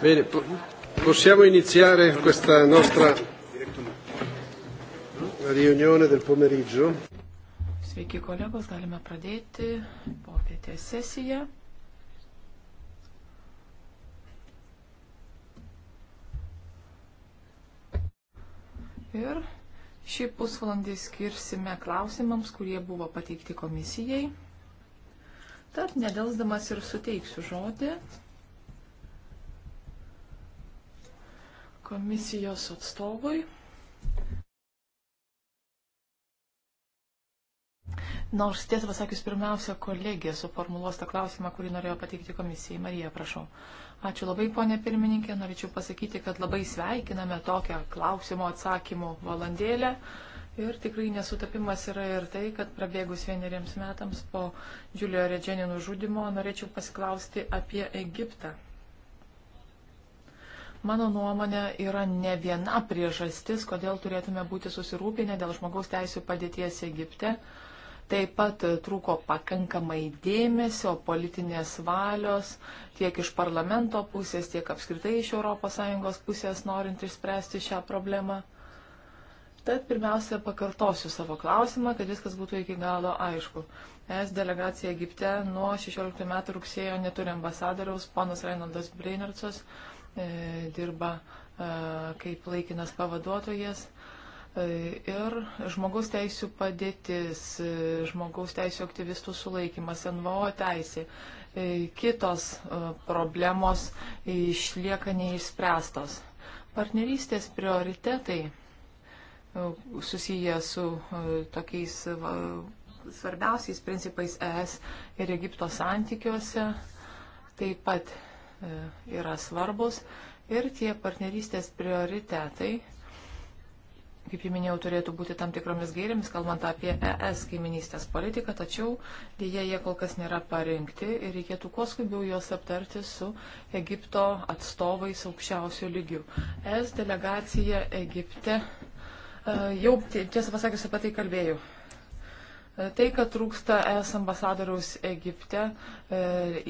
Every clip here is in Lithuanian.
Bene, po- possiamo iniziare questa nostra riunione del pomeriggio. Sveiki kolegos, galime pradėti popietės sesiją. Ir šį pusvalandį skirsime klausimams, kurie buvo pateikti komisijai. Tad nedelsdamas ir suteiksiu žodį komisijos atstovui. Nors tiesą pasakius, pirmiausia, kolegija suformuluos tą klausimą, kurį norėjo pateikti komisijai. Marija, prašau. Ačiū labai, ponė pirmininkė. Norėčiau pasakyti, kad labai sveikiname tokią klausimo atsakymų valandėlę. Uh, Ir tikrai nesutapimas yra ir tai, kad prabėgus vieneriems metams po Džiulio Redženį nužudimo norėčiau pasiklausti apie Egiptą. Mano nuomonė yra ne viena priežastis, kodėl turėtume būti susirūpinę dėl žmogaus teisų padėties Egipte. Taip pat trūko pakankamai dėmesio, politinės valios tiek iš parlamento pusės, tiek apskritai iš ES pusės norint išspręsti šią problemą. Tad pirmiausia, pakartosiu savo klausimą, kad viskas būtų iki galo aišku. Es delegacija Egipte nuo 16 metų rugsėjo neturi ambasadoriaus, ponas Reinaldas Breinercas e, dirba e, kaip laikinas pavaduotojas. E, ir žmogaus teisų padėtis, e, žmogaus teisų aktyvistų sulaikimas, NVO teisė, e, kitos e, problemos išlieka neišspręstos. Partnerystės prioritetai susiję su e, tokiais svarbiausiais principais ES ir Egipto santykiuose taip pat e, yra svarbus ir tie partnerystės prioritetai, kaip jau minėjau, turėtų būti tam tikromis gairėmis, kalbant apie ES kaiminystės politiką, tačiau dėje jie kol kas nėra parinkti ir reikėtų kuo skubiau juos aptarti su Egipto atstovais aukščiausių lygių. ES delegacija Egipte E, jau tiesą pasakius apie tai kalbėjau. E, tai, kad trūksta ES ambasadoriaus Egipte, e,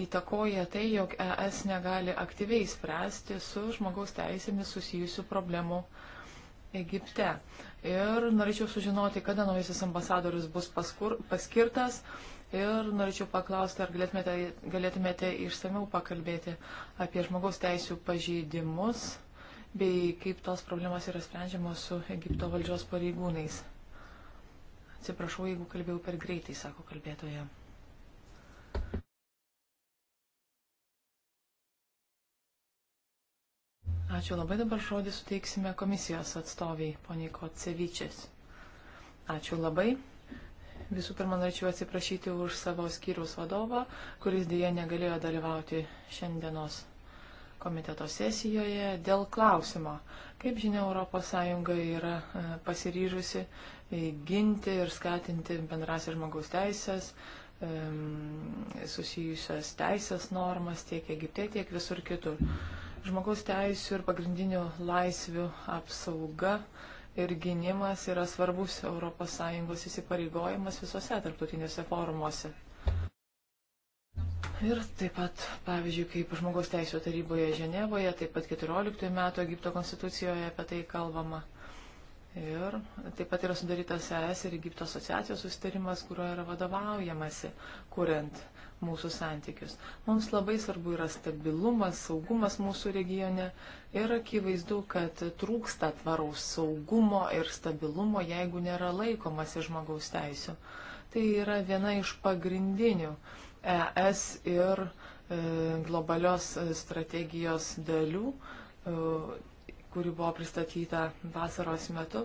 įtakoja tai, jog ES negali aktyviai spręsti su žmogaus teisėmis susijusių problemų Egipte. Ir norėčiau sužinoti, kada naujasis ambasadorius bus paskur, paskirtas. Ir norėčiau paklausti, ar galėtumėte, galėtumėte išsameu pakalbėti apie žmogaus teisų pažeidimus bei kaip tos problemos yra sprendžiamos su Egipto valdžios pareigūnais. Atsiprašau, jeigu kalbėjau per greitai, sako kalbėtoja. Ačiū labai dabar žodį suteiksime komisijos atstoviai, poniai Kocevičės. Ačiū labai. Visų pirma, norėčiau atsiprašyti už savo skyrius vadovą, kuris dėje negalėjo dalyvauti šiandienos komiteto sesijoje dėl klausimo. Kaip žinia, ES yra e, pasiryžusi e, ginti ir skatinti bendrasias žmogaus teisės, susijusias teisės normas tiek Egipte, tiek visur kitur. Žmogaus teisų ir pagrindinių laisvių apsauga ir gynimas yra svarbus ES įsipareigojimas visose tarptautinėse forumuose. Ir taip pat, pavyzdžiui, kaip žmogaus teisų taryboje Ženevoje, taip pat 14 metų Egipto konstitucijoje apie tai kalbama. Ir taip pat yra sudarytas ES ir Egipto asociacijos susitarimas, kurio yra vadovaujamasi, kuriant mūsų santykius. Mums labai svarbu yra stabilumas, saugumas mūsų regione ir akivaizdu, kad trūksta tvaraus saugumo ir stabilumo, jeigu nėra laikomasi žmogaus teisų. Tai yra viena iš pagrindinių uh, ES ir e, globalios e, strategijos dalių, e, kuri buvo pristatyta vasaros metu.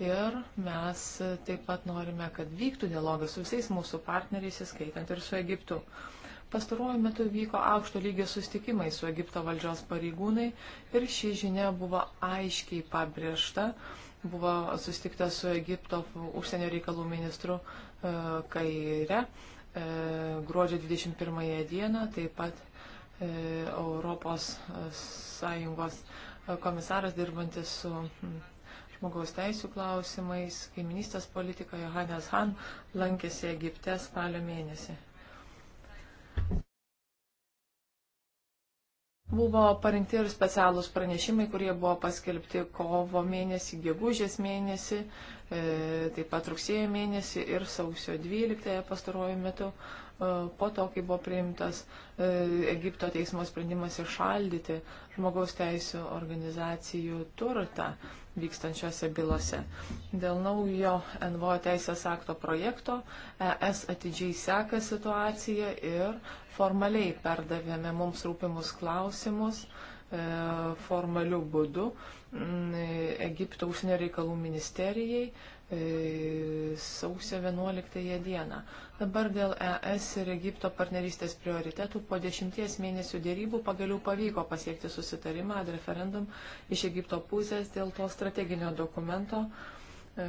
Ir mes taip pat norime, kad vyktų dialogas su visais mūsų partneriais, įskaitant ir su Egiptu. Pastaruoju metu vyko aukšto lygio sustikimai su Egipto valdžios pareigūnai ir ši žinia buvo aiškiai pabrėžta. Buvo sustikta su Egipto užsienio reikalų ministru Kaire E, gruodžio 21 dieną, taip pat e, Europos Sąjungos komisaras dirbantis su žmogaus teisų klausimais, kaiminystės politika Johannes Han lankėsi Egipte spalio mėnesį. Buvo parinkti ir specialūs pranešimai, kurie buvo paskelbti kovo mėnesį, gegužės mėnesį E, taip pat rugsėjo mėnesį ir sausio 12 pastaruoju metu, e, po to, kai buvo priimtas e, Egipto teismo sprendimas išaldyti žmogaus teisų organizacijų turtą vykstančiose bylose. Dėl naujo NVO teisės akto projekto ES atidžiai seka situaciją ir formaliai perdavėme mums rūpimus klausimus formaliu būdu Mm, Egipto užsienio reikalų ministerijai e, sausio 11 dieną. Dabar dėl ES ir Egipto partnerystės prioritetų po dešimties mėnesių dėrybų pagaliau pavyko pasiekti susitarimą ad referendum iš Egipto pusės dėl to strateginio dokumento, e,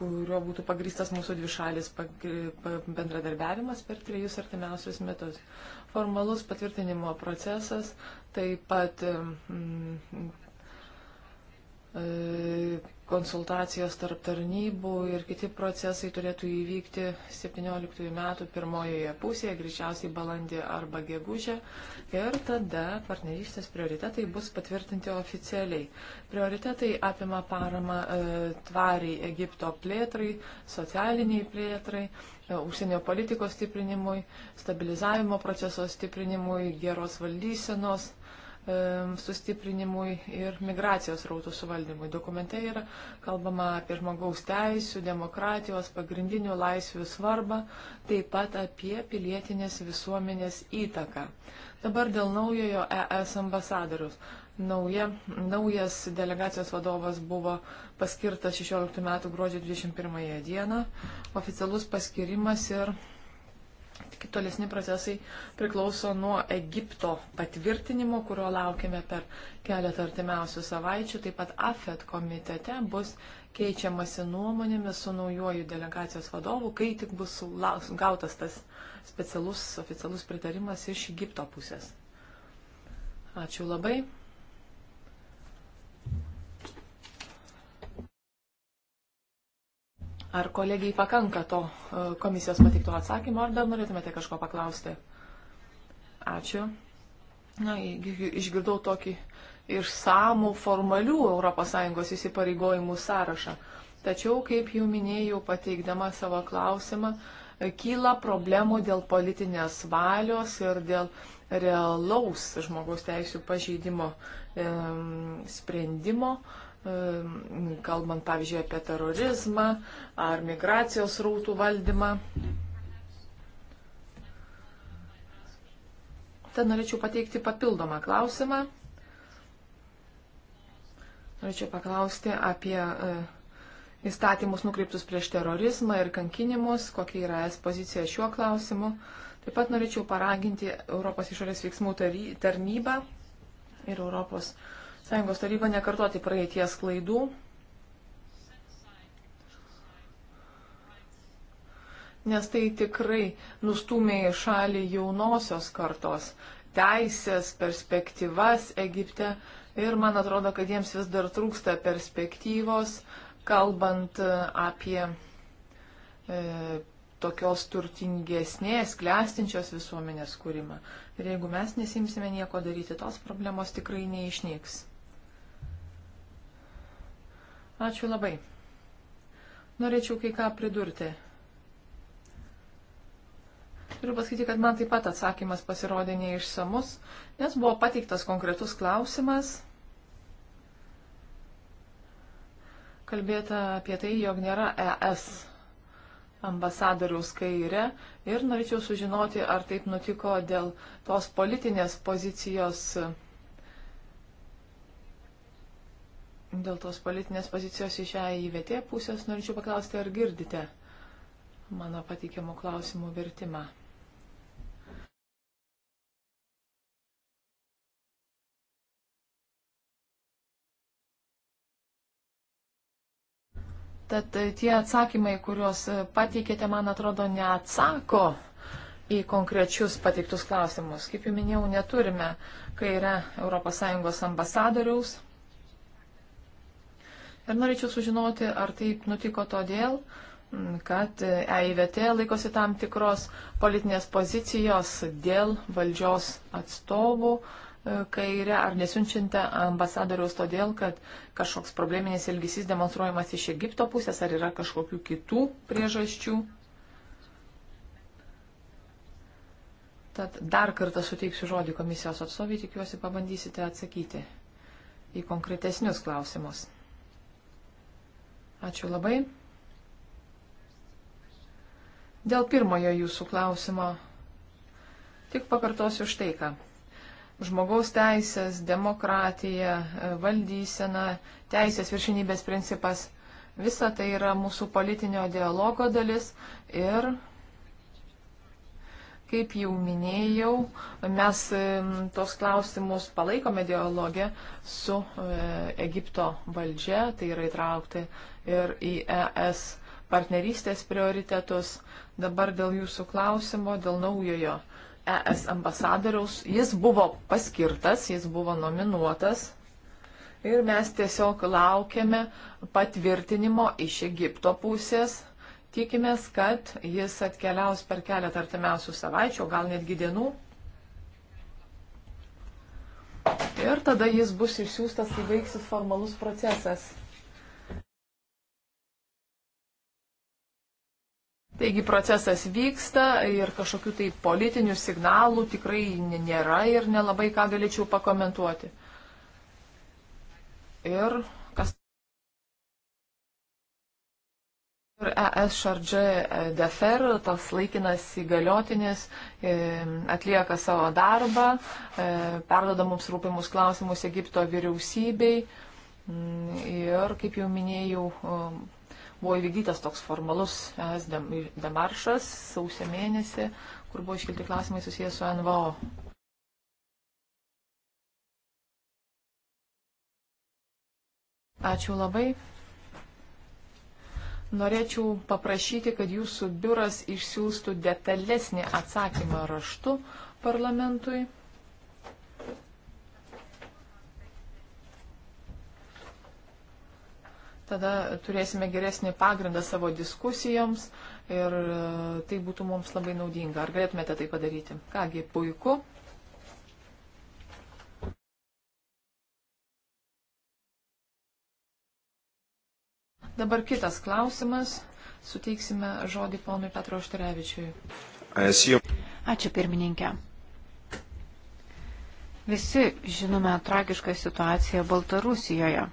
kurio būtų pagristas mūsų dvišalis bendradarbiavimas per trejus artimiausius metus. Formalus patvirtinimo procesas taip pat. Mm, E, konsultacijos tarp tarnybų ir kiti procesai turėtų įvykti 17 metų pirmojoje pusėje, greičiausiai balandį arba gegužę. Ir tada partnerystės prioritetai bus patvirtinti oficialiai. Prioritetai apima paramą e, tvariai Egipto plėtrai, socialiniai plėtrai, e, užsienio politikos stiprinimui, stabilizavimo proceso stiprinimui, geros valdysenos. E, E, sustiprinimui ir migracijos rautų suvaldymui. Dokumente yra kalbama apie žmogaus teisų, demokratijos, pagrindinių laisvių svarbą, taip pat apie pilietinės visuomenės įtaką. Dabar dėl naujojo ES ambasadorius. Nauja, naujas delegacijos vadovas buvo paskirtas 16 metų gruodžio 21 dieną. Oficialus paskirimas ir Tolesni procesai priklauso nuo Egipto patvirtinimo, kurio laukime per keletą artimiausių savaičių. Taip pat AFET komitete bus keičiamasi nuomonėmis su naujoju delegacijos vadovu, kai tik bus gautas tas specialus oficialus pritarimas iš Egipto pusės. Ačiū labai. Ar kolegijai pakanka to e, komisijos patikto atsakymo, ar dar norėtumėte kažko paklausti? Ačiū. Na, išgirdau tokį išsamų formalių ES įsipareigojimų sąrašą. Tačiau, kaip jau minėjau, pateikdama savo klausimą, e, kyla problemų dėl politinės valios ir dėl realaus žmogaus teisų pažeidimo e, sprendimo. E, kalbant pavyzdžiui apie terorizmą ar migracijos rautų valdymą. Tad norėčiau pateikti papildomą klausimą. Norėčiau paklausti apie e, įstatymus nukreiptus prieš terorizmą ir kankinimus, kokia yra es pozicija šiuo klausimu. Taip pat norėčiau paraginti Europos išorės veiksmų tarnybą ir Europos uh, Sąjungos taryba nekartoti praeities klaidų. Nes tai tikrai nustumė į šalį jaunosios kartos teisės, perspektyvas Egipte ir man atrodo, kad jiems vis dar trūksta perspektyvos, kalbant e, apie e, tokios turtingesnės, klestinčios visuomenės kūrimą. Ir jeigu mes nesimsime nieko daryti, tos problemos tikrai neišnyks. Ačiū labai. Norėčiau kai ką pridurti. Turiu pasakyti, kad man taip pat atsakymas pasirodė neišsamus, nes buvo pateiktas konkretus klausimas. Kalbėta apie tai, jog nėra ES ambasadoriaus kairė ir norėčiau sužinoti, ar taip nutiko dėl tos politinės pozicijos Dėl tos politinės pozicijos iš EIVT pusės norėčiau paklausti, ar girdite mano pateikiamų klausimų vertimą. Tad tie atsakymai, kuriuos pateikėte, man atrodo, neatsako į konkrečius pateiktus klausimus. Kaip jau minėjau, neturime, kai yra ES ambasadoriaus. Ir norėčiau sužinoti, ar taip nutiko todėl, mm, kad EIVT laikosi tam tikros politinės pozicijos dėl valdžios atstovų e, kairę, ar nesiunčiate ambasadoriaus todėl, kad kažkoks probleminis elgesys demonstruojamas iš Egipto pusės, ar yra kažkokių kitų priežasčių. Tad dar kartą suteiksiu žodį komisijos atstovai, tikiuosi pabandysite atsakyti į konkretesnius klausimus. Ačiū labai. Dėl pirmojo jūsų klausimo tik pakartosiu štai ką. Žmogaus teisės, demokratija, valdysena, teisės viršinybės principas - visa tai yra mūsų politinio dialogo dalis ir Kaip jau minėjau, mes e, tos klausimus palaikome dialogę su e, Egipto valdžia, tai yra įtraukti ir į ES partnerystės prioritetus. Dabar dėl jūsų klausimo, dėl naujojo ES ambasadoriaus. Jis buvo paskirtas, jis buvo nominuotas ir mes tiesiog laukiame patvirtinimo iš Egipto pusės Tikimės, kad jis atkeliaus per keletą artimiausių savaičių, gal netgi dienų. Ir tada jis bus išsiųstas, kai baigsis formalus procesas. Taigi procesas vyksta ir kažkokių tai politinių signalų tikrai nėra ir nelabai ką galėčiau pakomentuoti. Ir Ir ES šardžė defer, tas laikinas įgaliotinis, e, atlieka savo darbą, e, perdoda mums rūpimus klausimus Egipto vyriausybei. Mm, ir, kaip jau minėjau, e, buvo įvykdytas toks formalus ES demaršas sausio mėnesį, kur buvo iškelti klausimai susijęs su NVO. Ačiū labai norėčiau paprašyti, kad jūsų biuras išsiųstų detalesnį atsakymą raštu parlamentui. Tada turėsime geresnį pagrindą savo diskusijoms ir e, tai būtų mums labai naudinga. Ar galėtumėte tai padaryti? Kągi, puiku. Dabar kitas klausimas. Suteiksime žodį ponui Petro Štirevičiui. Ačiū pirmininkė. Visi žinome tragišką situaciją Baltarusijoje.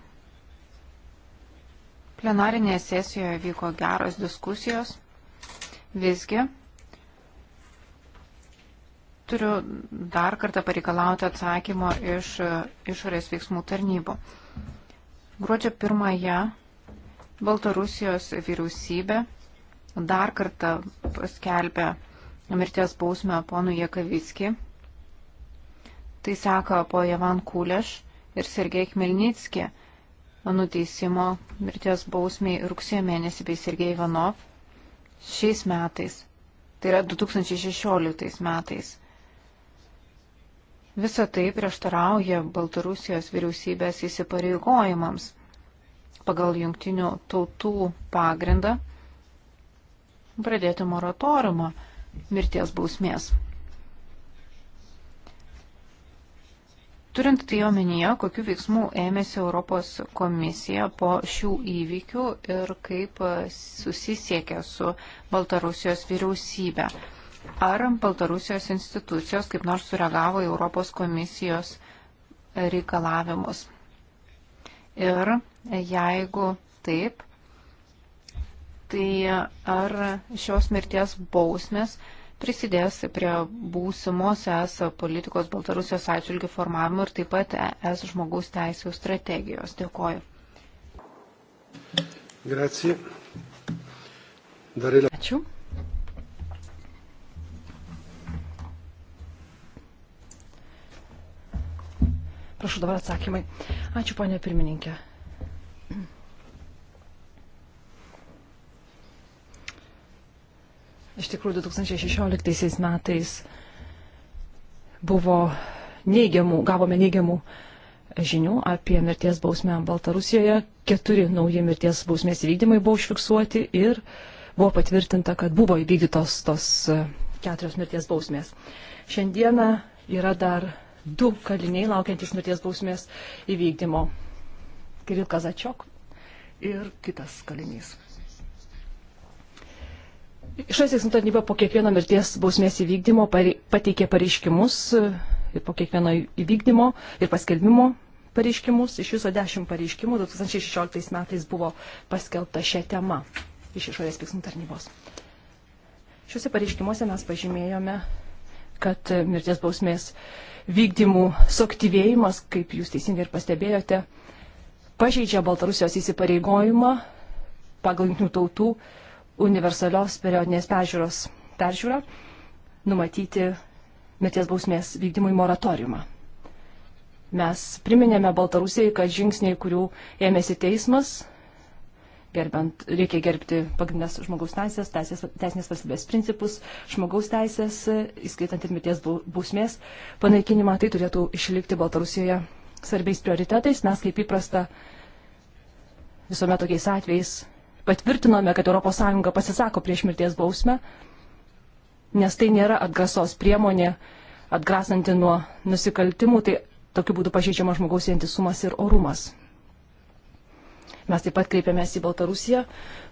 Plenarinėje sesijoje vyko geros diskusijos. Visgi turiu dar kartą pareikalauti atsakymo iš išorės veiksmų tarnybų. Gruodžio pirmąją Baltarusijos vyriausybė dar kartą paskelbė mirties bausmę ponui Jekavicki. Tai seka po Javan Kuleš ir Sergei Khmelnitski nuteisimo mirties bausmiai rugsėjo mėnesį bei Sergei Ivanov šiais metais. Tai yra 2016 metais. Visa tai prieštarauja Baltarusijos vyriausybės įsipareigojimams – pagal jungtinių tautų pagrindą pradėti moratoriumą mirties bausmės. Turint tai omenyje, kokiu veiksmu ėmėsi Europos komisija po šių įvykių ir kaip susisiekė su Baltarusijos vyriausybė. Ar Baltarusijos institucijos kaip nors sureagavo į Europos komisijos reikalavimus? Ir jeigu taip, tai ar šios mirties bausmės prisidės prie būsimos ES politikos Baltarusijos atžvilgių formavimo ir taip pat ES žmogaus teisų strategijos. Dėkoju. Grazie. Darėlė. Ačiū. Prašau dabar atsakymai. Ačiū, ponė pirmininkė. Iš tikrųjų, 2016 metais buvo neigiamų, gavome neigiamų žinių apie mirties bausmę Baltarusijoje. Keturi nauji mirties bausmės įvykdymai buvo užfiksuoti ir buvo patvirtinta, kad buvo įvykdytos tos e, keturios mirties bausmės. Šiandieną yra dar du kaliniai laukiantys mirties bausmės įvykdymo. Kiril Kazačiok ir kitas kalinys. Išorės veiksmų tarnyba po kiekvieno mirties bausmės įvykdymo pateikė pareiškimus ir e, po kiekvieno įvykdymo ir paskelbimo pareiškimus. Iš viso 10 pareiškimų 2016 metais buvo paskelbta šią temą iš išorės veiksmų tarnybos. Šiuose pareiškimuose mes pažymėjome, kad mirties bausmės uh, vykdymų suaktyvėjimas, kaip jūs teisingai ir pastebėjote, pažeidžia Baltarusijos įsipareigojimą pagal jungtinių tautų universalios periodinės peržiūros peržiūrą numatyti mirties bausmės vykdymui moratoriumą. Mes priminėme Baltarusijai, kad žingsniai, kurių ėmėsi teismas, gerbent, reikia gerbti pagrindinės žmogaus teisės, teisės, teisinės valstybės principus, žmogaus teisės, įskaitant ir mirties bausmės panaikinimą, tai turėtų išlikti Baltarusijoje svarbiais prioritetais. Mes kaip įprasta visuomet tokiais atvejais patvirtinome, kad ES pasisako prieš mirties bausmę, nes tai nėra atgrasos priemonė, atgrasanti nuo nusikaltimų, tai tokiu būdu pažeidžiama žmogaus vientisumas ir orumas. Mes taip pat kreipėmės į Baltarusiją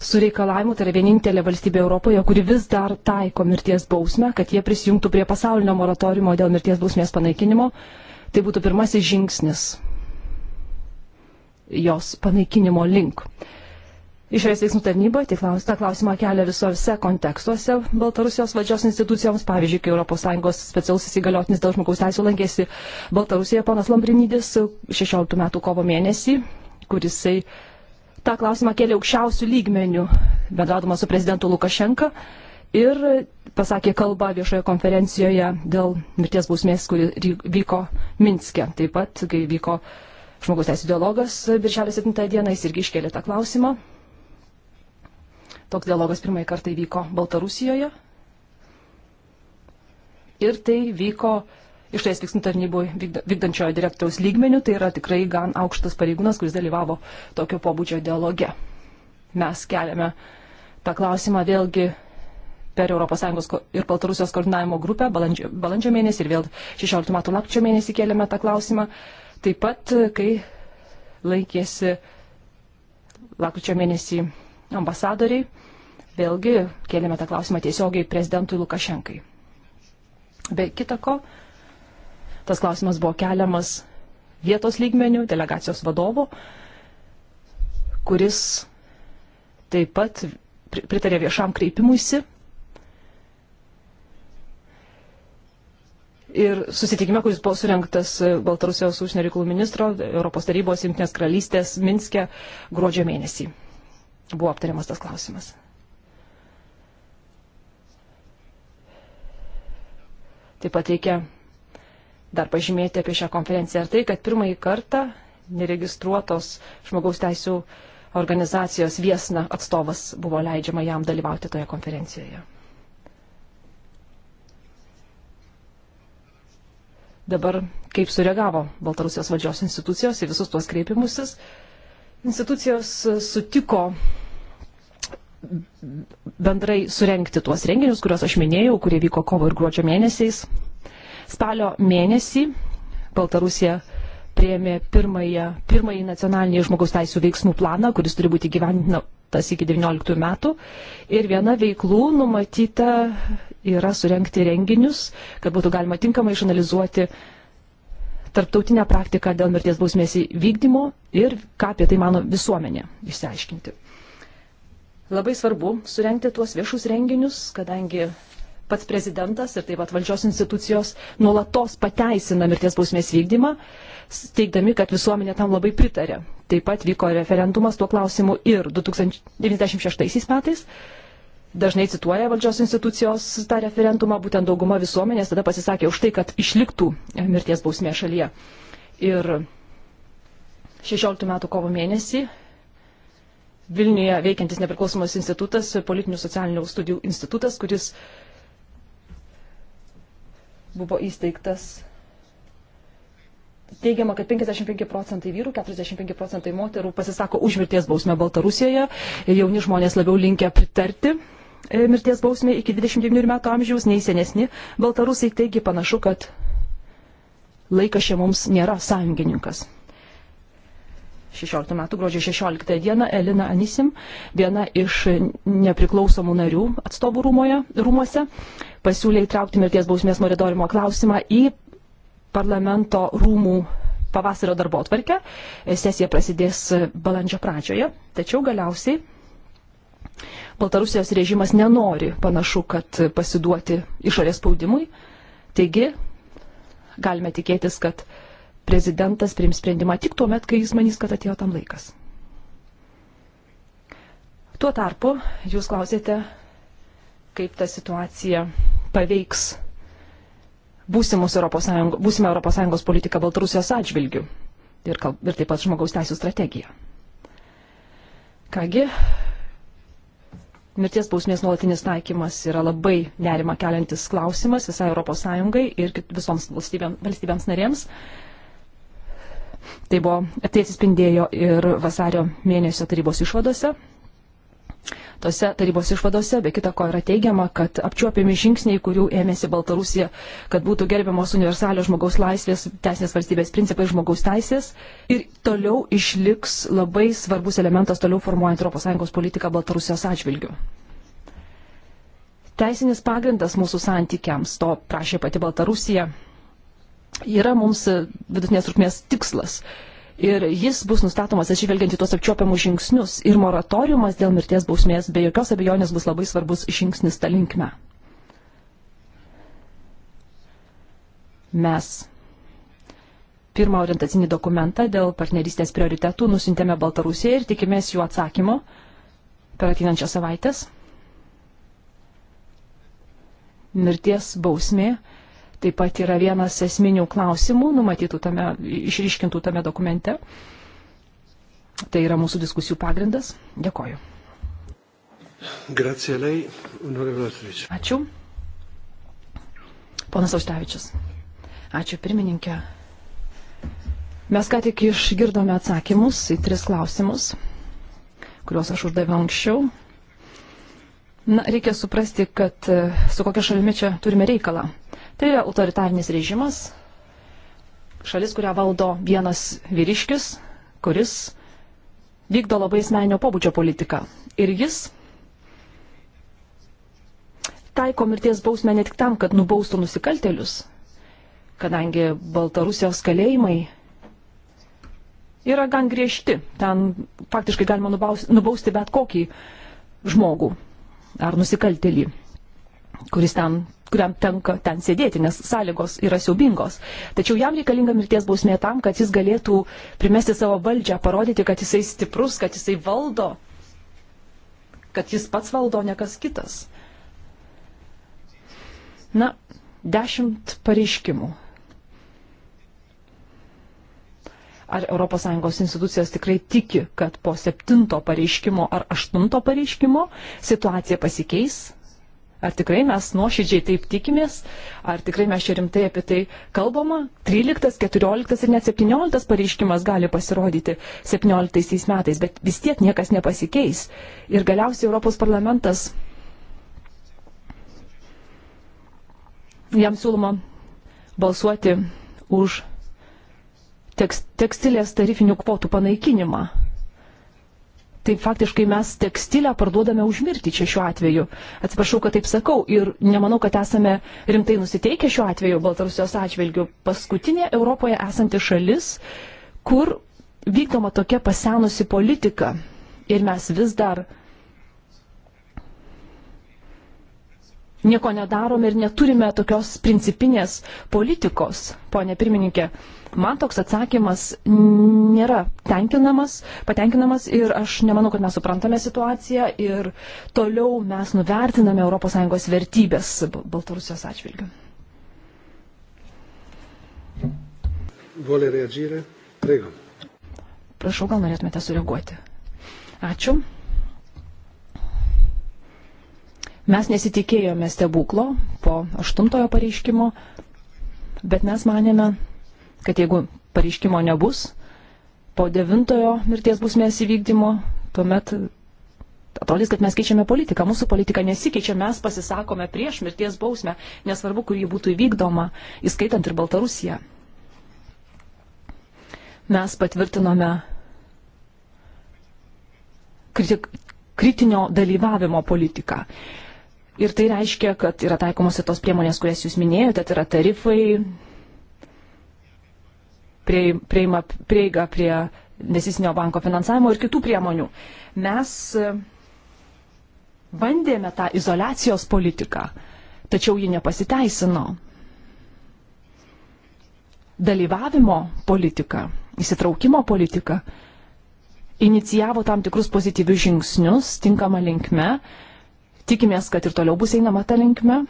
su reikalavimu, tai yra vienintelė valstybė Europoje, kuri vis dar taiko mirties bausmę, kad jie prisijungtų prie pasaulinio moratoriumo dėl mirties bausmės panaikinimo. Tai būtų pirmasis žingsnis jos panaikinimo link. Išorės veiksmų tarnyba tai klaus, tą klausimą kelia visose kontekstuose Baltarusijos valdžios institucijoms. Pavyzdžiui, kai ES specialusis įgaliotinis dėl žmogaus teisų lankėsi Baltarusijoje, ponas Lambrinydis 16 metų kovo mėnesį, kurisai uh, tą klausimą kėlė aukščiausių lygmenių, bendraudama su prezidentu Lukašenka ir pasakė kalbą viešoje konferencijoje dėl mirties bausmės, kuri vyko Minske. Taip pat, kai vyko žmogus teisų dialogas birželio 7 dieną, jis irgi iškėlė tą klausimą. Toks dialogas pirmąjį kartą įvyko Baltarusijoje. Ir tai vyko išorės veiksmų tarnyboje vykdančiojo direktoriaus lygmenių, tai yra tikrai gan aukštas pareigūnas, kuris dalyvavo tokio pobūdžio dialoge. Mes keliame tą klausimą vėlgi per ES ir Baltarusijos koordinavimo grupę balandžio, balandžio mėnesį ir vėl 16 metų lapčio mėnesį kėlėme tą klausimą. Taip pat, kai laikėsi lapkričio mėnesį ambasadoriai, vėlgi kėlėme tą klausimą tiesiogiai prezidentui Lukašenkai. Be kita ko, Tas klausimas buvo keliamas vietos lygmenių, delegacijos vadovo, kuris taip pat pritarė viešam kreipimuisi. Ir susitikime, kuris buvo surinktas Baltarusijos užsienio reikalų ministro Europos tarybos Junktinės karalystės Minske gruodžio mėnesį. Buvo aptariamas tas klausimas. Taip pat reikia dar pažymėti apie šią konferenciją ir tai, kad pirmąjį kartą neregistruotos žmogaus teisų organizacijos Viesna atstovas buvo leidžiama jam dalyvauti toje konferencijoje. Dabar kaip sureagavo Baltarusijos valdžios institucijos į visus tuos kreipimusis, institucijos sutiko bendrai surenkti tuos renginius, kuriuos aš minėjau, kurie vyko kovo ir gruodžio mėnesiais Spalio mėnesį Baltarusija prieėmė pirmąją, pirmąjį nacionalinį žmogaus teisų veiksmų planą, kuris turi būti gyvendintas iki 19 metų. Ir viena veiklų numatyta yra surenkti renginius, kad būtų galima tinkamai išanalizuoti tarptautinę praktiką dėl mirties bausmės įvykdymo ir ką apie tai mano visuomenė išsiaiškinti. Labai svarbu surenkti tuos viešus renginius, kadangi pats prezidentas ir taip pat valdžios institucijos nuolatos pateisina mirties bausmės vykdymą, teikdami, kad visuomenė tam labai pritarė. Taip pat vyko referendumas tuo klausimu ir 1996 metais dažnai cituoja valdžios institucijos tą referendumą, būtent dauguma visuomenės tada pasisakė už tai, kad išliktų e, mirties bausmė šalyje. Ir 16 metų kovo mėnesį Vilniuje veikiantis nepriklausomas institutas, politinių socialinių studijų institutas, kuris buvo įsteigtas. Teigiama, kad 55 procentai vyrų, 45 procentai moterų pasisako už mirties bausmę Baltarusijoje ir jauni žmonės labiau linkia pritarti e, mirties bausmė iki 29 metų amžiaus, nei senesni baltarusiai, taigi panašu, kad laikas čia mums nėra sąjungininkas. 16 metų gruodžio 16 dieną Elina Anisim, viena iš nepriklausomų narių atstovų rūmoje, rūmose, pasiūlė įtraukti mirties bausmės moridorimo klausimą į parlamento rūmų pavasario darbo atvarkę. Sesija prasidės balandžio pradžioje, tačiau galiausiai Baltarusijos režimas nenori panašu, kad pasiduoti išorės spaudimui. Taigi, galime tikėtis, kad uh, prezidentas priims sprendimą tik tuo met, kai jis manys, kad atėjo tam laikas. Tuo tarpu jūs klausėte, kaip ta situacija paveiks Europos Sąjungo, būsimą Europos Sąjungos politiką Baltarusijos atžvilgių ir, kalb, ir taip pat žmogaus teisų strategiją. Kągi, mirties bausmės nuolatinis taikymas yra labai nerima keliantis klausimas visai Europos Sąjungai ir visoms valstybėms, valstybėms narėms. Tai, buvo, tai atsispindėjo ir vasario mėnesio tarybos išvadose. Tose tarybos išvadose, be kita ko, yra teigiama, kad apčiuopiami žingsniai, kurių ėmėsi Baltarusija, kad būtų gerbiamos universalios žmogaus laisvės, teisinės valstybės principai žmogaus teisės ir toliau išliks labai svarbus elementas toliau formuojant ES politiką Baltarusijos atžvilgiu. Teisinis pagrindas mūsų santykiams, to prašė pati Baltarusija, yra mums vidutinės trukmės tikslas. Ir jis bus nustatomas atsižvelgiant į tuos apčiopiamus žingsnius. Ir moratoriumas dėl mirties bausmės be jokios abejonės bus labai svarbus žingsnis tą linkmę. Mes pirmą orientacinį dokumentą dėl partnerystės prioritetų nusintėme Baltarusijai ir tikimės jų atsakymo per ateinančią savaitę. Mirties bausmė taip pat yra vienas esminių klausimų numatytų tame, išryškintų tame dokumente. Tai yra mūsų diskusijų pagrindas. Dėkoju. Gracielei, Honorevlatrič. Ačiū. Ponas Auštevičius. Ačiū, pirmininkė. Mes ką tik išgirdome atsakymus į tris klausimus, kuriuos aš uždaviau anksčiau. Na, reikia suprasti, kad e, su kokia šalimi čia turime reikalą. Tai yra autoritarinis režimas, šalis, kurią valdo vienas vyriškis, kuris vykdo labai asmeninio pobūdžio politiką. Ir jis taiko mirties bausmę ne tik tam, kad nubaustų nusikaltelius, kadangi Baltarusijos kalėjimai yra gan griežti. Ten faktiškai galima nubausti, nubausti bet kokį žmogų ar nusikaltelį, kuris ten kuriam tenka ten sėdėti, nes sąlygos yra siaubingos. Tačiau jam reikalinga mirties bausmė tam, kad jis galėtų primesti savo valdžią, parodyti, kad jisai stiprus, kad jisai valdo, kad jis pats valdo, ne kas kitas. Na, dešimt pareiškimų. Ar ES institucijos tikrai tiki, kad po septinto pareiškimo ar aštunto pareiškimo situacija pasikeis? Ar tikrai mes nuoširdžiai taip tikimės, ar tikrai mes čia rimtai apie tai kalbama. 13, 14 ir net 17 pareiškimas gali pasirodyti 17 metais, bet vis tiek niekas nepasikeis. Ir galiausiai Europos parlamentas jam siūloma balsuoti už tekst, tekstilės tarifinių kvotų panaikinimą tai faktiškai mes tekstilę parduodame užmirti čia šiuo atveju. Atsiprašau, kad taip sakau ir nemanau, kad esame rimtai nusiteikę šiuo atveju Baltarusijos atžvilgiu. Paskutinė Europoje esanti šalis, kur vykdoma tokia pasenusi politika ir mes vis dar nieko nedarome ir neturime tokios principinės politikos, ponė pirmininkė. Man toks atsakymas nėra tenkinamas, patenkinamas ir aš nemanau, kad mes suprantame situaciją ir toliau mes nuvertiname ES vertybės Baltarusijos atžvilgiu. Volė reagirė? Prego. Prašau, gal norėtumėte sureaguoti. Ačiū. Mes nesitikėjome stebuklo po aštuntojo pareiškimo, bet mes manėme, kad jeigu pareiškimo nebus po devintojo mirties būsmės įvykdymo, tuomet atrodys, kad mes keičiame politiką. Mūsų politika nesikeičia, mes pasisakome prieš mirties bausmę, nesvarbu, kur ji būtų įvykdoma, įskaitant ir Baltarusiją. Mes patvirtinome kritik, kritinio dalyvavimo politiką. Ir tai reiškia, kad yra taikomos ir tos priemonės, kurias jūs minėjote, tai yra tarifai, prieima prieigą prie investicinio banko finansavimo ir kitų priemonių. Mes e, bandėme tą izolacijos politiką, tačiau ji nepasiteisino. Dalyvavimo politika, įsitraukimo politika inicijavo tam tikrus pozityvius žingsnius tinkamą linkme. Tikimės, kad ir toliau bus einama ta linkme.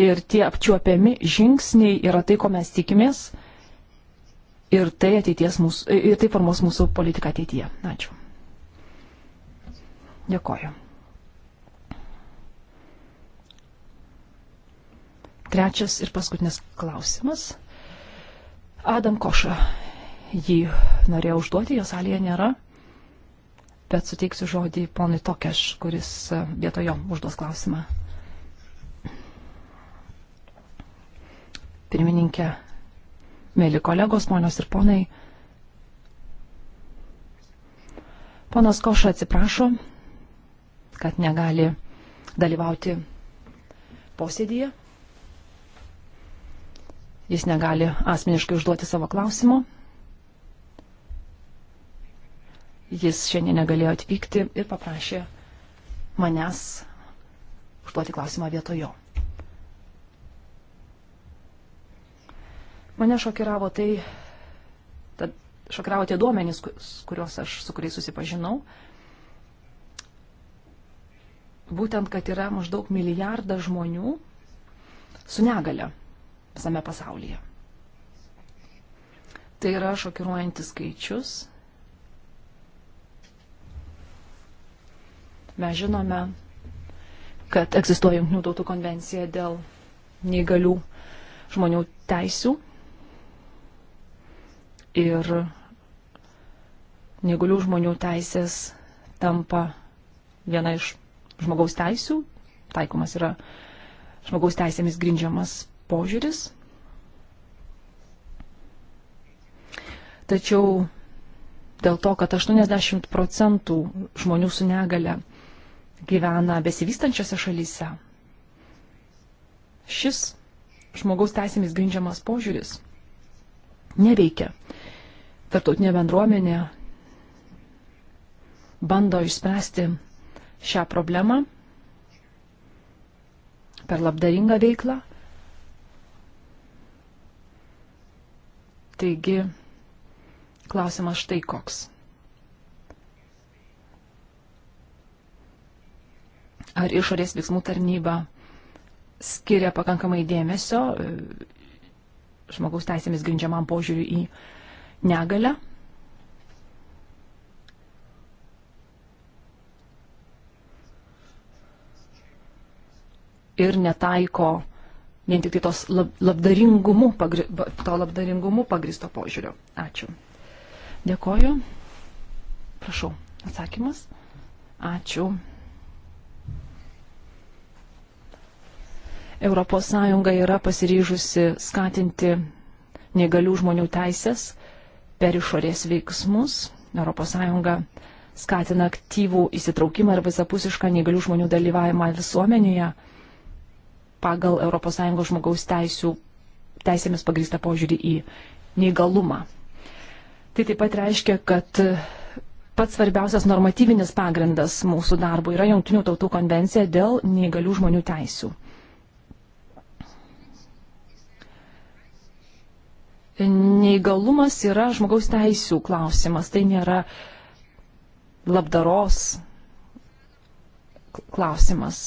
Ir tie apčiuopiami žingsniai yra tai, ko mes tikimės. Ir tai, mūsų, ir tai formuos mūsų politiką ateityje. Ačiū. Dėkoju. Trečias ir paskutinis klausimas. Adam Koša. Jį norėjau užduoti, jo salėje nėra, bet suteiksiu žodį ponui Tokeš, kuris vietojo užduos klausimą. pirmininkė, mėly kolegos, ponios ir ponai. Ponas Koša atsiprašo, kad negali dalyvauti posėdyje. Jis negali asmeniškai užduoti savo klausimo. Jis šiandien negalėjo atvykti ir paprašė manęs užduoti klausimą vietojo. Mane šokiravo tai, tad šokiravo tie duomenys, kuriuos aš su kuriais susipažinau. Būtent, kad yra maždaug milijardas žmonių su negale visame pasaulyje. Tai yra šokiruojantis skaičius. Mes žinome, kad egzistuoja Junktinių tautų konvencija dėl neįgalių žmonių teisių ir negalių žmonių teisės tampa viena iš žmogaus teisių, taikomas yra žmogaus teisėmis grindžiamas požiūris. Tačiau dėl to, kad 80 procentų žmonių su negale gyvena besivystančiose šalyse, šis žmogaus teisėmis grindžiamas požiūris neveikia tarptautinė bendruomenė bando išspręsti šią problemą per labdaringą veiklą. Taigi, klausimas štai koks. Ar išorės veiksmų tarnyba skiria pakankamai dėmesio e, žmogaus teisėmis grindžiamam požiūriu į negalę. Ir netaiko vien tik tai tos lab, labdaringumu, pagri, to labdaringumu pagristo požiūrio. Ačiū. Dėkoju. Prašau, atsakymas. Ačiū. ES yra pasiryžusi skatinti negalių žmonių teisės per išorės veiksmus. ES skatina aktyvų įsitraukimą ir visapusišką neįgalių žmonių dalyvavimą visuomenėje pagal ES žmogaus teisų, teisėmis pagrįstą požiūrį į neįgalumą. Tai taip pat reiškia, kad pats svarbiausias normatyvinis pagrindas mūsų darbo yra Junktinių tautų konvencija dėl neįgalių žmonių teisų. neįgalumas yra žmogaus teisų klausimas, tai nėra labdaros klausimas.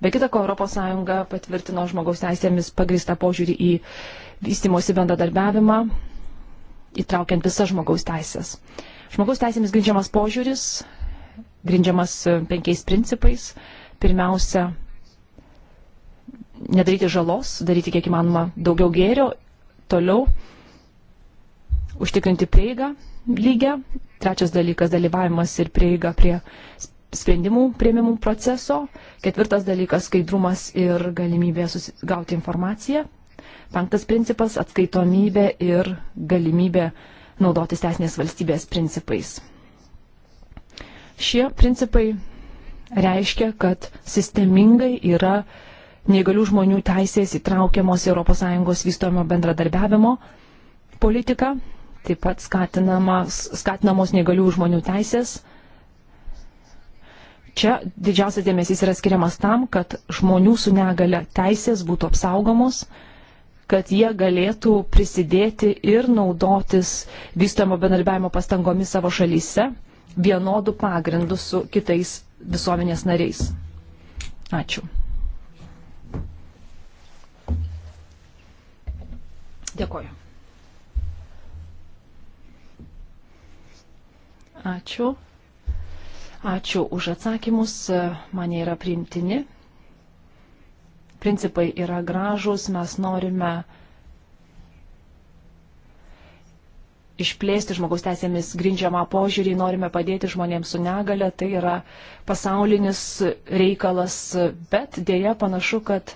Be kita ko, ES patvirtino žmogaus teisėmis pagristą požiūrį į vystimosi bendradarbiavimą, įtraukiant visas žmogaus teisės. Žmogaus teisėmis grindžiamas požiūris, grindžiamas e, penkiais principais. Pirmiausia, nedaryti žalos, daryti kiek įmanoma daugiau gėrio toliau užtikrinti prieigą lygę. Trečias dalykas - dalyvavimas ir prieiga prie sprendimų prieimimų proceso. Ketvirtas dalykas - skaidrumas ir galimybė gauti informaciją. Penktas principas - atskaitomybė ir galimybė naudotis teisinės valstybės principais. Šie principai reiškia, kad sistemingai yra neįgalių žmonių teisės įtraukiamos į ES vystomo bendradarbiavimo politiką, taip pat skatinamos neįgalių žmonių teisės. Čia didžiausias dėmesys yra skiriamas tam, kad žmonių su negale teisės būtų apsaugomos, kad jie galėtų prisidėti ir naudotis vystomo bendarbiavimo pastangomis savo šalyse vienodų pagrindų su kitais visuomenės nariais. Ačiū. Dėkoju. Ačiū. Ačiū už atsakymus. Mane yra priimtini. Principai yra gražus. Mes norime išplėsti žmogaus teisėmis grindžiamą požiūrį, norime padėti žmonėms su negale, tai yra pasaulinis reikalas, bet dėja panašu, kad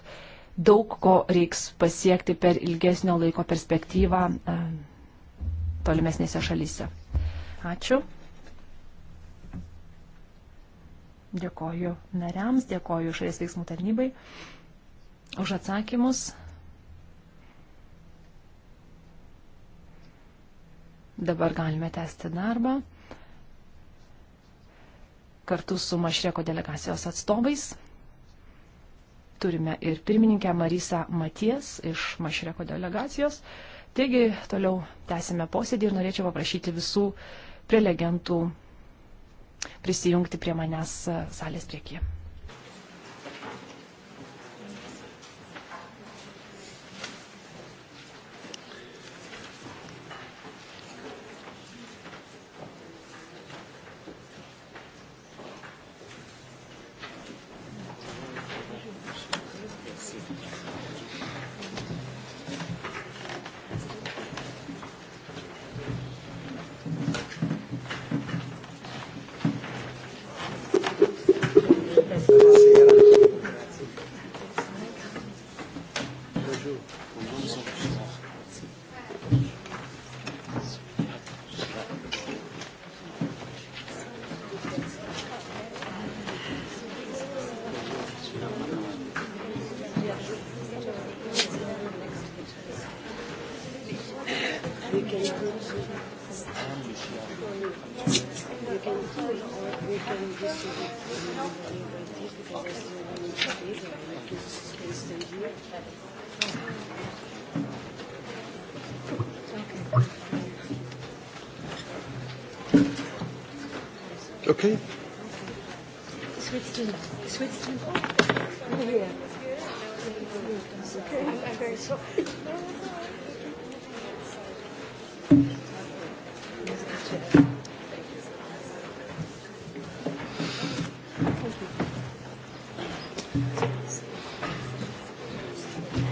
daug ko reiks pasiekti per ilgesnio laiko perspektyvą e, tolimesnėse šalyse. Ačiū. Dėkoju nariams, dėkoju šalies veiksmų tarnybai už atsakymus. Dabar galime tęsti darbą kartu su Mašreko delegacijos atstovais turime ir pirmininkę Marysą Maties iš Mašreko delegacijos. Taigi, toliau tęsime posėdį ir norėčiau paprašyti visų prelegentų prisijungti prie manęs salės priekyje.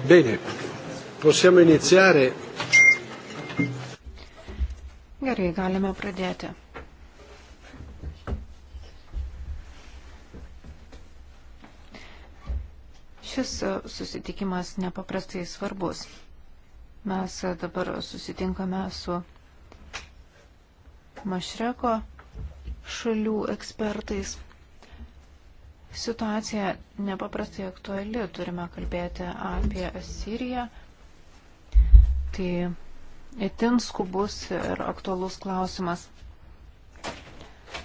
Bene, possiamo iniziare. Gerai, galime pradėti. Šis e, susitikimas nepaprastai svarbus. Mes e, dabar susitinkame su Mašreko šalių ekspertais. Situacija nepaprastai aktuali, turime kalbėti apie Siriją. Tai itin skubus ir aktualus klausimas.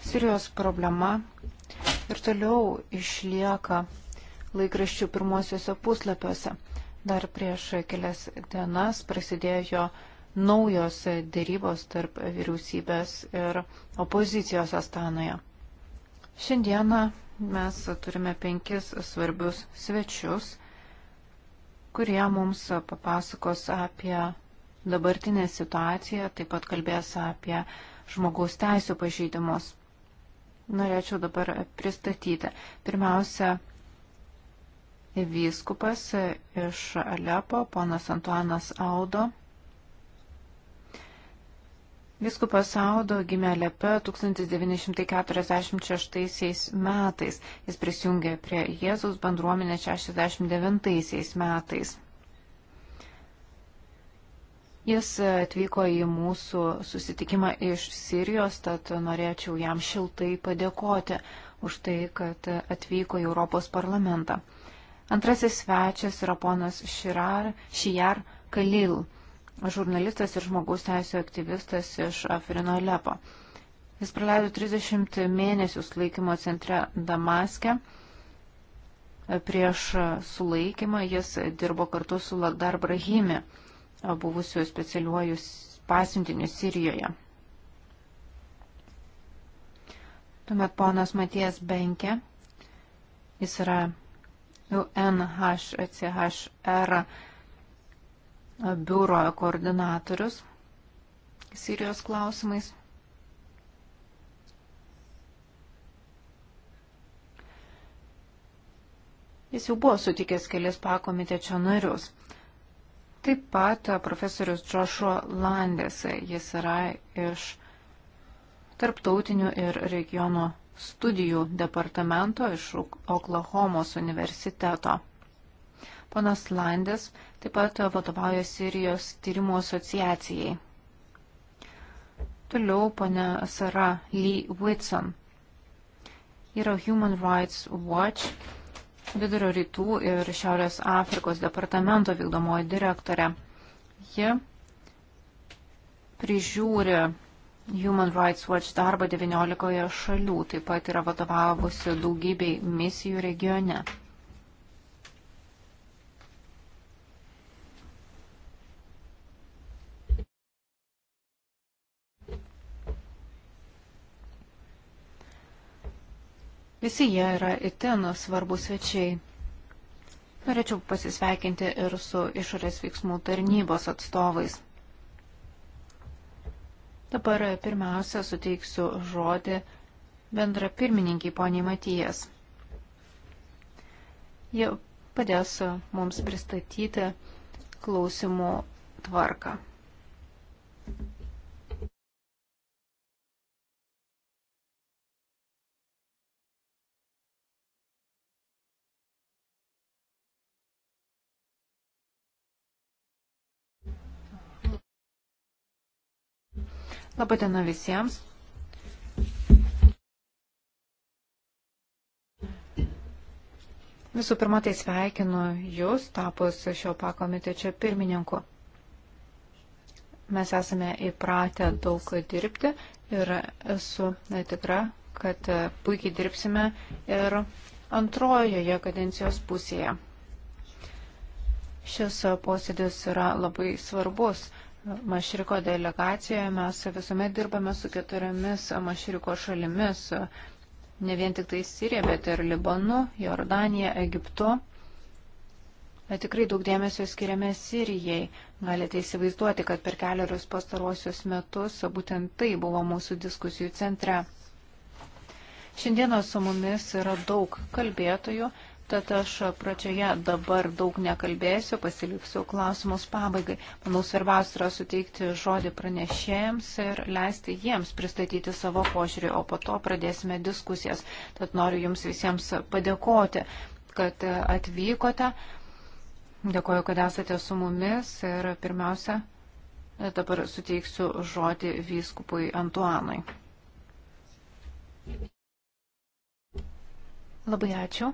Sirijos problema ir toliau išlieka laikraščių pirmosiuose puslapiuose. Dar prieš kelias dienas prasidėjo naujos dėrybos tarp vyriausybės ir opozicijos Astanoje. Šiandieną mes turime penkis svarbius svečius, kurie mums papasakos apie dabartinę situaciją, taip pat kalbės apie žmogaus teisų pažeidimus. Norėčiau dabar pristatyti. Pirmiausia, vyskupas iš Alepo, ponas Antuanas Audo. Viskupas Saudo gimė Lepe 1946 metais. Jis prisijungė prie Jėzaus bendruomenės 69 metais. Jis atvyko į mūsų susitikimą iš Sirijos, tad norėčiau jam šiltai padėkoti už tai, kad atvyko į Europos parlamentą. Antrasis svečias yra ponas Širar, Šijar Kalil žurnalistas ir žmogaus teisų aktyvistas iš Afrino Lepo. Jis praleido 30 mėnesius laikymo centre Damaske. Prieš sulaikymą jis dirbo kartu su Lagdar Brahimi, buvusiu specialiuoju pasiuntiniu Sirijoje. Tuomet ponas Matijas Benke, jis yra UNHCHR biuro koordinatorius Sirijos klausimais. Jis jau buvo sutikęs kelias pakomitečio narius. Taip pat profesorius Joshua Landėse, jis yra iš tarptautinių ir regionų studijų departamento iš Oklahomos universiteto. Ponas Landės Taip pat vadovauja Sirijos tyrimų asociacijai. Toliau ponė Sara Lee Whitson yra Human Rights Watch vidurio rytų ir Šiaurės Afrikos departamento vykdomoji direktorė. Ji prižiūri Human Rights Watch darbą 19 šalių, taip pat yra vadovavusi daugybei misijų regione. Visi jie yra itin svarbus svečiai. Norėčiau pasisveikinti ir su išorės veiksmų tarnybos atstovais. Dabar pirmiausia suteiksiu žodį bendra pirmininkiai poniai Matijas. Jie padės mums pristatyti klausimų tvarką. Labadiena visiems. Visų pirma, tai sveikinu Jūs tapus šio pakomitečio pirmininku. Mes esame įpratę daug dirbti ir esu tikra, kad puikiai dirbsime ir antrojoje kadencijos pusėje. Šis posėdis yra labai svarbus Mašriko delegacijoje mes visuomet dirbame su keturiomis Mašriko šalimis, ne vien tik tai Sirija, bet ir Libanu, Jordanija, Egiptu. Tikrai daug dėmesio skiriame Sirijai. Galite įsivaizduoti, kad per keliarius pastaruosius metus būtent tai buvo mūsų diskusijų centre. Šiandieną su mumis yra daug kalbėtojų Tad aš pradžioje dabar daug nekalbėsiu, pasiliksiu klausimus pabaigai. Manau, svarbiausia yra suteikti žodį pranešėjams ir leisti jiems pristatyti savo požiūrį, o po to pradėsime diskusijas. Tad noriu jums visiems padėkoti, kad atvykote. Dėkoju, kad esate su mumis ir pirmiausia, dabar suteiksiu žodį vyskupui Antuanui. Labai ačiū.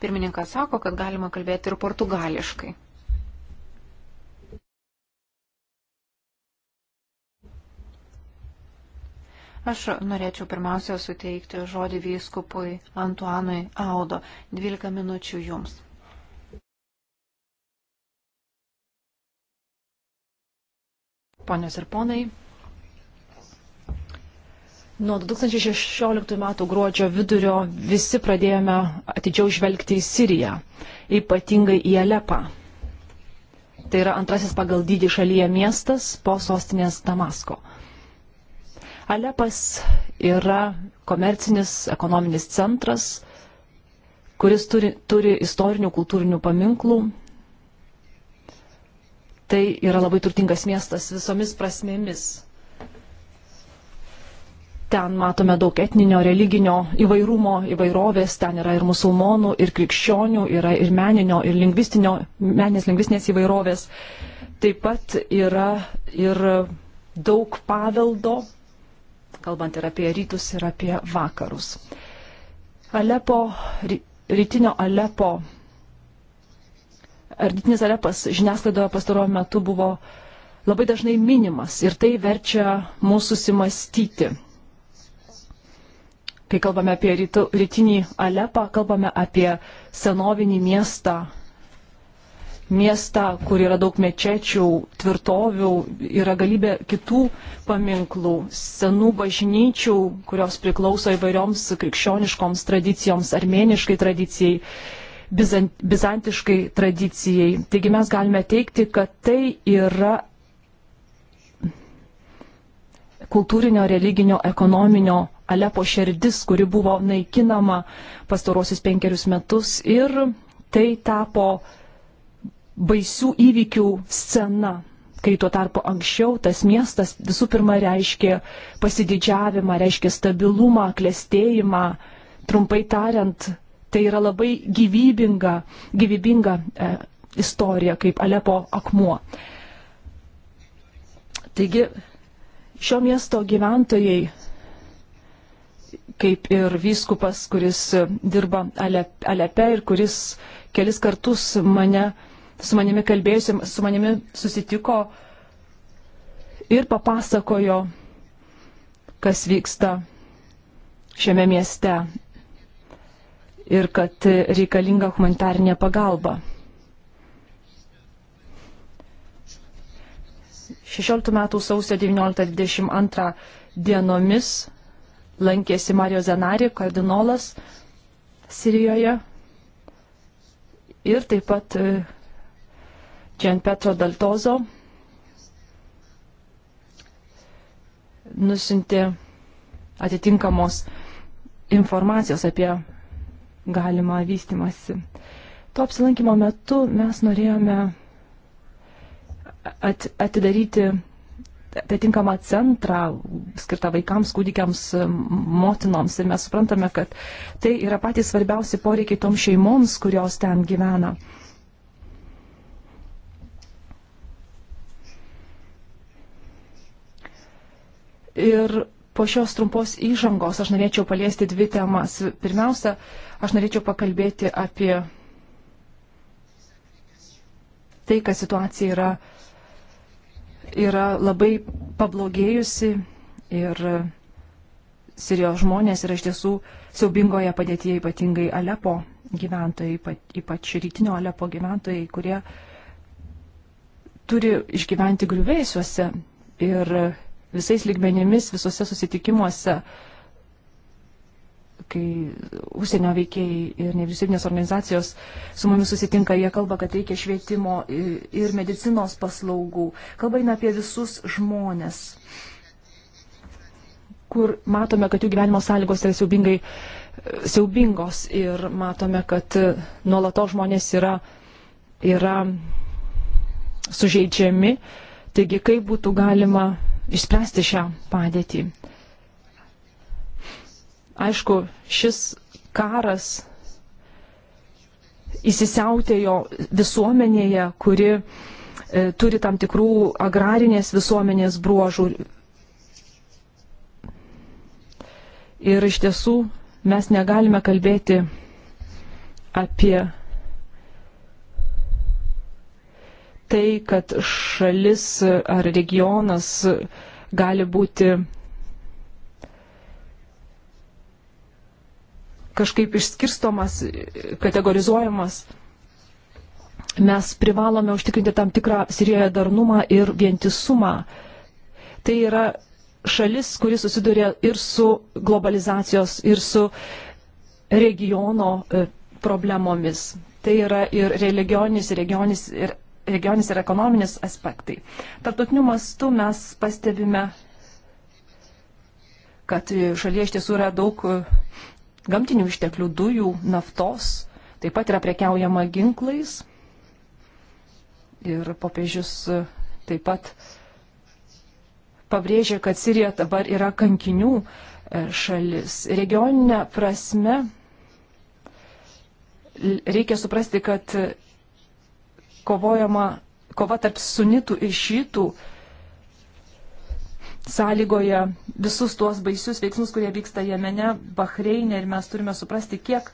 Pirmininkas sako, kad galima kalbėti ir portugališkai. Aš norėčiau pirmiausia suteikti žodį vyskupui Antuanui Audo. 12 minučių jums. Ponios ir ponai, Nuo 2016 metų gruodžio vidurio visi pradėjome atidžiau žvelgti į Siriją, ypatingai į Alepą. Tai yra antrasis pagal dydį šalyje miestas po sostinės Damasko. Alepas yra komercinis ekonominis centras, kuris turi, turi istorinių kultūrinių paminklų. Tai yra labai turtingas miestas visomis prasmėmis Ten matome daug etninio, religinio įvairumo, įvairovės, ten yra ir musulmonų, ir krikščionių, yra ir meninio, ir lingvistinio, meninės lingvistinės įvairovės. Taip pat yra ir daug paveldo, kalbant ir apie rytus, ir apie vakarus. Alepo, rytinio Alepo, rytinis Alepas žiniasklaidoje pastaruoju metu buvo labai dažnai minimas ir tai verčia mūsų susimastyti. Kai kalbame apie rytų, rytinį Alepą, kalbame apie senovinį miestą, miestą, kur yra daug mečečių, tvirtovių, yra galybė kitų paminklų, senų bažnyčių, kurios priklauso įvairioms krikščioniškoms tradicijoms, armėniškai tradicijai, bizant, bizantiškai tradicijai. Taigi mes galime teikti, kad tai yra kultūrinio, religinio, ekonominio Alepo širdis, kuri buvo naikinama pastarosius penkerius metus ir tai tapo baisių įvykių scena, kai tuo tarpu anksčiau tas miestas visų pirma reiškė pasididžiavimą, reiškė stabilumą, klestėjimą, trumpai tariant, tai yra labai gyvybinga, gyvybinga e, istorija, kaip Alepo akmuo. Taigi šio miesto gyventojai kaip ir vyskupas, kuris dirba Alepe ir kuris kelis kartus mane, su manimi kalbėjusi, su manimi susitiko ir papasakojo, kas vyksta šiame mieste ir kad reikalinga humanitarinė pagalba. 16 metų sausio 19-22 dienomis lankėsi Mario Zenari, kardinolas Sirijoje. Ir taip pat e, Gianpetro Daltozo nusinti atitinkamos informacijos apie galimą vystimasi. To apsilankimo metu mes norėjome atidaryti apie tinkamą centrą skirtą vaikams, kūdikiams, motinoms. Ir mes suprantame, kad tai yra patys svarbiausi poreikiai toms šeimoms, kurios ten gyvena. Ir po šios trumpos įžangos aš norėčiau paliesti dvi temas. Pirmiausia, aš norėčiau pakalbėti apie tai, kad situacija yra yra labai pablogėjusi ir Sirijos žmonės yra iš tiesų siaubingoje padėtyje, ypatingai Alepo gyventojai, ypač rytinio Alepo gyventojai, kurie turi išgyventi griuvėsiuose ir visais ligmenimis, visose susitikimuose uh, kai užsienio veikėjai ir nevyriausybinės organizacijos su mumis susitinka, jie kalba, kad reikia švietimo ir medicinos paslaugų. Kalba eina apie visus žmonės, kur matome, kad jų gyvenimo sąlygos yra siaubingai, siaubingos ir matome, kad nuolatos žmonės yra, yra sužeidžiami. Taigi, kaip būtų galima išspręsti šią padėtį? Aišku, šis karas įsisiautėjo visuomenėje, kuri e, turi tam tikrų agrarinės visuomenės bruožų. Ir iš tiesų mes negalime kalbėti apie tai, kad šalis ar regionas gali būti kažkaip išskirstomas, kategorizuojamas. Mes privalome užtikrinti tam tikrą Sirijoje darnumą ir vientisumą. Tai yra šalis, kuri susiduria ir su globalizacijos, ir su regiono e, problemomis. Tai yra ir religionis, regionis, ir, regionis ir ekonominis aspektai. Tartutiniu mastu mes pastebime, kad šalyje iš tiesų yra daug gamtinių išteklių dujų, naftos, taip pat yra prekiaujama ginklais. Ir popiežius taip pat pabrėžė, kad Sirija dabar yra kankinių e, šalis. Regioninė prasme reikia suprasti, kad e, kovojama, kova tarp sunitų ir šytų sąlygoja visus tuos baisius veiksmus, kurie vyksta Jemene, Bahreinė ir mes turime suprasti, kiek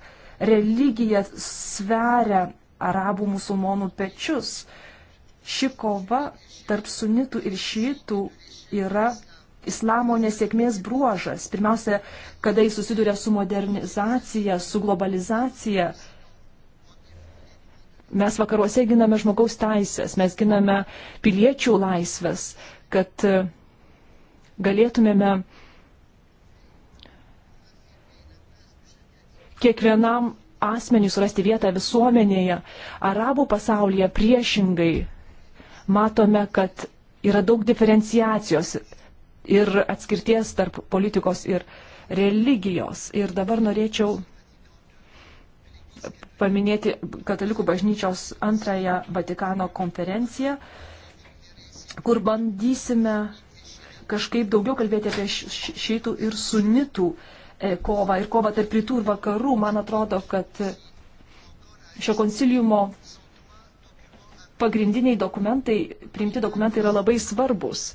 religija sveria arabų musulmonų pečius. Ši kova tarp sunitų ir šytų yra islamo nesėkmės bruožas. Pirmiausia, kada jis susiduria su modernizacija, su globalizacija. Mes vakaruose giname žmogaus teisės, mes giname piliečių laisvės, kad galėtumėme kiekvienam asmeniui surasti vietą visuomenėje. Arabų pasaulyje priešingai matome, kad yra daug diferenciacijos ir atskirties tarp politikos ir religijos. Ir dabar norėčiau paminėti Katalikų bažnyčios antrąją Vatikano konferenciją, kur bandysime kažkaip daugiau kalbėti apie šeitų ir sunitų e, kovą ir kovą tarp rytų ir vakarų. Man atrodo, kad šio konsiliumo pagrindiniai dokumentai, priimti dokumentai yra labai svarbus.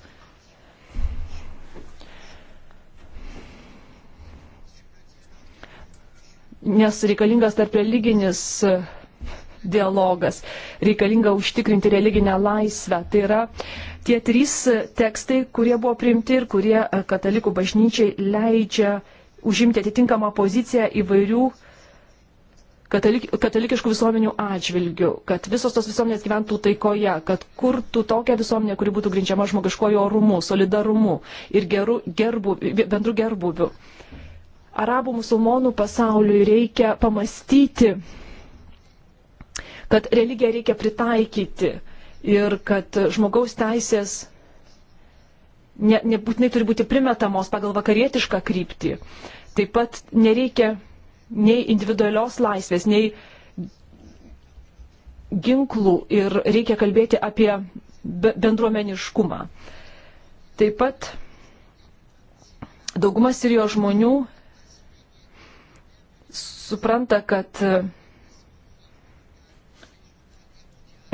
Nes reikalingas tarp religinis dialogas, reikalinga užtikrinti religinę laisvę. Tai yra tie trys e, tekstai, kurie buvo priimti ir kurie e, katalikų bažnyčiai leidžia užimti atitinkamą poziciją įvairių katalik, katalikiškų visuomenių atžvilgių, kad visos tos visuomenės gyventų taikoje, kad kurtų tokią visuomenę, kuri būtų grindžiama žmogiškojo orumu, solidarumu ir geru, gerbu, bendru gerbuviu. Arabų musulmonų pasauliui reikia pamastyti, kad religiją reikia pritaikyti ir kad žmogaus teisės ne, nebūtinai turi būti primetamos pagal vakarietišką kryptį. Taip pat nereikia nei individualios laisvės, nei ginklų ir reikia kalbėti apie bendruomeniškumą. Taip pat dauguma Sirijos žmonių supranta, kad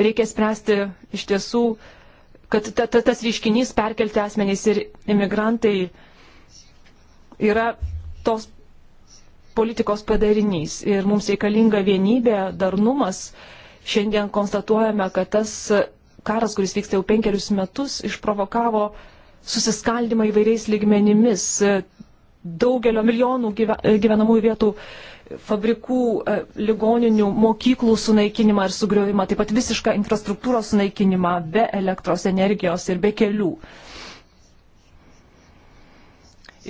reikia spręsti iš tiesų, kad ta, ta, tas ryškinys perkelti asmenys ir imigrantai yra tos politikos padarinys. Ir mums reikalinga vienybė, darnumas. Šiandien konstatuojame, kad tas karas, kuris vyksta jau penkerius metus, išprovokavo susiskaldimą įvairiais lygmenimis daugelio milijonų gyvenamųjų vietų fabrikų, e, ligoninių, mokyklų sunaikinimą ir sugriovimą, taip pat visišką infrastruktūros sunaikinimą be elektros energijos ir be kelių.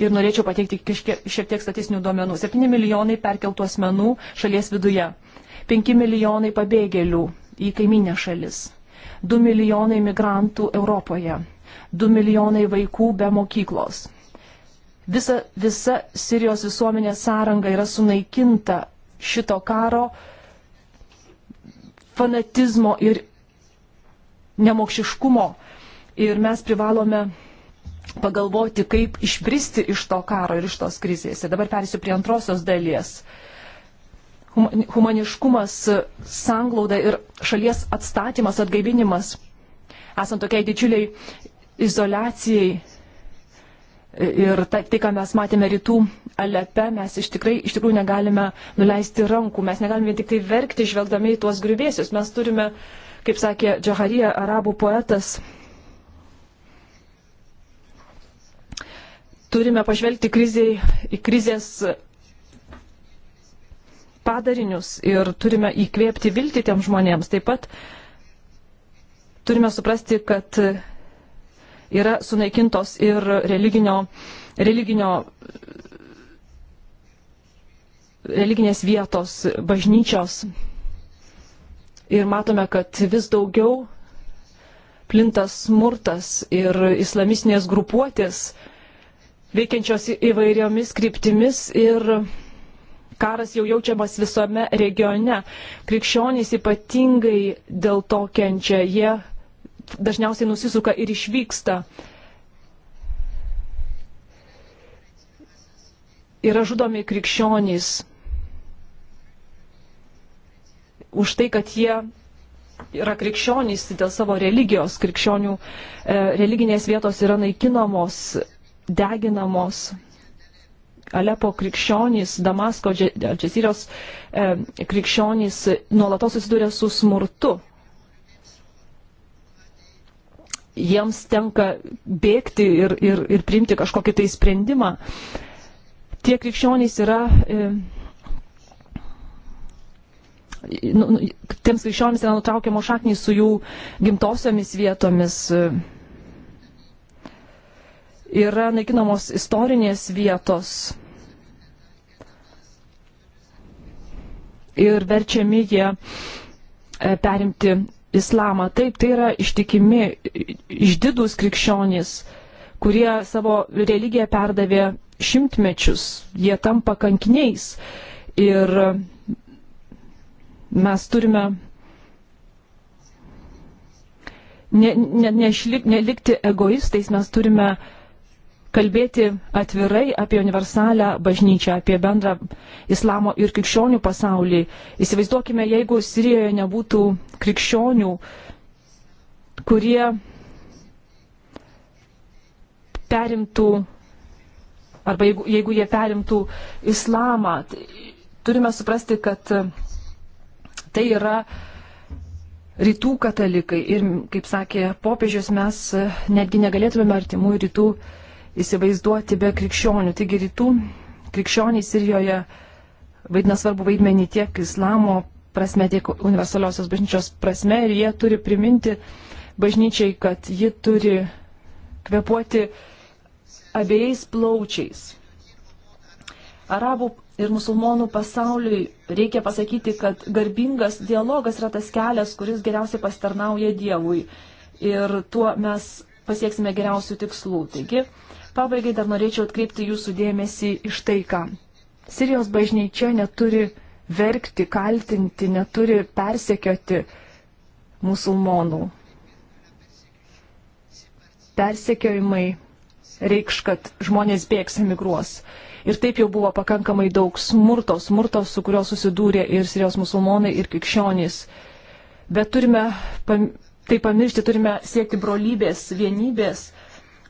Ir norėčiau pateikti šiek tiek statistinių duomenų. 7 milijonai perkeltų asmenų šalies viduje, 5 milijonai pabėgėlių į kaiminę šalis, 2 milijonai migrantų Europoje, 2 milijonai vaikų be mokyklos, Visa, visa Sirijos visuomenės sąranga yra sunaikinta šito karo fanatizmo ir nemokšiškumo. Ir mes privalome pagalvoti, kaip išbristi iš to karo ir iš tos krizės. Ir dabar perėsiu prie antrosios dalies. Humaniškumas, sanglauda ir šalies atstatymas, atgaivinimas. Esant tokiai didžiuliai izolacijai, Ir ta, tai, ką mes matėme rytų Alepe, mes iš, tikrai, iš tikrųjų negalime nuleisti rankų, mes negalime tik tai verkti, žvelgdami į tuos griuvėsius. Mes turime, kaip sakė Džaharija, arabų poetas, turime pažvelgti kriziai, į krizės padarinius ir turime įkvėpti viltį tiem žmonėms. Taip pat turime suprasti, kad yra sunaikintos ir religinio, religinio, religinės vietos, bažnyčios. Ir matome, kad vis daugiau plinta smurtas ir islamistinės grupuotės, veikiančios įvairiomis kryptimis ir karas jau jaučiamas visame regione. Krikščionys ypatingai dėl to kenčia, jie dažniausiai nusisuka ir išvyksta. Yra žudomi krikščionys už tai, kad jie yra krikščionys dėl savo religijos. Krikščionių e, religinės vietos yra naikinamos, deginamos. Alepo krikščionys, Damasko, Džezirijos e, krikščionys nuolatos susiduria su smurtu jiems tenka bėgti ir, ir, ir priimti kažkokį tai sprendimą. Tie krikščionys yra. E, nu, nu tiems krikščionys yra nutraukiamos šaknys su jų gimtosiomis vietomis. Yra naikinamos istorinės vietos. Ir verčiami jie e, perimti islamą. Taip, tai yra ištikimi, išdidus krikščionys, kurie savo religiją perdavė šimtmečius, jie tampa kankiniais. Ir mes turime ne, ne, nešlik, nelikti egoistais, mes turime uh, kalbėti atvirai apie universalią bažnyčią, apie bendrą islamo ir krikščionių pasaulį. Įsivaizduokime, jeigu Sirijoje nebūtų krikščionių, kurie perimtų, arba jeigu, jeigu jie perimtų islamą, tai turime suprasti, kad tai yra rytų katalikai ir, kaip sakė popiežius, mes netgi negalėtumėme artimų rytų katalikai įsivaizduoti be krikščionių. Taigi rytų krikščioniai Sirijoje vaidina svarbu vaidmenį tiek islamo prasme, tiek universaliosios bažnyčios prasme ir jie turi priminti bažnyčiai, kad ji turi kvepuoti abiejais plaučiais. Arabų ir musulmonų pasauliui reikia pasakyti, kad garbingas dialogas yra tas kelias, kuris geriausiai pastarnauja Dievui. Ir tuo mes pasieksime geriausių tikslų. Taigi, Pabaigai dar norėčiau atkreipti jūsų dėmesį iš tai, ką. Sirijos bažnyčia neturi verkti, kaltinti, neturi persekioti musulmonų. Persekiojimai reikš, kad žmonės bėgs emigruos. Ir taip jau buvo pakankamai daug smurto, smurto, su kurio susidūrė ir sirijos musulmonai, ir krikščionys. Bet turime pam tai pamiršti, turime siekti brolybės, vienybės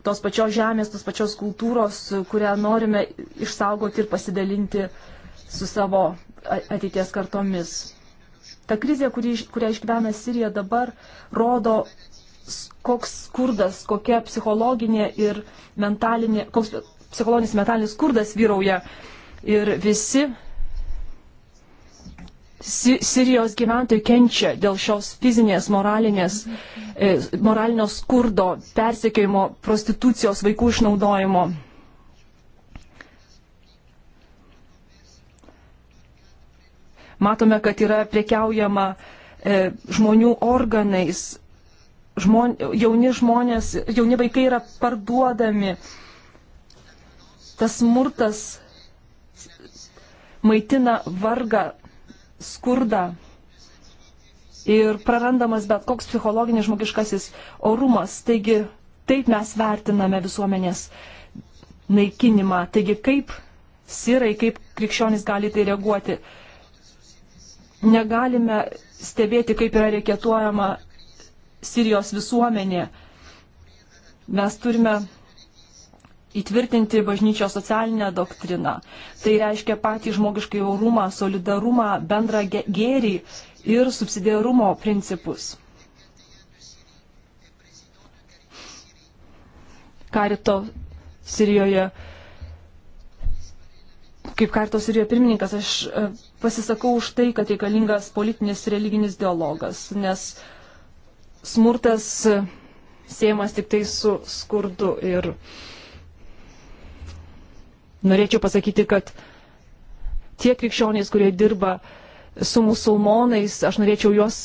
tos pačios žemės, tos pačios kultūros, kurią norime išsaugoti ir pasidalinti su savo ateities kartomis. Ta krizė, kurį, kurią išgyvena Sirija dabar, rodo, koks skurdas, kokia psichologinė ir mentalinė, koks psichologinis mentalinis skurdas vyrauja. Ir visi Sirijos gyventojai kenčia dėl šios fizinės, moralinės, e, moralinio skurdo, persekėjimo, prostitucijos, vaikų išnaudojimo. Matome, kad yra priekiaujama e, žmonių organais, žmon, jauni žmonės, jauni vaikai yra parduodami. Tas smurtas maitina vargą skurdą ir prarandamas bet koks psichologinis žmogiškasis orumas. Taigi taip mes vertiname visuomenės naikinimą. Taigi kaip sirai, kaip krikščionys gali tai reaguoti. Negalime stebėti, kaip yra reikėtuojama Sirijos visuomenė. Mes turime įtvirtinti bažnyčios socialinę doktriną. Tai reiškia patį žmogiškai orumą, solidarumą, bendrą gėrį ir subsidiarumo principus. Karito Sirijoje, kaip Karito Sirijoje pirmininkas, aš e, pasisakau už tai, kad reikalingas politinis religinis dialogas, nes smurtas e, siejamas tik tai su skurdu ir uh, Norėčiau pasakyti, kad tie krikščionys, kurie dirba su musulmonais, aš norėčiau juos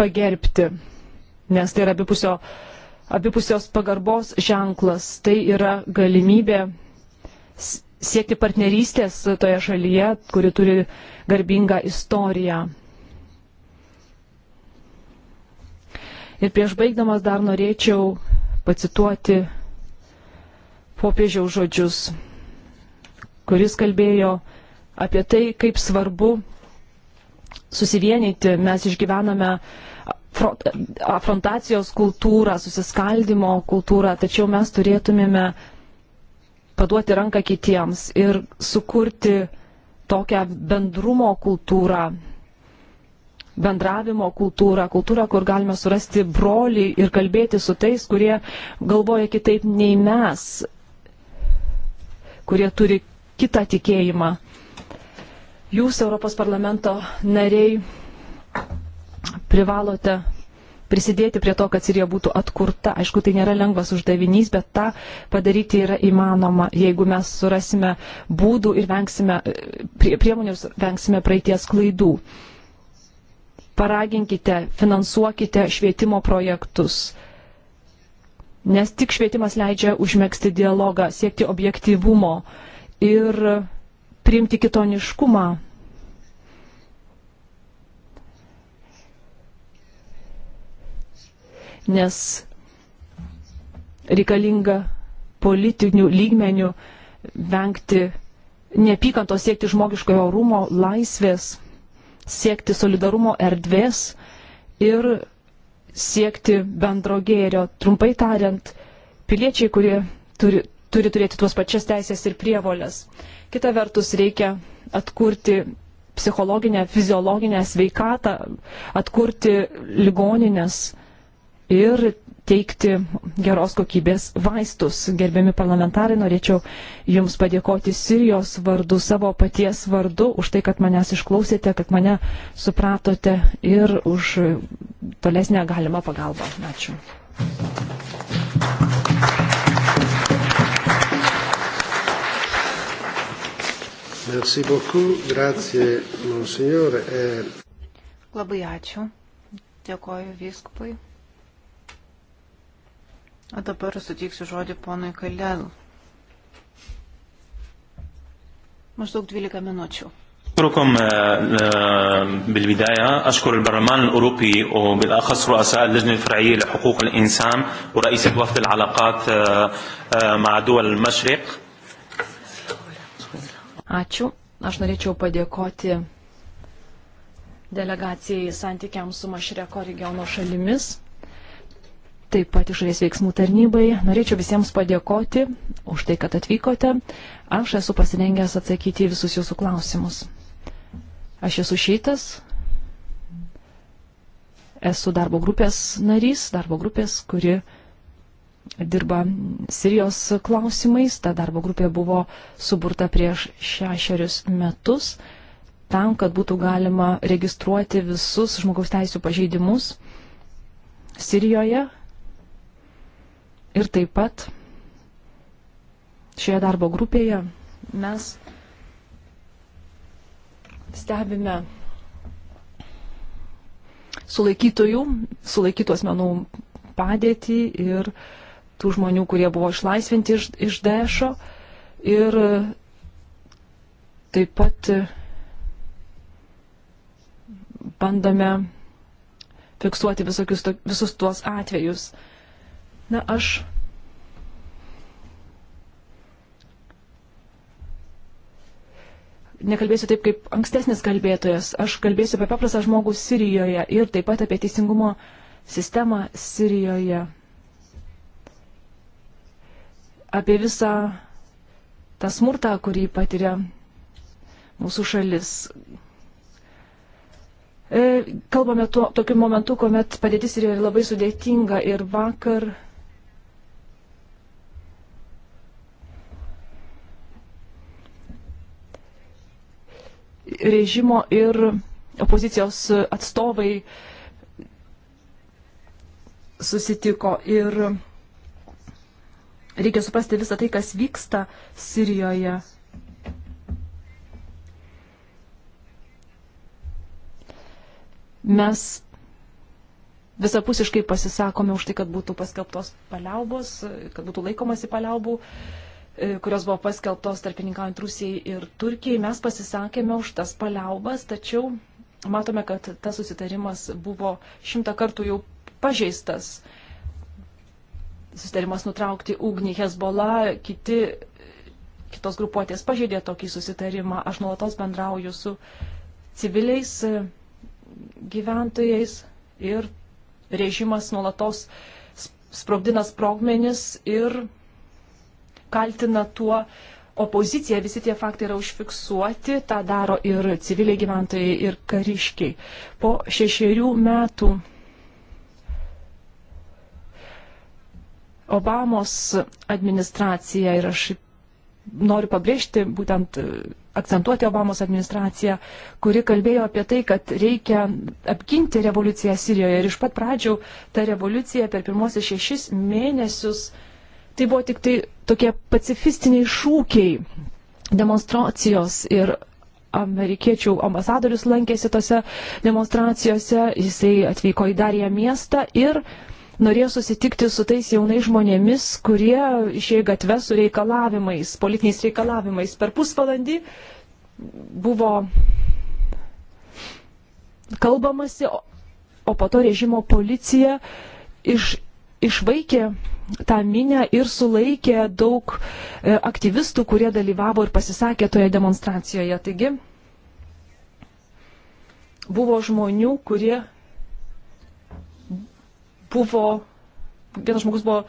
pagerbti, nes tai yra abipusio, abipusios pagarbos ženklas, tai yra galimybė siekti partnerystės toje šalyje, kuri turi garbingą istoriją. Ir prieš baigdamas dar norėčiau pacituoti popiežiaus žodžius kuris kalbėjo apie tai, kaip svarbu susivienyti. Mes išgyvename afrontacijos kultūrą, susiskaldimo kultūrą, tačiau mes turėtumėme paduoti ranką kitiems ir sukurti tokią bendrumo kultūrą, bendravimo kultūrą, kultūrą, kur galime surasti brolį ir kalbėti su tais, kurie galvoja kitaip nei mes, kurie turi kitą tikėjimą. Jūs, Europos parlamento nariai, privalote prisidėti prie to, kad Sirija būtų atkurta. Aišku, tai nėra lengvas uždavinys, bet tą padaryti yra įmanoma, jeigu mes surasime būdų ir vengsime, prie, priemonių ir vengsime praeities klaidų. Paraginkite, finansuokite švietimo projektus. Nes tik švietimas leidžia užmėgsti dialogą, siekti objektyvumo, uh, ir priimti kitoniškumą. Nes reikalinga politinių lygmenių vengti neapykantos, siekti žmogiškojo orumo, laisvės, siekti solidarumo erdvės ir siekti bendro gėrio. Trumpai tariant, piliečiai, kurie turi, turi turėti tuos pačias teisės ir prievolės. Kita vertus, reikia atkurti psichologinę, fiziologinę sveikatą, atkurti ligoninės ir teikti geros kokybės vaistus. Gerbiami parlamentarai, norėčiau Jums padėkoti Sirijos vardu, savo paties vardu, už tai, kad manęs išklausėte, kad mane supratote ir už tolesnę galimą pagalbą. Ačiū. Merci beaucoup, grazie, monsignore. E Labai ačiū, dėkoju vyskupui. O dabar suteiksiu žodį ponui Kalelų. Maždaug 12 minučių. أشكركم بالبداية أشكر البرلمان الأوروبي وبالأخص رؤساء اللجنة الفرعية لحقوق الإنسان ورئيس وفد العلاقات مع دول المشرق Ačiū. Aš norėčiau padėkoti delegacijai santykiams su Mašreko regiono šalimis, taip pat išorės veiksmų tarnybai. Norėčiau visiems padėkoti už tai, kad atvykote. Aš esu pasirengęs atsakyti į visus jūsų klausimus. Aš esu šitas, esu darbo grupės narys, darbo grupės, kuri dirba Sirijos klausimais. Ta darbo grupė buvo suburta prieš šešerius metus tam, kad būtų galima registruoti visus žmogaus teisų pažeidimus Sirijoje. Ir taip pat šioje darbo grupėje mes stebime sulaikytojų, sulaikytų asmenų padėtį ir uh, tų žmonių, kurie buvo išlaisvinti iš, iš Daešo. Ir taip pat bandome fiksuoti visokius, to, visus tuos atvejus. Na, aš nekalbėsiu taip kaip ankstesnis kalbėtojas, aš kalbėsiu apie paprastą žmogų Sirijoje ir taip pat apie teisingumo sistemą Sirijoje apie visą tą smurtą, kurį patiria mūsų šalis. E, kalbame tuo, tokiu momentu, kuomet padėtis yra labai sudėtinga ir vakar režimo ir opozicijos atstovai susitiko ir Reikia suprasti visą tai, kas vyksta Sirijoje. Mes visapusiškai pasisakome už tai, kad būtų paskelbtos paliaubos, kad būtų laikomasi paliaubų, e, kurios buvo paskelbtos tarpininkaujant Rusijai ir Turkijai. Mes pasisakėme už tas paliaubas, tačiau matome, kad tas susitarimas buvo šimtą kartų jau pažeistas susitarimas nutraukti ugnį Hezbollah, kiti, kitos grupuotės pažeidė tokį susitarimą. Aš nuolatos bendrauju su civiliais e, gyventojais ir režimas nuolatos sprogdina sprogmenis ir kaltina tuo opoziciją. Visi tie faktai yra užfiksuoti, tą daro ir civiliai gyventojai, ir kariškiai. Po šešerių metų Obamos administracija ir aš noriu pabrėžti, būtent e, akcentuoti Obamos administraciją, kuri kalbėjo apie tai, kad reikia apginti revoliuciją Sirijoje. Ir iš pat pradžių ta revoliucija per pirmosius šešis mėnesius, tai buvo tik tai tokie pacifistiniai šūkiai, demonstracijos ir amerikiečių ambasadorius lankėsi tose demonstracijose, jisai atvyko į Dariją miestą ir uh, norėjo susitikti su tais jaunais žmonėmis, kurie išėjo gatvę su reikalavimais, politiniais reikalavimais. Per pusvalandį buvo kalbamasi, o po to režimo policija iš, išvaikė tą minę ir sulaikė daug e, aktyvistų, kurie dalyvavo ir pasisakė toje demonstracijoje. Taigi buvo žmonių, kurie buvo, vienas žmogus buvo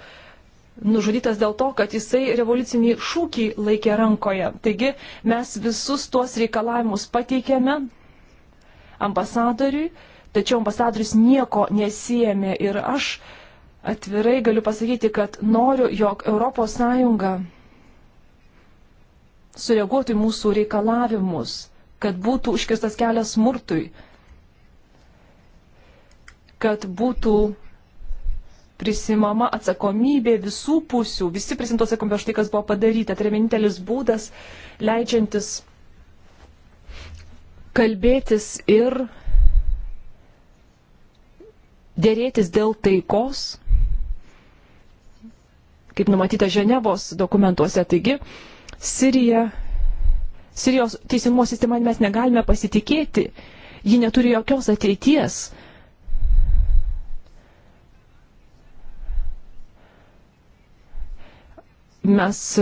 nužudytas dėl to, kad jisai revoliucinį šūkį laikė rankoje. Taigi mes visus tuos reikalavimus pateikėme ambasadoriui, tačiau ambasadorius nieko nesijėmė ir aš atvirai galiu pasakyti, kad noriu, jog ES sureaguotų į mūsų reikalavimus, kad būtų užkirstas kelias smurtui, kad būtų prisimama atsakomybė visų pusių, visi prisimtų atsakomybę už tai, kas buvo padaryta. Tai yra vienintelis būdas leidžiantis kalbėtis ir dėrėtis dėl taikos, kaip numatyta Ženevos dokumentuose. Taigi, Sirija, Sirijos teisingumo sistema mes negalime pasitikėti, ji neturi jokios ateities mes,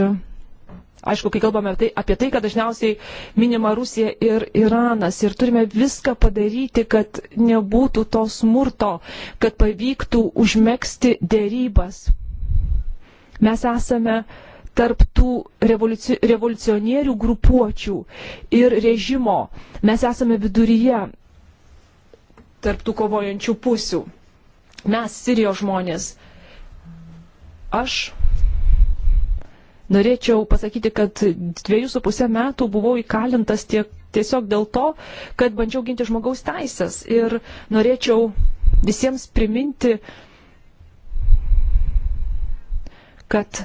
aišku, kai kalbame tai, apie tai, kad dažniausiai minima Rusija ir Iranas ir turime viską padaryti, kad nebūtų to smurto, kad pavyktų užmėgsti dėrybas. Mes esame tarp tų revoliuci revoliucionierių grupuočių ir režimo. Mes esame viduryje tarp tų kovojančių pusių. Mes, Sirijos žmonės. Aš Norėčiau pasakyti, kad dviejų su pusę metų buvau įkalintas tiek, tiesiog dėl to, kad bandžiau ginti žmogaus teisės. Ir norėčiau visiems priminti, kad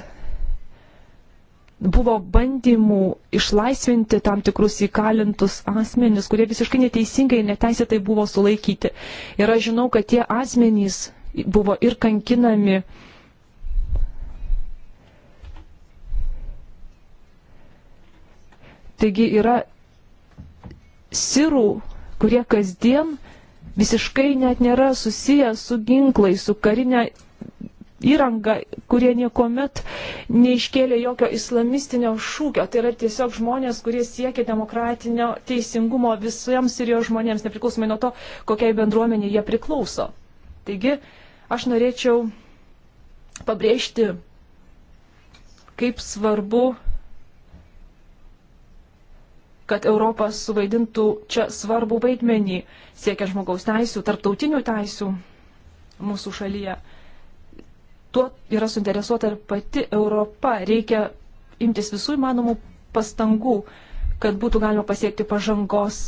buvo bandymų išlaisvinti tam tikrus įkalintus asmenis, kurie visiškai neteisingai ir neteisėtai buvo sulaikyti. Ir aš žinau, kad tie asmenys buvo ir kankinami, Taigi yra sirų, kurie kasdien visiškai net nėra susiję su ginklais, su karinė įranga, kurie niekuomet neiškėlė jokio islamistinio šūkio. Tai yra tiesiog žmonės, kurie siekia demokratinio teisingumo visiems ir jo žmonėms, nepriklausomai nuo to, kokiai bendruomenė jie priklauso. Taigi, aš norėčiau pabrėžti, kaip svarbu kad Europa suvaidintų čia svarbų vaidmenį, siekia žmogaus teisų, tarptautinių teisų mūsų šalyje. Tuo yra suinteresuota ir pati Europa. Reikia imtis visų įmanomų pastangų, kad būtų galima pasiekti pažangos,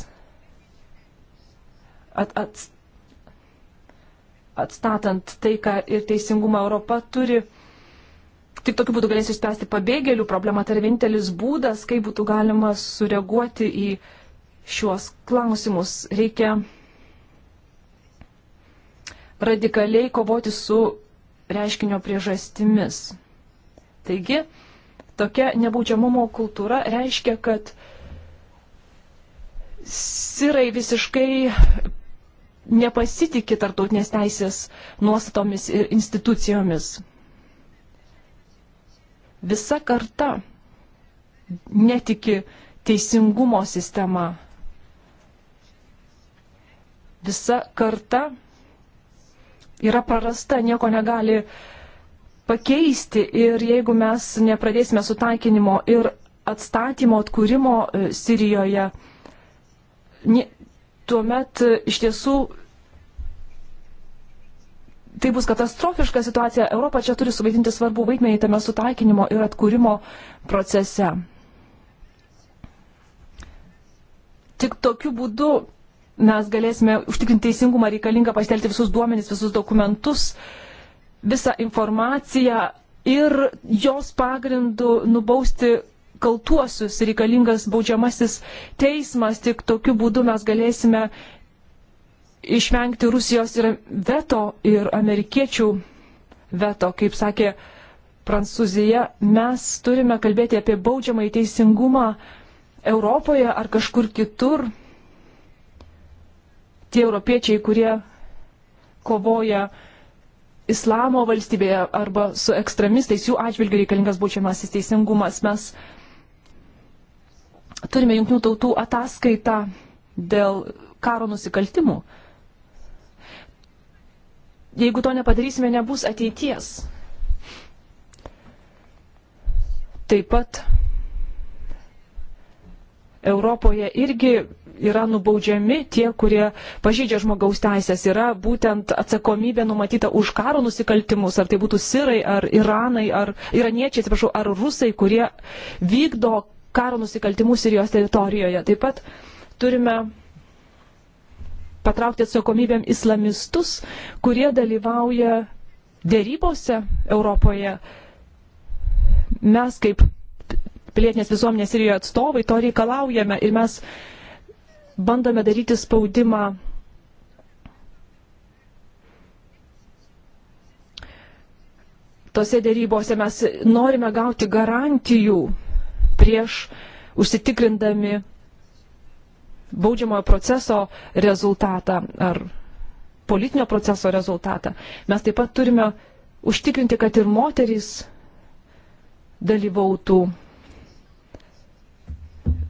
at, at, atstatant tai, ką ir teisingumą Europa turi Tik tokiu būdu galės išspręsti pabėgėlių problemą. Tai yra vienintelis būdas, kaip būtų galima sureaguoti į šiuos klausimus. Reikia radikaliai kovoti su reiškinio priežastimis. Taigi, tokia nebaudžiamumo kultūra reiškia, kad sirai visiškai nepasitikė tartautinės teisės nuostatomis ir institucijomis. Visa karta netiki teisingumo sistema. Visa karta yra prarasta, nieko negali pakeisti ir jeigu mes nepradėsime sutaikinimo ir atstatymo, atkūrimo e, Sirijoje, tuomet e, iš tiesų tai bus katastrofiška situacija. Europa čia turi suvaidinti svarbu vaidmenį tame sutaikinimo ir atkūrimo procese. Tik tokiu būdu mes galėsime užtikrinti teisingumą reikalingą pasitelti visus duomenys, visus dokumentus, visą informaciją ir jos pagrindų nubausti kaltuosius reikalingas baudžiamasis teismas. Tik tokiu būdu mes galėsime išvengti Rusijos ir veto ir amerikiečių veto, kaip sakė Prancūzija, mes turime kalbėti apie baudžiamą į teisingumą Europoje ar kažkur kitur. Tie europiečiai, kurie kovoja islamo valstybėje arba su ekstremistais, jų atžvilgių reikalingas baudžiamasis teisingumas. Mes turime jungtinių tautų ataskaitą dėl karo nusikaltimų jeigu to nepadarysime, nebus ateities. Taip pat Europoje irgi yra nubaudžiami tie, kurie pažydžia žmogaus teisės. Yra būtent atsakomybė numatyta už karo nusikaltimus, ar tai būtų sirai, ar iranai, ar iraniečiai, atsiprašau, ar rusai, kurie vykdo karo nusikaltimus Sirijos teritorijoje. Taip pat turime patraukti atsakomybėm islamistus, kurie dalyvauja dėrybose Europoje. Mes kaip pilietinės visuomenės Sirijoje atstovai to reikalaujame ir mes bandome daryti spaudimą tose dėrybose mes norime gauti garantijų prieš užsitikrindami baudžiamojo proceso rezultatą ar politinio proceso rezultatą. Mes taip pat turime užtikrinti, kad ir moterys dalyvautų,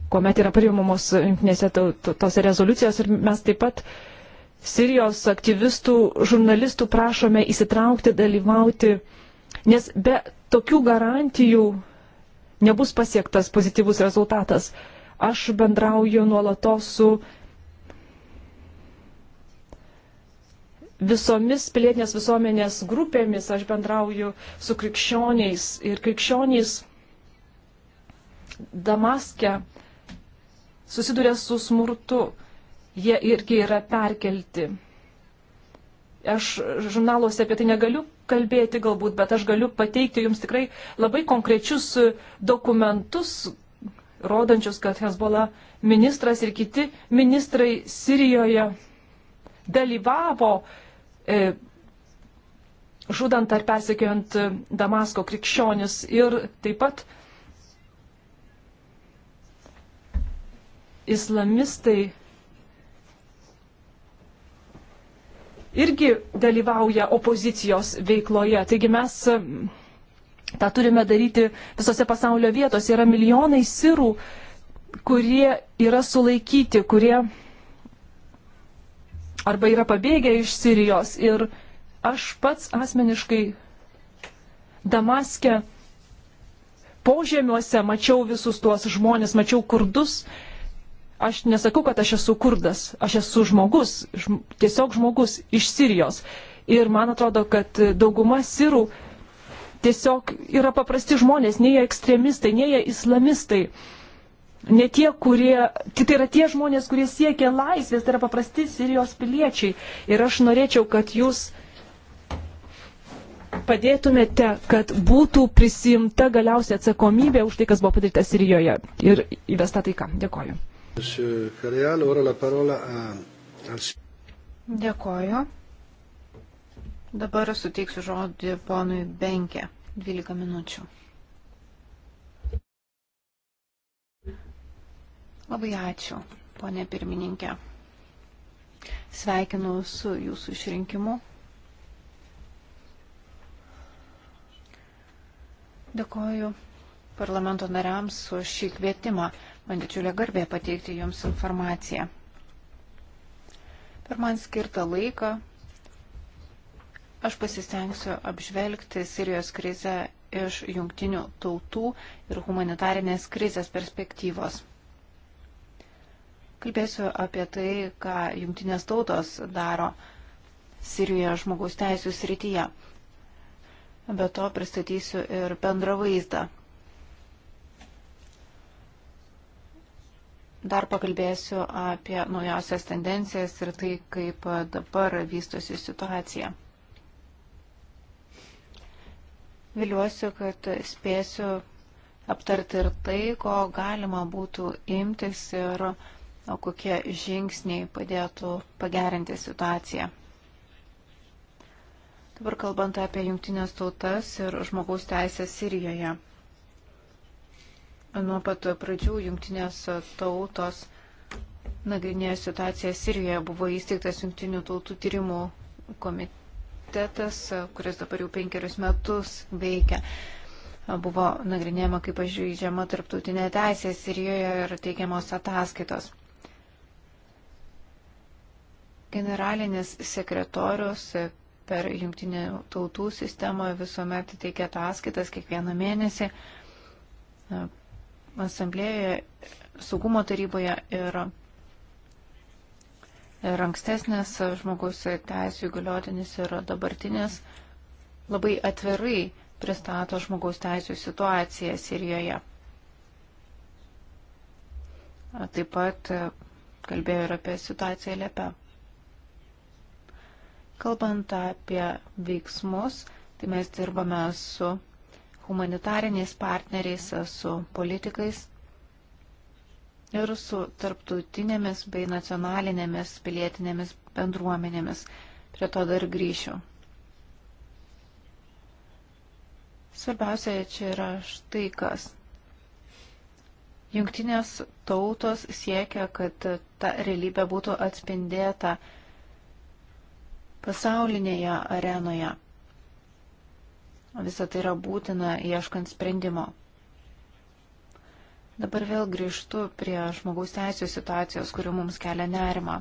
kuomet yra priimamos jungtinėse tose rezoliucijos ir mes taip pat Sirijos aktyvistų, žurnalistų prašome įsitraukti, dalyvauti, nes be tokių garantijų nebus pasiektas pozityvus rezultatas. Aš bendrauju nuolatos su visomis pilietinės visuomenės grupėmis, aš bendrauju su krikščioniais ir krikščionys Damaske susiduria su smurtu, jie irgi yra perkelti. Aš žurnaluose apie tai negaliu kalbėti galbūt, bet aš galiu pateikti jums tikrai labai konkrečius dokumentus, rodančius, kad Hezbollah ministras ir kiti ministrai Sirijoje dalyvavo e, žudant ar persekiojant Damasko krikščionis ir taip pat islamistai irgi dalyvauja opozicijos veikloje. Taigi mes Ta turime daryti visose pasaulio vietose. Yra milijonai sirų, kurie yra sulaikyti, kurie arba yra pabėgę iš Sirijos. Ir aš pats asmeniškai Damaske požemiuose mačiau visus tuos žmonės, mačiau kurdus. Aš nesakau, kad aš esu kurdas, aš esu žmogus, žm tiesiog žmogus iš Sirijos. Ir man atrodo, kad dauguma sirų tiesiog yra paprasti žmonės, nei jie ekstremistai, nei jie islamistai. Ne tie, kurie, tai, tai yra tie žmonės, kurie siekia laisvės, tai yra paprasti Sirijos piliečiai. Ir aš norėčiau, kad jūs padėtumėte, kad būtų prisimta galiausiai atsakomybė už tai, kas buvo padaryta Sirijoje ir įvesta taika. Dėkoju. Dėkoju. Dabar suteiksiu žodį ponui Benkė. 12 minučių. Labai ačiū, ponė pirmininkė. Sveikinu su jūsų išrinkimu. Dėkoju parlamento nariams už šį kvietimą. Man didžiulė garbė pateikti jums informaciją. Per man skirtą laiką Aš pasistengsiu apžvelgti Sirijos krizę iš jungtinių tautų ir humanitarinės krizės perspektyvos. Kalbėsiu apie tai, ką jungtinės tautos daro Sirijoje žmogaus teisų srityje. Be to pristatysiu ir bendrą vaizdą. Dar pakalbėsiu apie naujausias tendencijas ir tai, kaip dabar vystosi situacija. Viliuosi, kad spėsiu aptarti ir tai, ko galima būtų imtis ir o kokie žingsniai padėtų pagerinti situaciją. Dabar kalbant apie jungtinės tautas ir žmogaus teisę Sirijoje. Nuo pat pradžių jungtinės tautos nagrinėjo situaciją Sirijoje, buvo įsteigtas jungtinių tautų tyrimų komitetas komitetas, kuris dabar jau penkerius metus veikia, buvo nagrinėjama kaip pažeidžiama tarptautinė teisė Sirijoje ir teikiamos ataskaitos. Generalinis sekretorius per jungtinį tautų sistemą visuomet teikia ataskaitas kiekvieną mėnesį e, asamblėjoje, saugumo taryboje ir ir ankstesnės žmogaus teisų įgaliotinis ir dabartinės labai atvirai pristato žmogaus teisų situaciją Sirijoje. Taip pat e, kalbėjo ir apie situaciją Lepe. Kalbant apie veiksmus, tai mes dirbame su humanitariniais partneriais, su politikais ir su tarptautinėmis bei nacionalinėmis pilietinėmis bendruomenėmis. Prie to dar grįšiu. Svarbiausia čia yra štai kas. Jungtinės tautos siekia, kad ta realybė būtų atspindėta pasaulinėje arenoje. Visą tai yra būtina ieškant sprendimo. Dabar vėl grįžtu prie žmogaus teisų situacijos, kuri mums kelia nerimą.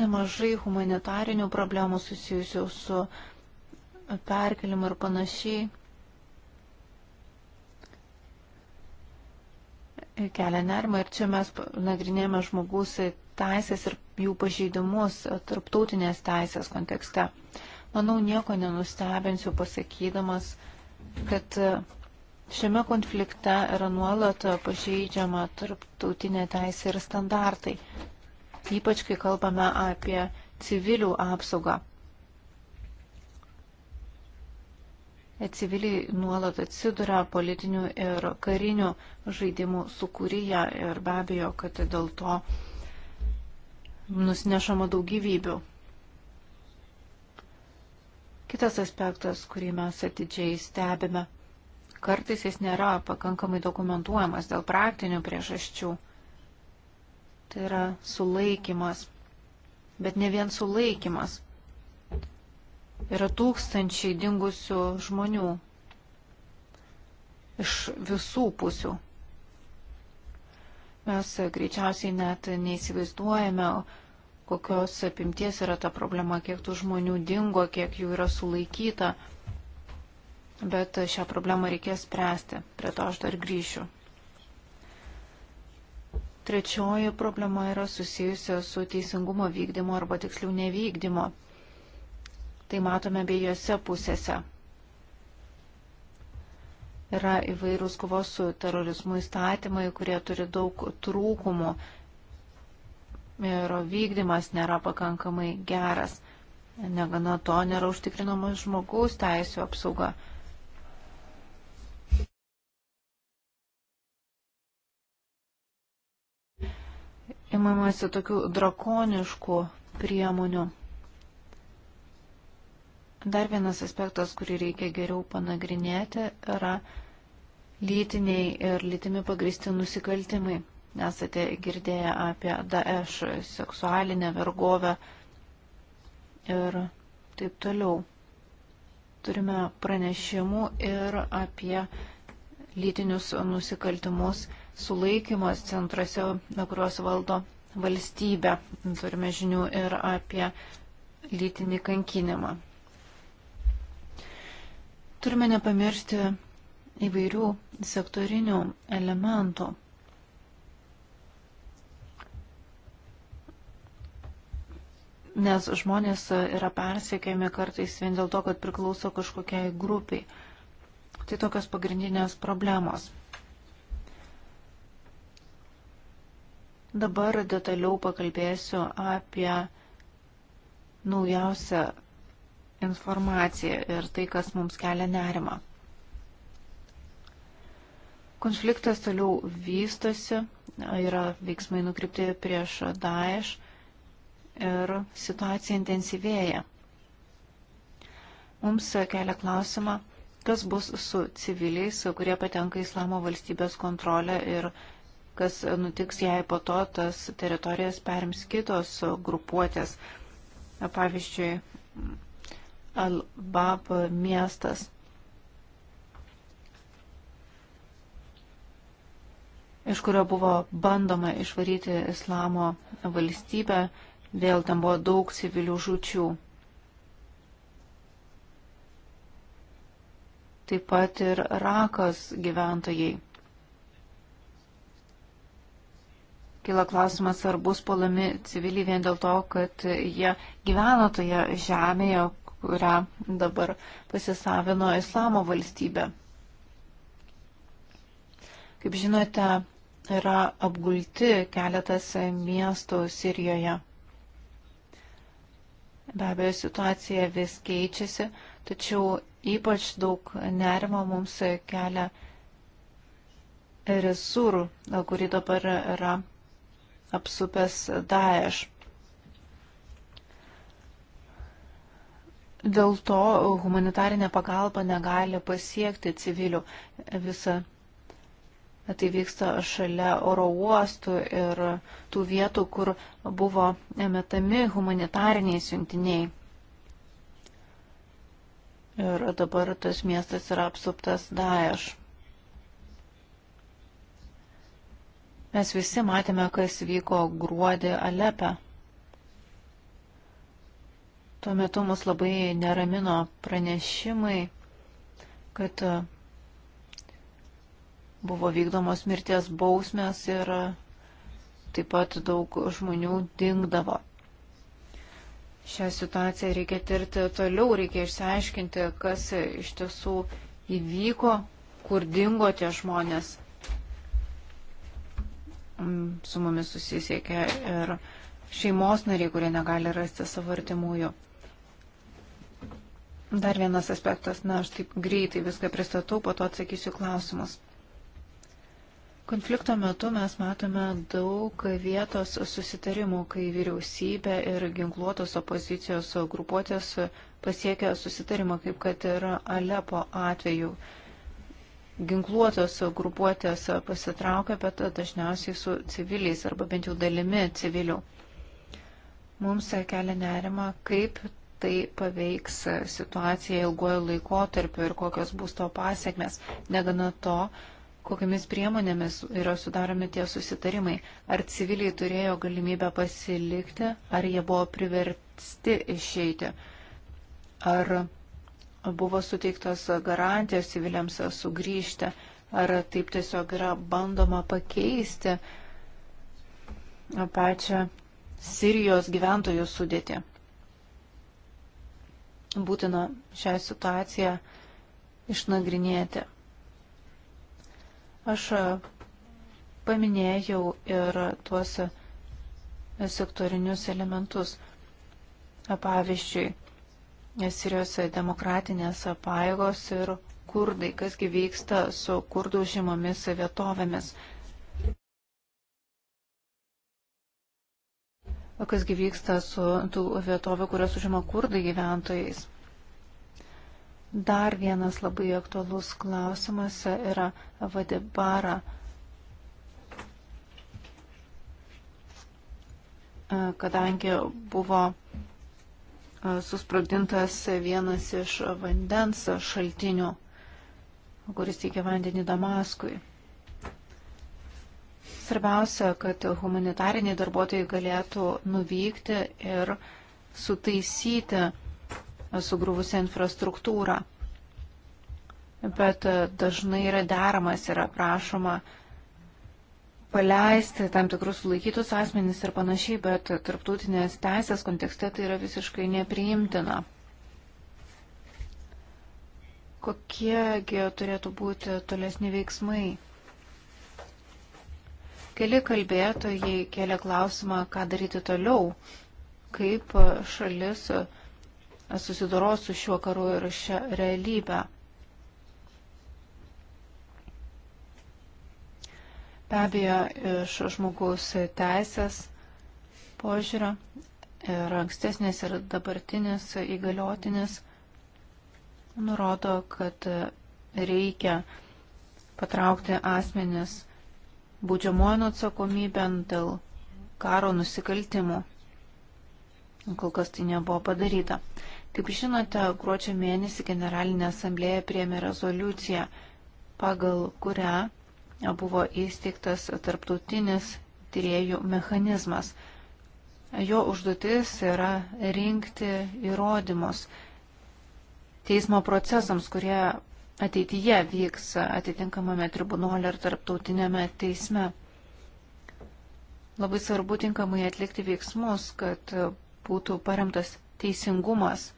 Nemažai humanitarinių problemų susijusių su perkelimu ir panašiai kelia nerimą ir čia mes nagrinėjame žmogus teisės ir jų pažeidimus tarptautinės teisės kontekste. Manau, nieko nenustebinsiu pasakydamas, kad šiame konflikte yra nuolat pažeidžiama tarptautinė teisė ir standartai, ypač kai kalbame apie civilių apsaugą. civiliai nuolat atsiduria politinių ir karinių žaidimų sukūrėje ir be abejo, kad dėl to nusinešama daug gyvybių. Kitas aspektas, kurį mes atidžiai stebime, kartais jis nėra pakankamai dokumentuojamas dėl praktinių priežasčių. Tai yra sulaikimas. Bet ne vien sulaikimas. Yra tūkstančiai dingusių žmonių iš visų pusių. Mes greičiausiai net neįsivaizduojame, kokios apimties yra ta problema, kiek tų žmonių dingo, kiek jų yra sulaikyta. Bet šią problemą reikės spręsti. Prie to aš dar grįšiu. Trečioji problema yra susijusi su teisingumo vykdymo arba tiksliau nevykdymo. Tai matome abiejose pusėse. Yra įvairūs kovos su terorizmu įstatymai, kurie turi daug trūkumų ir vykdymas nėra pakankamai geras. Negana to nėra užtikrinama žmogaus teisų apsauga. Imamasi tokių drakoniškų priemonių. Dar vienas aspektas, kurį reikia geriau panagrinėti, yra lytiniai ir lytimi pagristi nusikaltimai. Nesate girdėję apie Daesh seksualinę vergovę ir taip toliau. Turime pranešimų ir apie lytinius nusikaltimus sulaikymas centruose, kuriuos valdo valstybė. Turime žinių ir apie lytinį kankinimą. Turime nepamiršti įvairių sektorinių elementų. nes žmonės yra persiekiami kartais vien dėl to, kad priklauso kažkokiai grupiai. Tai tokios pagrindinės problemos. Dabar detaliau pakalbėsiu apie naujausią informaciją ir tai, kas mums kelia nerimą. Konfliktas toliau vystosi, yra veiksmai nukreipti prieš Daesh ir situacija intensyvėja. Mums kelia klausimą, kas bus su civiliais, kurie patenka Islamo valstybės kontrolę ir kas nutiks, jei po to tas teritorijas perims kitos grupuotės. Pavyzdžiui, Al-Bab miestas. iš kurio buvo bandoma išvaryti islamo valstybę Vėl tam buvo daug civilių žučių. Taip pat ir rakas gyventojai. Kila klausimas, ar bus polami civiliai vien dėl to, kad jie gyveno toje žemėje, kurią dabar pasisavino islamo valstybė. Kaip žinote, yra apgulti keletas miestų Sirijoje. Be abejo, situacija vis keičiasi, tačiau ypač daug nerimo mums kelia resurų, kurį dabar yra apsupęs Daesh. Dėl to humanitarinė pagalba negali pasiekti civilių. Visa Tai vyksta šalia oro uostų ir tų vietų, kur buvo metami humanitariniai siuntiniai. Ir dabar tas miestas yra apsuptas Daesh. Mes visi matėme, kas vyko gruodį Alepe. Tuo metu mus labai neramino pranešimai, kad buvo vykdomos mirties bausmės ir taip pat daug žmonių dingdavo. Šią situaciją reikia tirti toliau, reikia išsiaiškinti, kas iš tiesų įvyko, kur dingo tie žmonės. Mm, su mumis susisiekė ir šeimos nariai, kurie negali rasti savo artimųjų. Dar vienas aspektas, na, aš taip greitai viską pristatau, po to atsakysiu klausimus. Konflikto metu mes matome daug vietos susitarimų, kai vyriausybė ir ginkluotos opozicijos grupuotės pasiekia susitarimą, kaip kad ir Alepo atveju. Ginkluotos grupuotės pasitraukia, bet dažniausiai su civiliais arba bent jau dalimi civilių. Mums kelia nerima, kaip tai paveiks situaciją ilguoju laikotarpiu ir kokios bus to pasiekmes. Negana to, kokiamis priemonėmis yra sudaromi tie susitarimai. Ar civiliai turėjo galimybę pasilikti, ar jie buvo priversti išeiti, ar buvo suteiktos garantijos civiliams sugrįžti, ar taip tiesiog yra bandoma pakeisti pačią Sirijos gyventojų sudėtį. Būtina šią situaciją išnagrinėti. Aš e, paminėjau ir tuos sektorinius elementus. E, pavyzdžiui, Sirijos demokratinės paėgos ir kurdai, kasgi vyksta su kurdų žymomis vietovėmis. Kasgi vyksta su tų vietovių, kurias užima kurdai gyventojais. Dar vienas labai aktualus klausimas yra vadibara. Kadangi buvo e, susprogdintas vienas iš vandens šaltinių, kuris teikia vandenį Damaskui. Svarbiausia, kad humanitariniai darbuotojai galėtų nuvykti ir sutaisyti sugrūvusią infrastruktūrą. Bet e, dažnai yra deramas, yra prašoma paleisti tam tikrus sulaikytus asmenys ir panašiai, bet tarptautinės teisės kontekste tai yra visiškai nepriimtina. Kokiegi turėtų būti tolesni veiksmai? Keli kalbėtojai kelia klausimą, ką daryti toliau, kaip šalis susidoros su šiuo karu ir šią realybę. Be abejo, iš žmogaus teisės požiūrio ir ankstesnės ir dabartinės įgaliotinės nurodo, kad reikia patraukti asmenis būdžiamojo atsakomybėn dėl karo nusikaltimų. Kol kas tai nebuvo padaryta. Kaip žinote, gruodžio mėnesį Generalinė asamblėja priemė rezoliuciją, pagal kurią buvo įsteigtas tarptautinis tyriejų mechanizmas. Jo užduotis yra rinkti įrodymus teismo procesams, kurie ateityje vyks atitinkamame tribunole ir tarptautinėme teisme. Labai svarbu tinkamai atlikti veiksmus, kad būtų paremtas teisingumas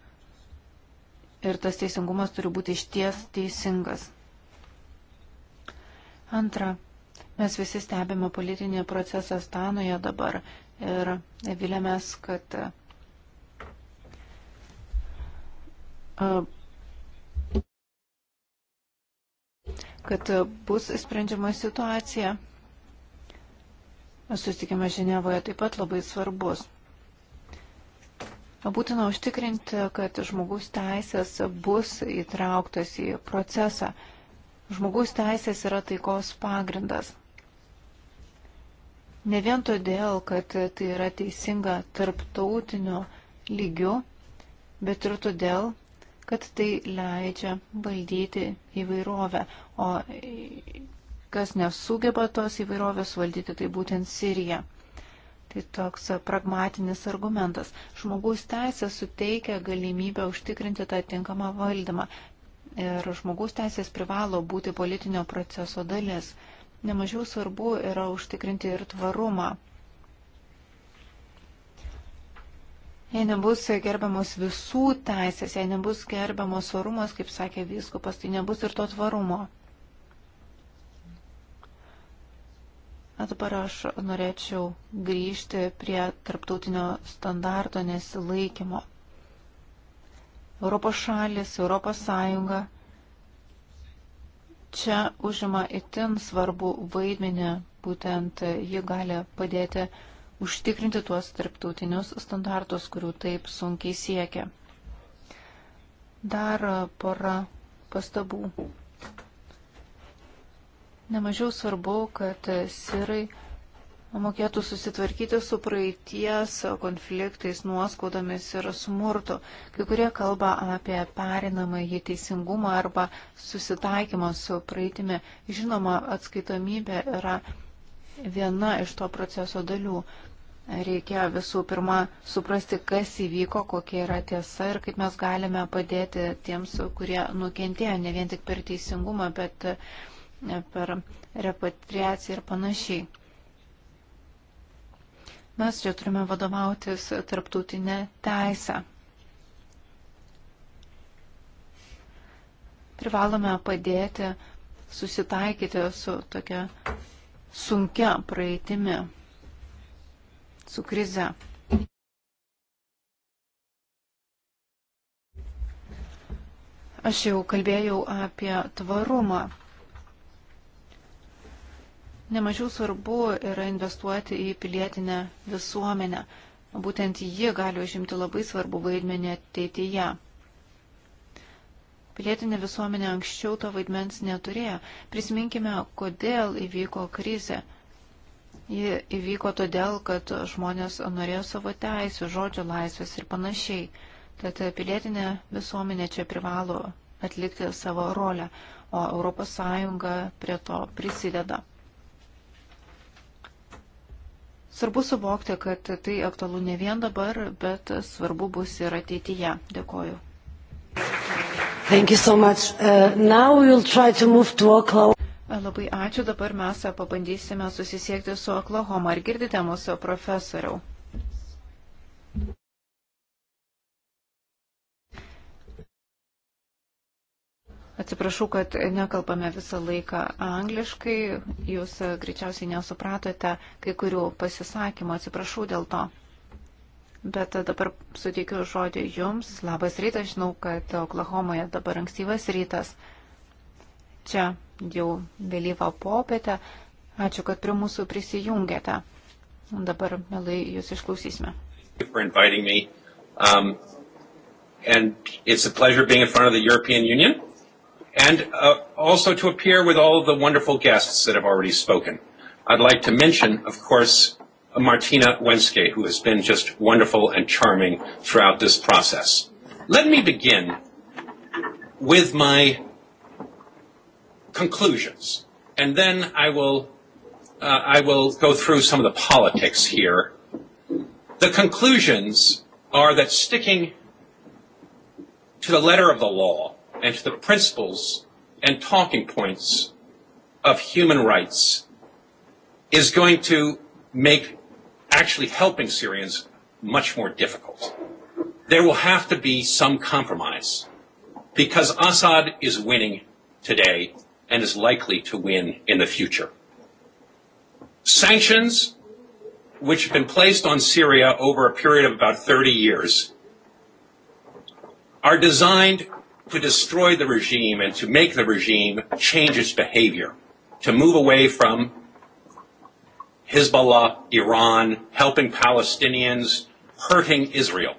ir tas teisingumas turi būti išties teisingas. Antra, mes visi stebime politinį procesą Stanoje dabar ir vilėmės, kad e, kad bus sprendžiama situacija. Susitikimas Ženevoje taip pat labai svarbus. Būtina užtikrinti, kad žmogus teisės bus įtrauktas į procesą. Žmogus teisės yra taikos pagrindas. Ne vien todėl, kad tai yra teisinga tarptautiniu lygiu, bet ir todėl, kad tai leidžia valdyti įvairovę. O kas nesugeba tos įvairovės valdyti, tai būtent Sirija. Tai toks pragmatinis argumentas. Žmogaus teisė suteikia galimybę užtikrinti tą tinkamą valdymą. Ir žmogaus teisės privalo būti politinio proceso dalis. Nemažiau svarbu yra užtikrinti ir tvarumą. Jei nebus gerbiamos visų teisės, jei nebus gerbiamos orumas, kaip sakė vyskupas, tai nebus ir to tvarumo. Na dabar aš norėčiau grįžti prie tarptautinio standarto nesilaikymo. Europos šalis, Europos Sąjunga čia užima itin svarbu vaidmenį, būtent ji gali padėti užtikrinti tuos tarptautinius standartus, kurių taip sunkiai siekia. Dar pora pastabų. Nemažiau svarbu, kad sirai mokėtų susitvarkyti su praeities konfliktais, nuoskaudomis ir smurtu. Kai kurie kalba apie perinamąjį teisingumą arba susitaikymą su praeitimi. Žinoma, atskaitomybė yra viena iš to proceso dalių. Reikia visų pirma suprasti, kas įvyko, kokia yra tiesa ir kaip mes galime padėti tiems, kurie nukentėjo ne vien tik per teisingumą, bet ir per repatriaciją ir panašiai. Mes čia turime vadovautis tarptautinę teisę. Privalome padėti susitaikyti su tokia sunkia praeitimi, su krize. Aš jau kalbėjau apie tvarumą. Nemažiau svarbu yra investuoti į pilietinę visuomenę. Būtent ji gali užimti labai svarbu vaidmenį ateityje. Pilietinė visuomenė anksčiau to vaidmens neturėjo. Prisiminkime, kodėl įvyko krizė. Ji įvyko todėl, kad žmonės norėjo savo teisų, žodžio laisvės ir panašiai. Tad pilietinė visuomenė čia privalo atlikti savo rolę, o ES prie to prisideda. Svarbu suvokti, kad tai aktualu ne vien dabar, bet svarbu bus ir ateityje. Dėkoju. So much. uh, we'll to to Labai ačiū, dabar mes pabandysime susisiekti su Oklahoma. Ar girdite mūsų profesoriau? Atsiprašau, kad nekalbame visą laiką angliškai. Jūs greičiausiai nesupratote kai kurių pasisakymų. Atsiprašau dėl to. Bet dabar suteikiu žodį jums. Labas rytas. Žinau, kad Oklahomoje dabar ankstyvas rytas. Čia jau vėlyva popietė. Ačiū, kad prie mūsų prisijungėte. Dabar, mielai, jūs išklausysime. Um, and it's a pleasure being in front of the European Union and uh, also to appear with all of the wonderful guests that have already spoken. I'd like to mention, of course, Martina Wenske, who has been just wonderful and charming throughout this process. Let me begin with my conclusions, and then I will, uh, I will go through some of the politics here. The conclusions are that sticking to the letter of the law and to the principles and talking points of human rights is going to make actually helping Syrians much more difficult. There will have to be some compromise because Assad is winning today and is likely to win in the future. Sanctions, which have been placed on Syria over a period of about 30 years, are designed to destroy the regime and to make the regime change its behavior, to move away from Hezbollah, Iran, helping Palestinians, hurting Israel.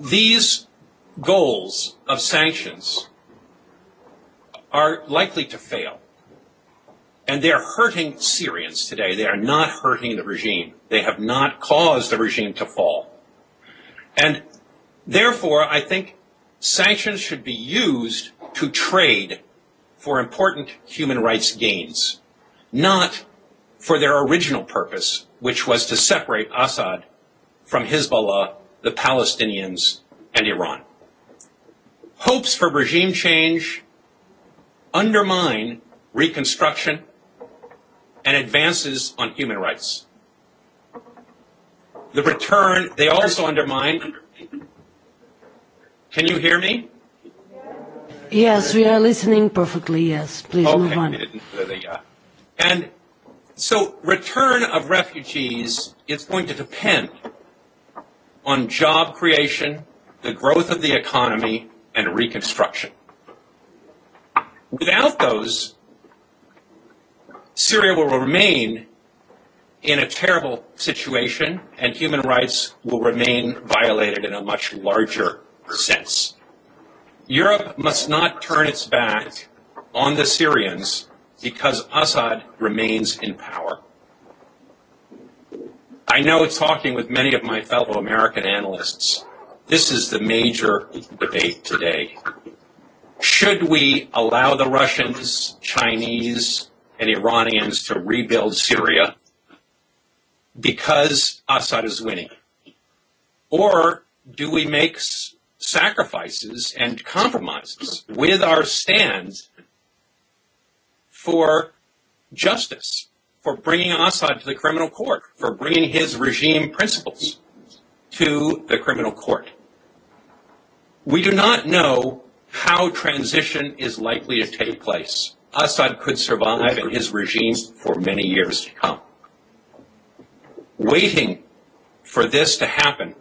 These goals of sanctions are likely to fail. And they're hurting Syrians today. They are not hurting the regime. They have not caused the regime to fall. And therefore, I think sanctions should be used to trade for important human rights gains, not for their original purpose, which was to separate Assad from Hezbollah, the Palestinians, and Iran. Hopes for regime change undermine reconstruction and advances on human rights. The return, they also undermine Can you hear me? Yes, we are listening perfectly. Yes, please okay. move on. Uh, and so, return of refugees is going to depend on job creation, the growth of the economy, and reconstruction. Without those, Syria will remain in a terrible situation, and human rights will remain violated in a much larger sense. Europe must not turn its back on the Syrians because Assad remains in power. I know talking with many of my fellow American analysts, this is the major debate today. Should we allow the Russians, Chinese, and Iranians to rebuild Syria because Assad is winning? Or do we make sacrifices and compromises with our stand for justice, for bringing Assad to the criminal court, for bringing his regime principles to the criminal court. We do not know how transition is likely to take place. Assad could survive in his regime for many years to come. Waiting for this to happen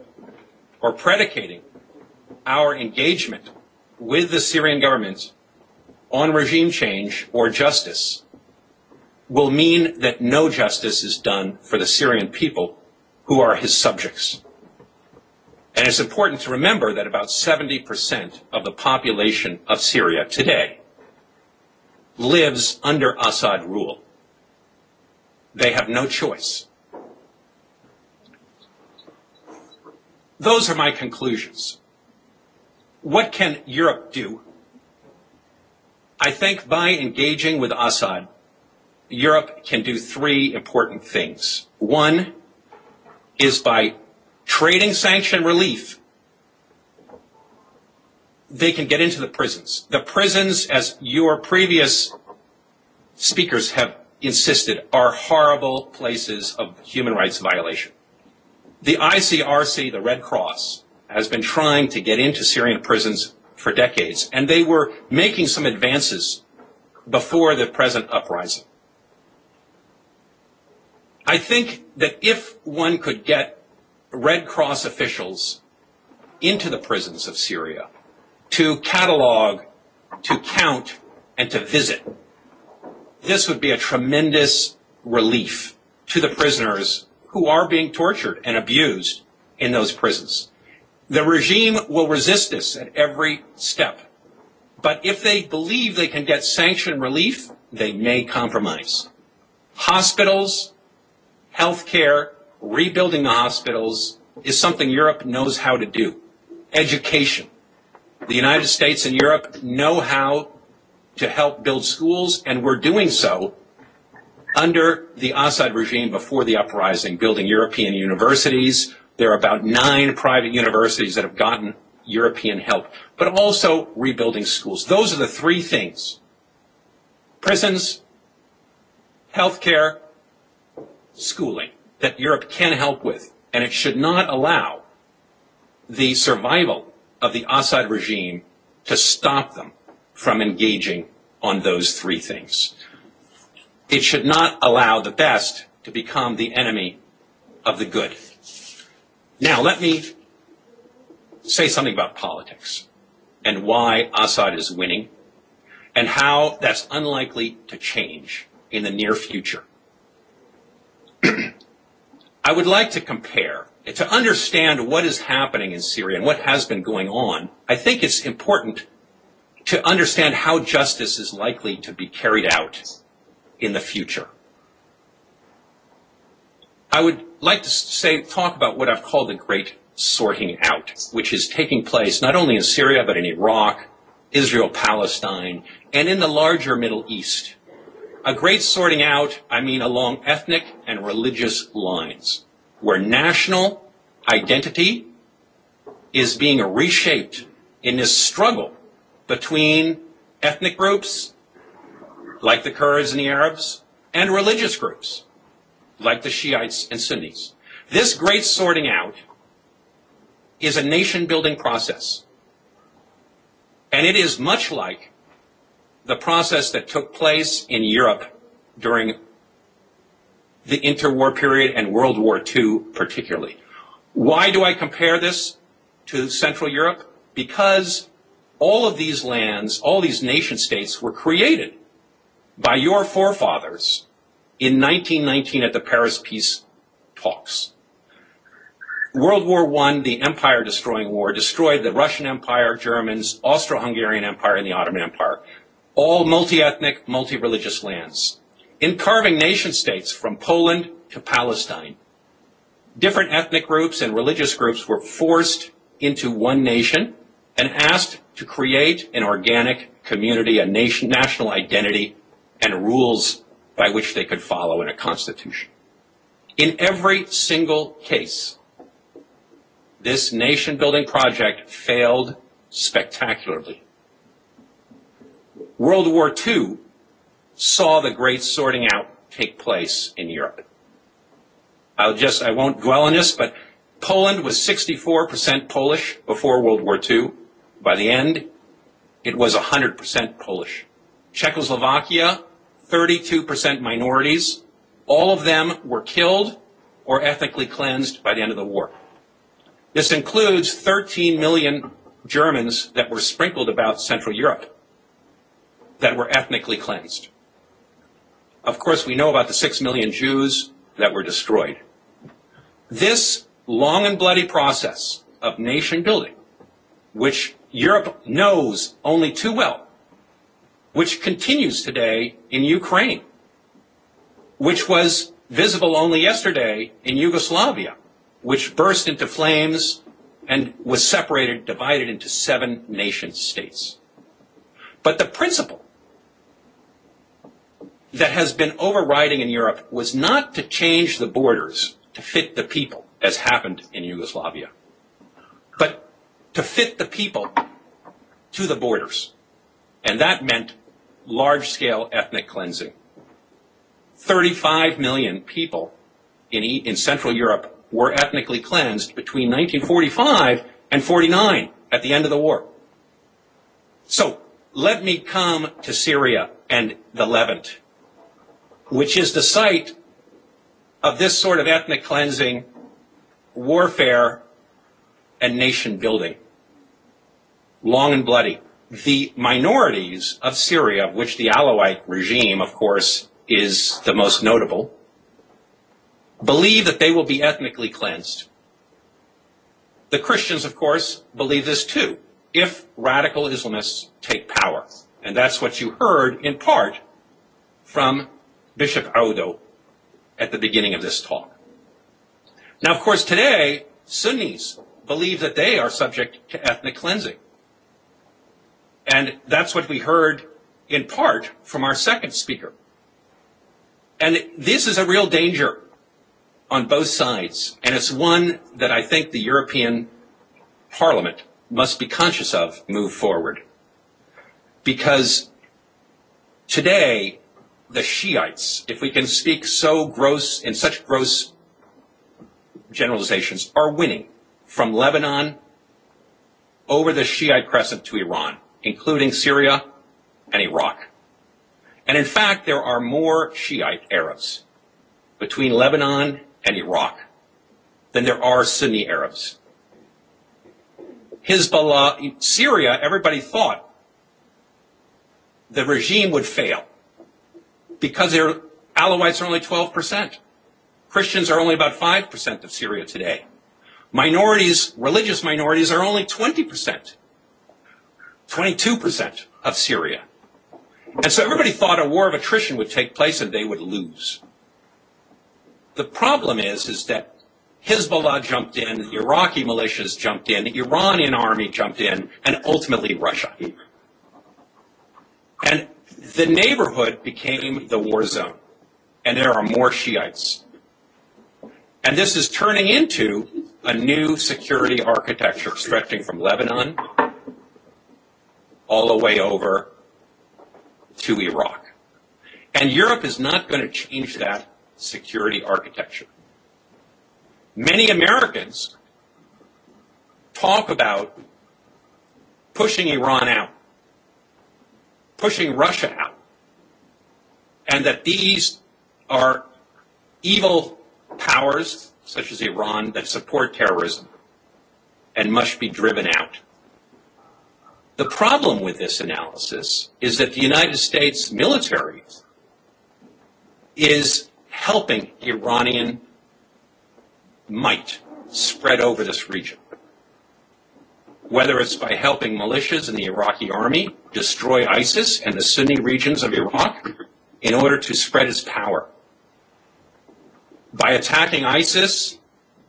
or predicating our engagement with the Syrian government on regime change or justice will mean that no justice is done for the Syrian people who are his subjects. And it's important to remember that about 70% of the population of Syria today lives under Assad rule. They have no choice. Those are my conclusions what can Europe do? I think by engaging with Assad, Europe can do three important things. One is by trading sanction relief, they can get into the prisons. The prisons, as your previous speakers have insisted, are horrible places of human rights violation. The ICRC, the Red Cross, has been trying to get into Syrian prisons for decades, and they were making some advances before the present uprising. I think that if one could get Red Cross officials into the prisons of Syria to catalog, to count, and to visit, this would be a tremendous relief to the prisoners who are being tortured and abused in those prisons. The regime will resist this at every step. But if they believe they can get sanction relief, they may compromise. Hospitals, health care, rebuilding the hospitals is something Europe knows how to do. Education. The United States and Europe know how to help build schools, and we're doing so under the Assad regime before the uprising, building European universities, There are about nine private universities that have gotten European help, but also rebuilding schools. Those are the three things. Prisons, healthcare, schooling that Europe can help with, and it should not allow the survival of the Assad regime to stop them from engaging on those three things. It should not allow the best to become the enemy of the good. Now, let me say something about politics and why Assad is winning and how that's unlikely to change in the near future. I would like to compare to understand what is happening in Syria and what has been going on. I think it's important to understand how justice is likely to be carried out in the future. I would like to say, talk about what I've called the great sorting out, which is taking place not only in Syria, but in Iraq, Israel, Palestine, and in the larger Middle East. A great sorting out, I mean, along ethnic and religious lines, where national identity is being reshaped in this struggle between ethnic groups, like the Kurds and the Arabs, and religious groups like the Shiites and Sunnis. This great sorting out is a nation building process. And it is much like the process that took place in Europe during the interwar period and World War II particularly. Why do I compare this to Central Europe? Because all of these lands, all these nation states were created by your forefathers in 1919 at the Paris peace talks. World War I, the empire destroying war, destroyed the Russian Empire, Germans, Austro-Hungarian Empire, and the Ottoman Empire. All multi-ethnic, multi-religious lands. In carving nation states from Poland to Palestine, different ethnic groups and religious groups were forced into one nation and asked to create an organic community, a nation, national identity, and rules by which they could follow in a constitution. In every single case, this nation building project failed spectacularly. World War II saw the great sorting out take place in Europe. I'll just, I won't dwell on this, but Poland was 64% Polish before World War II. By the end, it was 100% Polish. Czechoslovakia 32% minorities. All of them were killed or ethnically cleansed by the end of the war. This includes 13 million Germans that were sprinkled about Central Europe that were ethnically cleansed. Of course, we know about the 6 million Jews that were destroyed. This long and bloody process of nation building, which Europe knows only too well, which continues today in Ukraine, which was visible only yesterday in Yugoslavia, which burst into flames and was separated, divided into seven nation states. But the principle that has been overriding in Europe was not to change the borders to fit the people, as happened in Yugoslavia, but to fit the people to the borders. And that meant large-scale ethnic cleansing. 35 million people in, e- in Central Europe were ethnically cleansed between 1945 and 49 at the end of the war. So let me come to Syria and the Levant, which is the site of this sort of ethnic cleansing, warfare, and nation building. Long and bloody the minorities of Syria, of which the Alawite regime, of course, is the most notable, believe that they will be ethnically cleansed. The Christians, of course, believe this too, if radical Islamists take power. And that's what you heard in part from Bishop Audo at the beginning of this talk. Now, of course, today, Sunnis believe that they are subject to ethnic cleansing. And that's what we heard in part from our second speaker. And this is a real danger on both sides. And it's one that I think the European Parliament must be conscious of move forward. Because today, the Shiites, if we can speak so gross, in such gross generalizations, are winning from Lebanon over the Shiite crescent to Iran including Syria and Iraq. And in fact, there are more Shiite Arabs between Lebanon and Iraq than there are Sunni Arabs. Hezbollah, in Syria, everybody thought the regime would fail because their Alawites are only 12%. Christians are only about 5% of Syria today. Minorities, religious minorities, are only 20% 22% of Syria. And so everybody thought a war of attrition would take place and they would lose. The problem is, is that Hezbollah jumped in, the Iraqi militias jumped in, the Iranian army jumped in, and ultimately Russia. And the neighborhood became the war zone. And there are more Shiites. And this is turning into a new security architecture stretching from Lebanon all the way over to Iraq. Europe is not going to change that security architecture. Many Americans talk about pushing Iran out, pushing Russia out, and that these are evil powers, such as Iran, that support terrorism and must be driven out. The problem with this analysis is that the United States military is helping Iranian might spread over this region. Whether it's by helping militias in the Iraqi army destroy ISIS and the Sunni regions of Iraq in order to spread its power. By attacking ISIS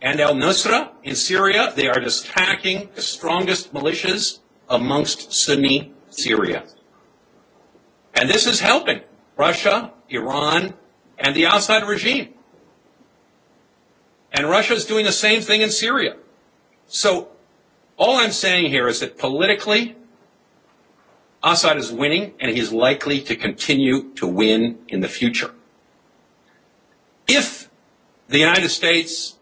and al Nusra in Syria, they are attacking the strongest militias amongst Sunni Syria. And this is helping Russia, Iran, and the Assad regime. And Russia is doing the same thing in Syria. So all I'm saying here is that politically, Assad is winning and he's likely to continue to win in the future. If the United States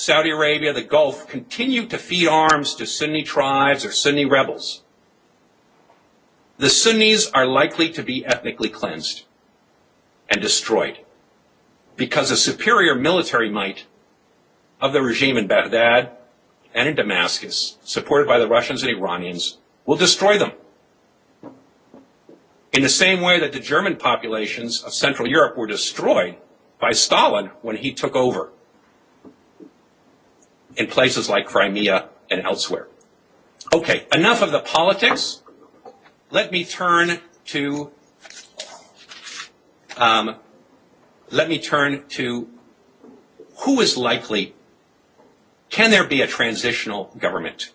Saudi Arabia, the Gulf, continue to feed arms to Sunni tribes or Sunni rebels, the Sunnis are likely to be ethnically cleansed and destroyed because the superior military might of the regime in Baghdad and in Damascus, supported by the Russians and Iranians, will destroy them. In the same way that the German populations of Central Europe were destroyed by Stalin when he took over in places like Crimea and elsewhere. Okay, enough of the politics. Let me turn to um, let me turn to who is likely. Can there be a transitional government?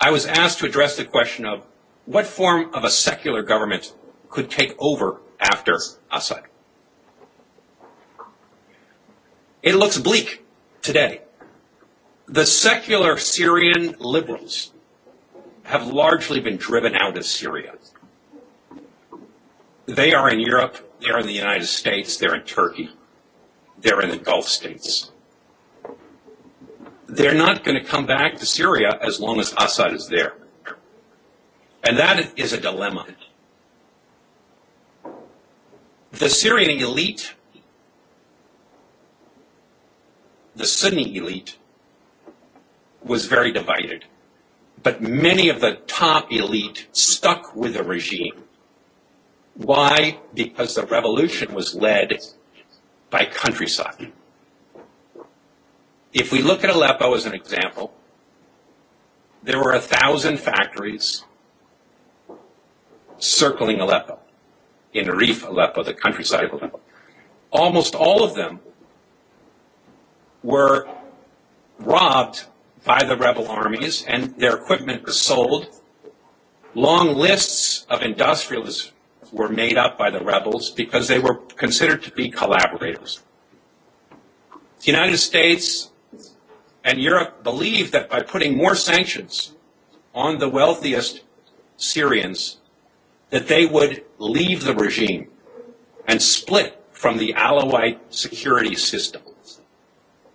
I was asked to address the question of what form of a secular government could take over after Assad. It looks bleak today. The secular Syrian liberals have largely been driven out of Syria. They are in Europe, they're in the United States, they're in Turkey, they're in the Gulf states. They're not going to come back to Syria as long as Assad is there. And that is a dilemma. The Syrian elite the Sunni elite was very divided. But many of the top elite stuck with the regime. Why? Because the revolution was led by countryside. If we look at Aleppo as an example, there were a thousand factories circling Aleppo, in Rif Aleppo, the countryside of Aleppo. Almost all of them were robbed by the rebel armies and their equipment was sold. Long lists of industrialists were made up by the rebels because they were considered to be collaborators. The United States and Europe believed that by putting more sanctions on the wealthiest Syrians, that they would leave the regime and split from the Alawite security system.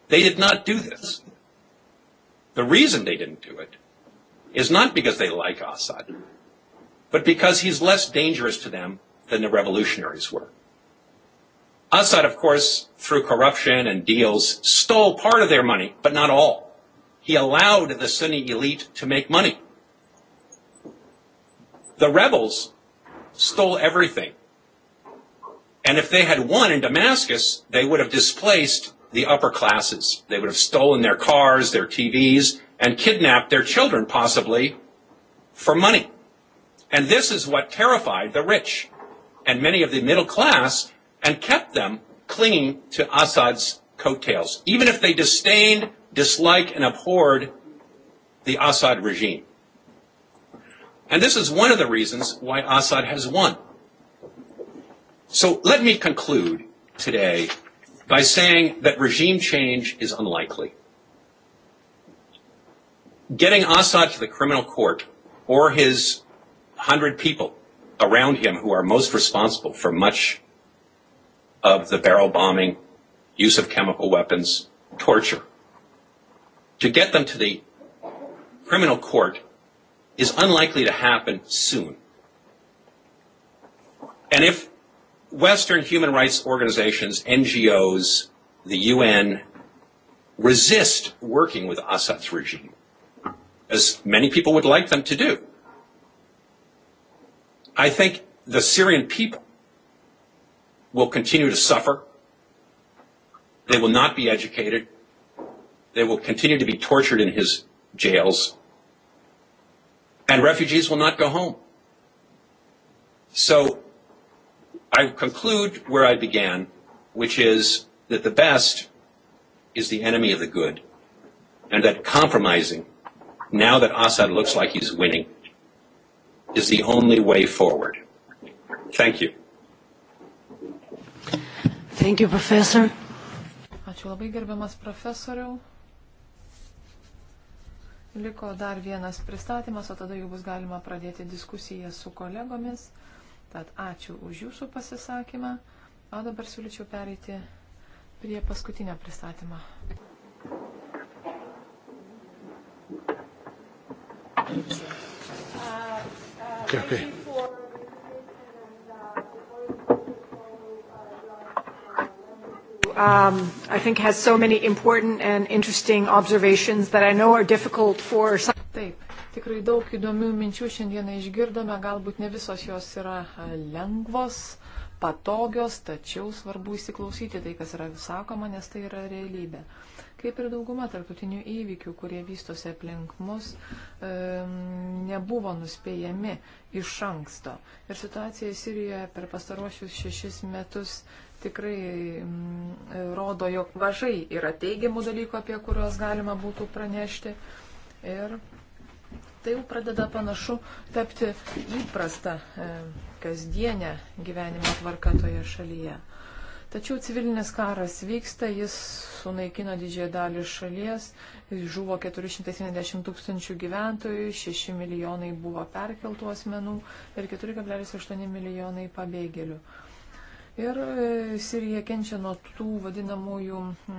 They did not do this. The reason they didn't do it is not because they like Assad, but because he's less dangerous to them than the revolutionaries were. Assad, of course, through corruption and deals, stole part of their money, but not all. He allowed the Sunni elite to make money. The rebels stole everything. And if they had won in Damascus, they would have displaced the upper classes. They would have stolen their cars, their TVs, and kidnapped their children, possibly, for money. And this is what terrified the rich and many of the middle class and kept them clinging to Assad's coattails, even if they disdained, disliked, and abhorred the Assad regime. And this is one of the reasons why Assad has won. So let me conclude today by saying that regime change is unlikely. Getting Assad to the criminal court or his hundred people around him who are most responsible for much of the barrel bombing, use of chemical weapons, torture, to get them to the criminal court is unlikely to happen soon. And if Western human rights organizations, NGOs, the UN, resist working with Assad's regime, as many people would like them to do. I think the Syrian people will continue to suffer. They will not be educated. They will continue to be tortured in his jails. And refugees will not go home. So I conclude where I began, which is that the best is the enemy of the good, and that compromising, now that Assad looks like he's winning, is the only way forward. Thank you. Thank you, Professor. Ačiū labai gerbiamas profesoriau. Liko dar vienas pristatymas, o tada jau bus galima pradėti diskusiją su kolegomis. Tad ačiū už jūsų pasisakymą, o dabar siūlyčiau pereiti prie paskutinio pristatymą. Okay, okay. um, I think has so many important and interesting observations that I know are difficult for some. Taip, tikrai daug įdomių minčių šiandieną išgirdome, galbūt ne visos jos yra lengvos, patogios, tačiau svarbu įsiklausyti tai, kas yra sakoma, nes tai yra realybė. Kaip ir dauguma tarptautinių įvykių, kurie vystosi aplink mus, e, nebuvo nuspėjami iš anksto. Ir situacija Sirijoje per pastaruosius šešis metus tikrai m, rodo, jog mažai yra teigiamų dalykų, apie kuriuos galima būtų pranešti. Ir tai jau pradeda panašu tapti įprasta e, kasdienė gyvenimo tvarka toje šalyje. Tačiau civilinis karas vyksta, jis sunaikino didžiąją dalį šalies, žuvo 470 tūkstančių gyventojų, 6 milijonai buvo perkeltų asmenų ir 4,8 milijonai pabėgėlių. Ir e, Sirija kenčia nuo tų vadinamųjų mm,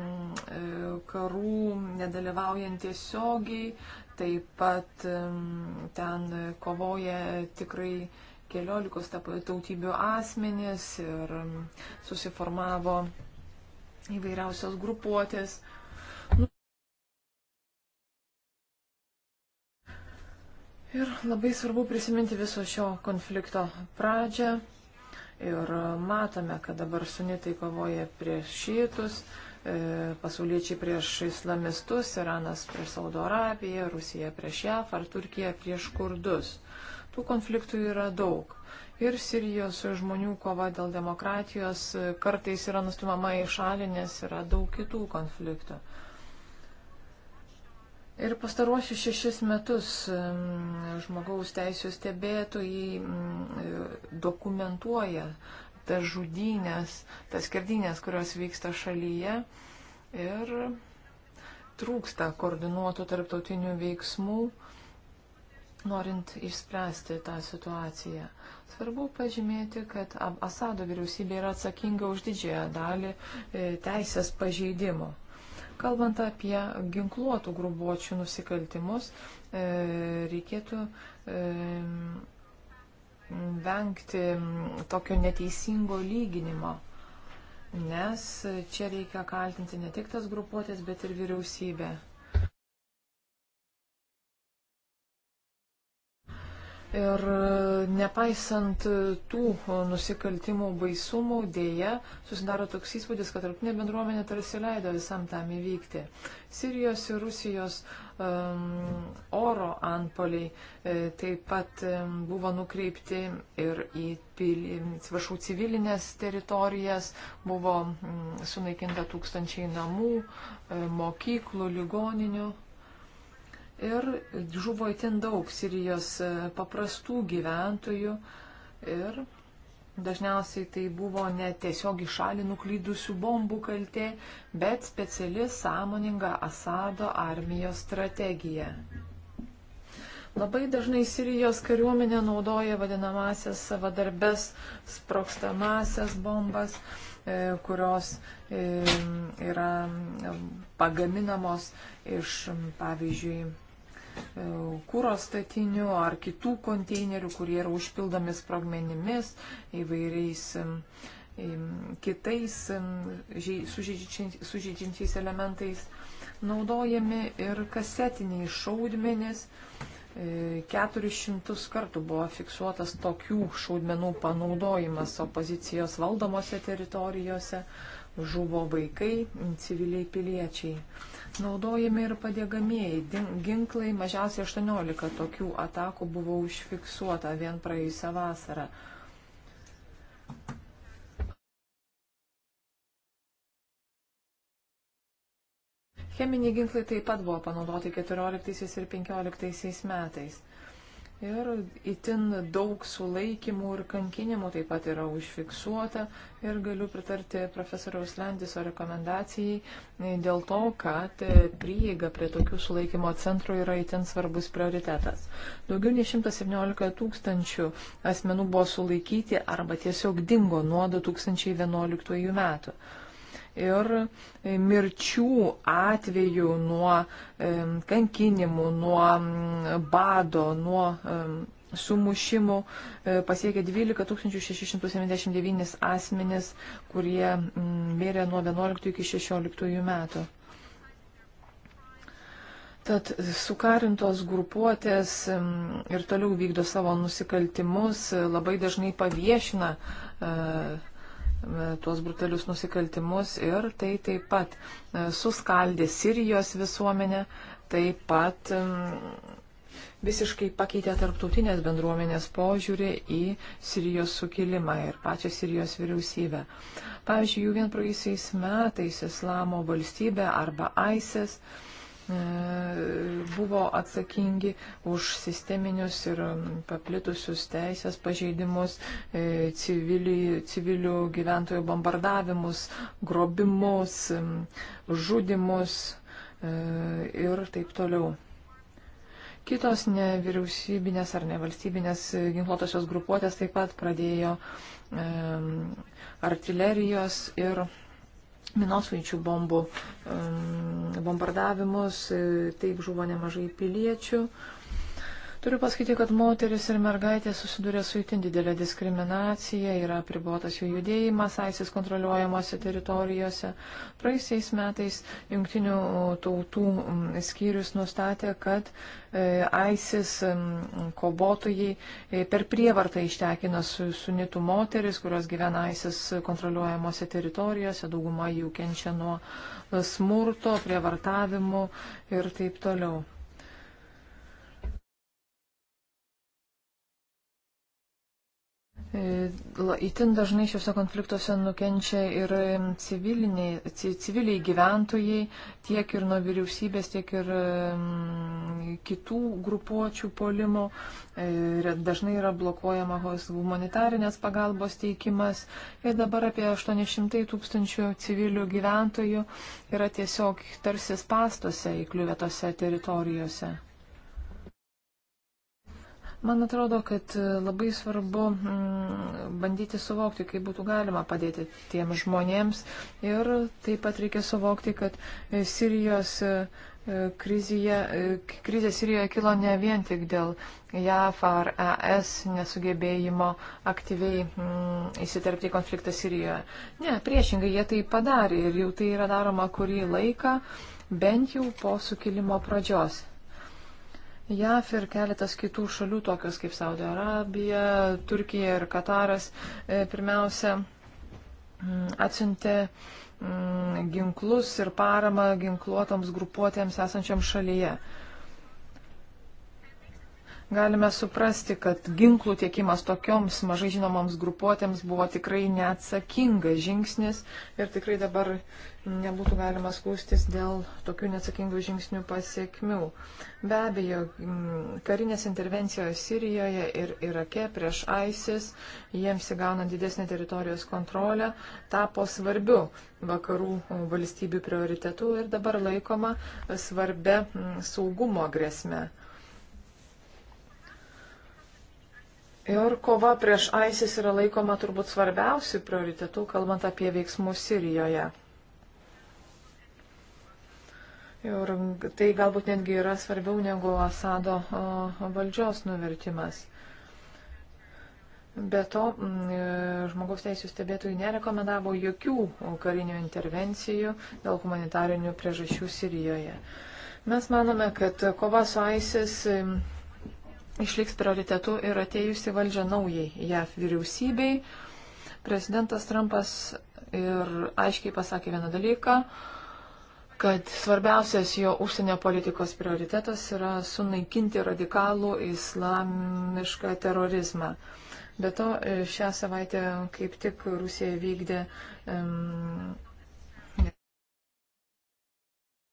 e, karų, nedalyvaujant tiesiogiai, Taip pat ten kovoja tikrai keliolikos tautybių asmenys ir susiformavo įvairiausios grupuotės. Nu. Ir labai svarbu prisiminti viso šio konflikto pradžią. Ir matome, kad dabar sunitai kovoja prieš šitus, E, pasauliečiai prieš islamistus, Iranas prieš Saudo Arabiją, Rusija prieš JAF ar Turkija prieš kurdus. Tų konfliktų yra daug. Ir Sirijos žmonių kova dėl demokratijos kartais yra nustumama į šalį, nes yra daug kitų konfliktų. Ir pastaruosius šešis metus mm, žmogaus teisų stebėtojai mm, dokumentuoja tas žudynės, tas skerdynės, kurios vyksta šalyje. Ir trūksta koordinuotų tarptautinių veiksmų, norint išspręsti tą situaciją. Svarbu pažymėti, kad Asado vyriausybė yra atsakinga už didžiąją dalį e, teisės pažeidimų. Kalbant apie ginkluotų grubuočių nusikaltimus, e, reikėtų e, vengti tokio neteisingo lyginimo, nes čia reikia kaltinti ne tik tas grupuotės, bet ir vyriausybę. Ir e, nepaisant e, tų e, nusikaltimų baisumų, dėja, susidaro toks įspūdis, kad tarptinė bendruomenė tarsi leido visam tam įvykti. Sirijos ir Rusijos um, oro antpoliai e, taip pat um, buvo nukreipti ir į pili, atsiprašau, civilinės teritorijas, buvo um, sunaikinta tūkstančiai namų, e, mokyklų, ligoninių ir žuvo itin daug Sirijos e, paprastų gyventojų ir dažniausiai tai buvo ne tiesiog į šalį nuklydusių bombų kaltė, bet speciali sąmoninga Asado armijos strategija. Labai dažnai Sirijos kariuomenė naudoja vadinamasias savadarbės sprokstamasias bombas, e, kurios e, yra pagaminamos iš, pavyzdžiui, E, kūro statinių ar kitų konteinerių, kurie yra užpildomi sprogmenimis, įvairiais e, e, kitais sužydžiančiais elementais. Naudojami ir kasetiniai šaudmenys. 400 kartų buvo fiksuotas tokių šaudmenų panaudojimas opozicijos valdomose teritorijose žuvo vaikai, civiliai piliečiai. Naudojami ir padėgamieji ginklai, mažiausiai 18 tokių atakų buvo užfiksuota vien praėjusią vasarą. Cheminiai ginklai taip pat buvo panaudoti 14 ir 15 metais. Ir itin daug sulaikymų ir kankinimų taip pat yra užfiksuota ir galiu pritarti profesoriaus Lendiso rekomendacijai e, dėl to, kad e, prieiga prie tokių sulaikymo centrų yra itin svarbus prioritetas. Daugiau nei 117 tūkstančių asmenų buvo sulaikyti arba tiesiog dingo nuo 2011 metų ir e, mirčių atvejų nuo e, kankinimų, nuo mm, bado, nuo e, sumušimų pasiekė 12 679 asmenis, kurie mm, mirė nuo 11 iki 16 metų. Tad sukarintos grupuotės mm, ir toliau vykdo savo nusikaltimus, labai dažnai paviešina uh, E, tuos brutalius nusikaltimus ir tai taip pat e, suskaldė Sirijos visuomenę, taip pat mm, visiškai pakeitė tarptautinės bendruomenės požiūrį į Sirijos sukilimą ir pačią Sirijos vyriausybę. Pavyzdžiui, jau vien praeisiais metais Islamo valstybė arba ISIS E, buvo atsakingi už sisteminius ir paplitusius teisės pažeidimus, e, civilių, civilių gyventojų bombardavimus, grobimus, žudimus e, ir taip toliau. Kitos nevyriausybinės ar nevalstybinės ginkluotosios grupuotės taip pat pradėjo artilerijos ir minosvaičių bombų bombardavimus, taip žuvo nemažai piliečių. Um, Turiu pasakyti, kad moteris ir mergaitė susiduria su itin didelė diskriminacija, yra pribuotas jų judėjimas AISIS kontroliuojamose teritorijose. Praeisiais metais jungtinių tautų skyrius nustatė, kad AISIS e, kovotojai e, per prievartą ištekina sunitų moteris, kurios gyvena AISIS kontroliuojamose teritorijose, dauguma jų kenčia nuo smurto, prievartavimų ir taip toliau. Įtin e, dažnai šiuose konfliktuose nukenčia ir civiliai gyventojai, tiek ir nuo vyriausybės, tiek ir kitų grupuočių polimo. E, dažnai yra blokuojama humanitarinės pagalbos teikimas. Ir dabar apie 800 tūkstančių civilių gyventojų yra tiesiog tarsi pastuose įkliuvetose teritorijose. Man atrodo, kad e, labai svarbu mm, bandyti suvokti, kaip būtų galima padėti tiem žmonėms ir taip pat reikia suvokti, kad e, Sirijos e, krizėje, krizė Sirijoje kilo ne vien tik dėl JAF ar ES nesugebėjimo aktyviai mm, įsiterpti į konfliktą Sirijoje. Ne, priešingai jie tai padarė ir jau tai yra daroma kurį laiką, bent jau po sukilimo pradžios. JAF ir keletas kitų šalių, tokios kaip Saudo Arabija, Turkija ir Kataras, e, pirmiausia mm, atsiuntė mm, ginklus ir paramą ginkluotoms grupuotėms esančiam šalyje galime suprasti, kad ginklų tiekimas tokioms mažai žinomoms grupuotėms buvo tikrai neatsakingas žingsnis ir tikrai dabar nebūtų galima skūstis dėl tokių neatsakingų žingsnių pasiekmių. Be abejo, karinės intervencijos Sirijoje ir Irake prieš ISIS, jiems įgaunant didesnę teritorijos kontrolę, tapo svarbiu vakarų valstybių prioritetu ir dabar laikoma svarbia saugumo grėsme. Ir kova prieš ISIS yra laikoma turbūt svarbiausių prioritetų, kalbant apie veiksmus Sirijoje. Ir tai galbūt netgi yra svarbiau negu Asado valdžios nuvertimas. Be to, e, žmogaus teisų stebėtojai nerekomendavo jokių karinių intervencijų dėl humanitarinių priežasčių Sirijoje. Mes manome, kad kova su ISIS išliks prioritetu ir atėjusi valdžia naujai JAF vyriausybei. Prezidentas Trumpas ir aiškiai pasakė vieną dalyką, kad svarbiausias jo užsienio politikos prioritetas yra sunaikinti radikalų islamišką terorizmą. Be to, šią savaitę kaip tik Rusija vykdė um,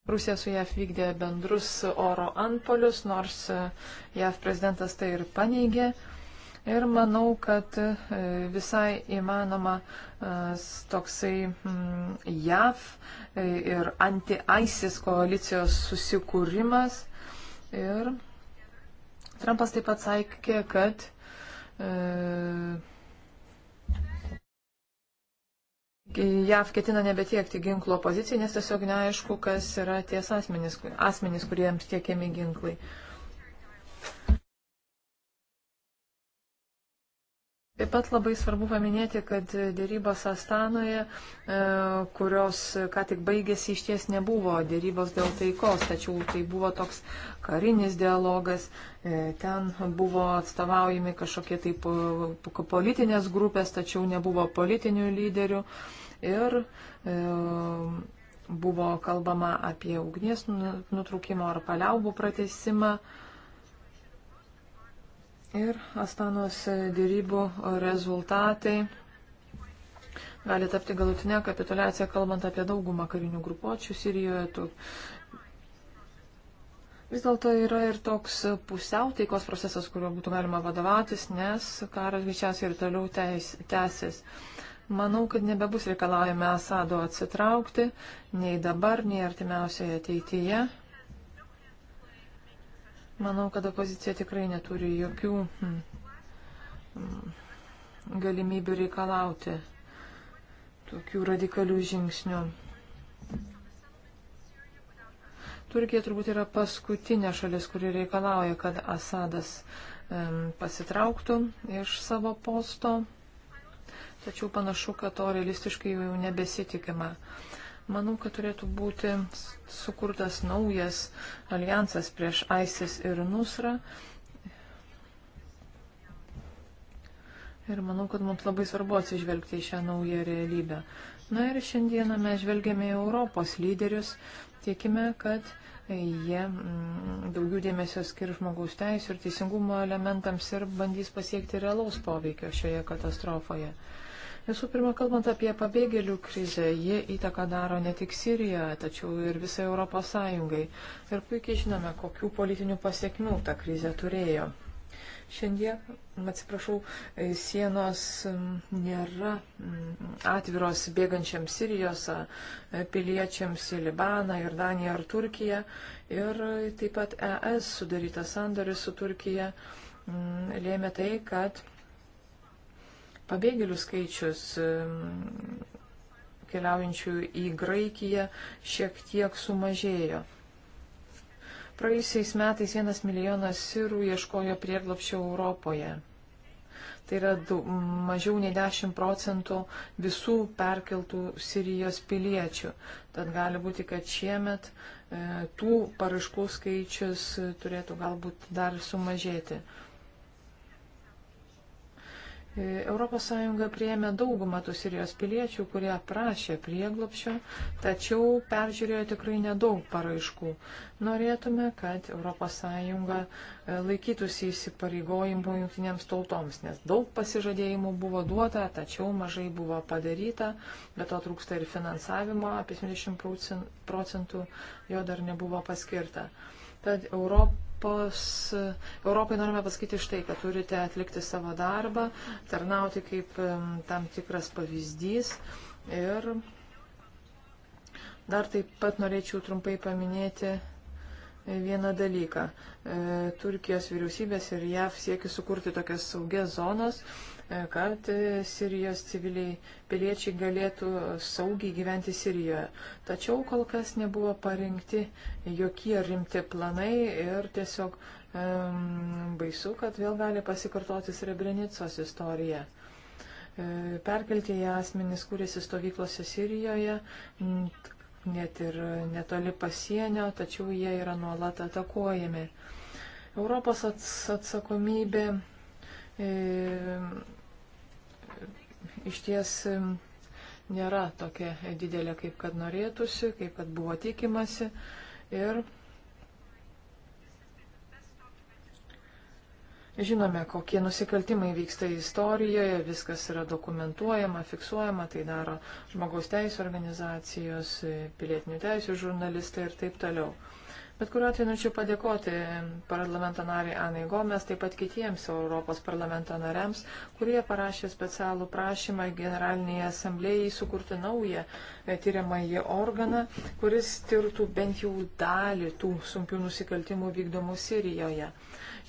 Rusija su JAF vykdė bendrus oro antpolius, nors e, JAF prezidentas tai ir paneigė. Ir manau, kad e, visai įmanoma e, toksai mm, JAF ir anti-ISIS koalicijos susikūrimas. Ir Trumpas taip pat sakė, kad e, JAV ketina nebetiekti ginklo opozicijai, nes tiesiog neaišku, kas yra ties asmenys, asmenys kuriems tiekiami ginklai. Uh, Taip pat labai svarbu paminėti, kad dėrybos Astanoje, e, kurios ką tik baigėsi, iš ties nebuvo dėrybos dėl taikos, tačiau tai buvo toks karinis dialogas, e, ten buvo atstovaujami kažkokie taip e, politinės grupės, tačiau nebuvo politinių lyderių. Ir, Buvo kalbama apie ugnies nu-, nutrūkimo ar paliaubų pratesimą. E, Ir Astanos dėrybų rezultatai gali tapti galutinę kapitulaciją, kalbant apie daugumą karinių grupuočių Sirijoje. Tu... Vis dėlto yra ir toks pusiau taikos procesas, kuriuo būtų galima vadovautis, nes karas greičiausiai ir toliau teis, tęsis. Manau, kad nebebus reikalaujame Asado atsitraukti, nei dabar, nei artimiausioje ateityje. Manau, kad opozicija tikrai neturi jokių hmm, hmm, galimybių reikalauti tokių radikalių žingsnių. Turkija turbūt yra paskutinė šalis, kuri reikalauja, kad Asadas um, pasitrauktų iš savo posto, tačiau panašu, kad to realistiškai jau nebesitikima. Manau, kad turėtų būti sukurtas naujas alijansas prieš ISIS ir Nusra. Ir manau, kad mums labai svarbu atsižvelgti į šią naują realybę. Na ir šiandieną mes žvelgiame į Europos lyderius. Tikime, kad jie mm, daugiau dėmesio skir žmogaus teisų ir teisingumo elementams ir bandys pasiekti realaus poveikio šioje katastrofoje. Visų pirma, kalbant apie pabėgėlių krizę, jie įtaką daro ne tik Sirijoje, tačiau ir visai Europos Sąjungai. Ir puikiai žinome, kokių politinių pasiekmių ta krizė turėjo. Šiandien, atsiprašau, sienos nėra atviros bėgančiam Sirijos piliečiams į Libaną, Jordaniją ar Turkiją. Ir taip pat ES sudarytas sandoris su Turkija lėmė tai, kad Pabėgėlių skaičius keliaujančių į Graikiją šiek tiek sumažėjo. Praėjusiais metais vienas milijonas sirų ieškojo prieglopščio Europoje. Tai yra daug, mažiau nei 10 procentų visų perkeltų Sirijos piliečių. Tad gali būti, kad šiemet e, tų paraškų skaičius turėtų galbūt dar sumažėti. E, ES prieėmė daugumą tų Sirijos piliečių, kurie prašė prieglopšio, tačiau peržiūrėjo tikrai nedaug paraiškų. Norėtume, kad ES e, laikytųsi įsipareigojimų jungtinėms tautoms, nes daug pasižadėjimų buvo duota, tačiau mažai buvo padaryta, bet to trūksta ir finansavimo, apie 70 procentų jo dar nebuvo paskirta. Tad Europos Europos, Europai norime pasakyti štai, kad turite atlikti savo darbą, tarnauti kaip tam tikras pavyzdys. Ir dar taip pat norėčiau trumpai paminėti e, vieną dalyką. E, Turkijos vyriausybės ir JAV siekia sukurti tokias saugias zonas, kad Sirijos civiliai piliečiai galėtų saugiai gyventi Sirijoje. Tačiau kol kas nebuvo parengti jokie rimti planai ir tiesiog um, baisu, kad vėl gali pasikartoti Srebrenicos istorija. E, perkeltieji asmenys kūrėsi stovyklose Sirijoje, net ir netoli pasienio, tačiau jie yra nuolat atakuojami. Europos ats atsakomybė e, iš ties nėra tokia didelė, kaip kad norėtųsi, kaip kad buvo tikimasi. Ir žinome, kokie nusikaltimai vyksta istorijoje, viskas yra dokumentuojama, fiksuojama, tai daro žmogaus teisų organizacijos, pilietinių teisų žurnalistai ir taip toliau. Bet kuriuo atveju norėčiau padėkoti parlamento nariai Anai Gomes, taip pat kitiems Europos parlamento nariams, kurie parašė specialų prašymą Generaliniai asamblėjai sukurti naują e, tyriamąjį organą, kuris tirtų bent jau dalį tų sunkių nusikaltimų vykdomų Sirijoje.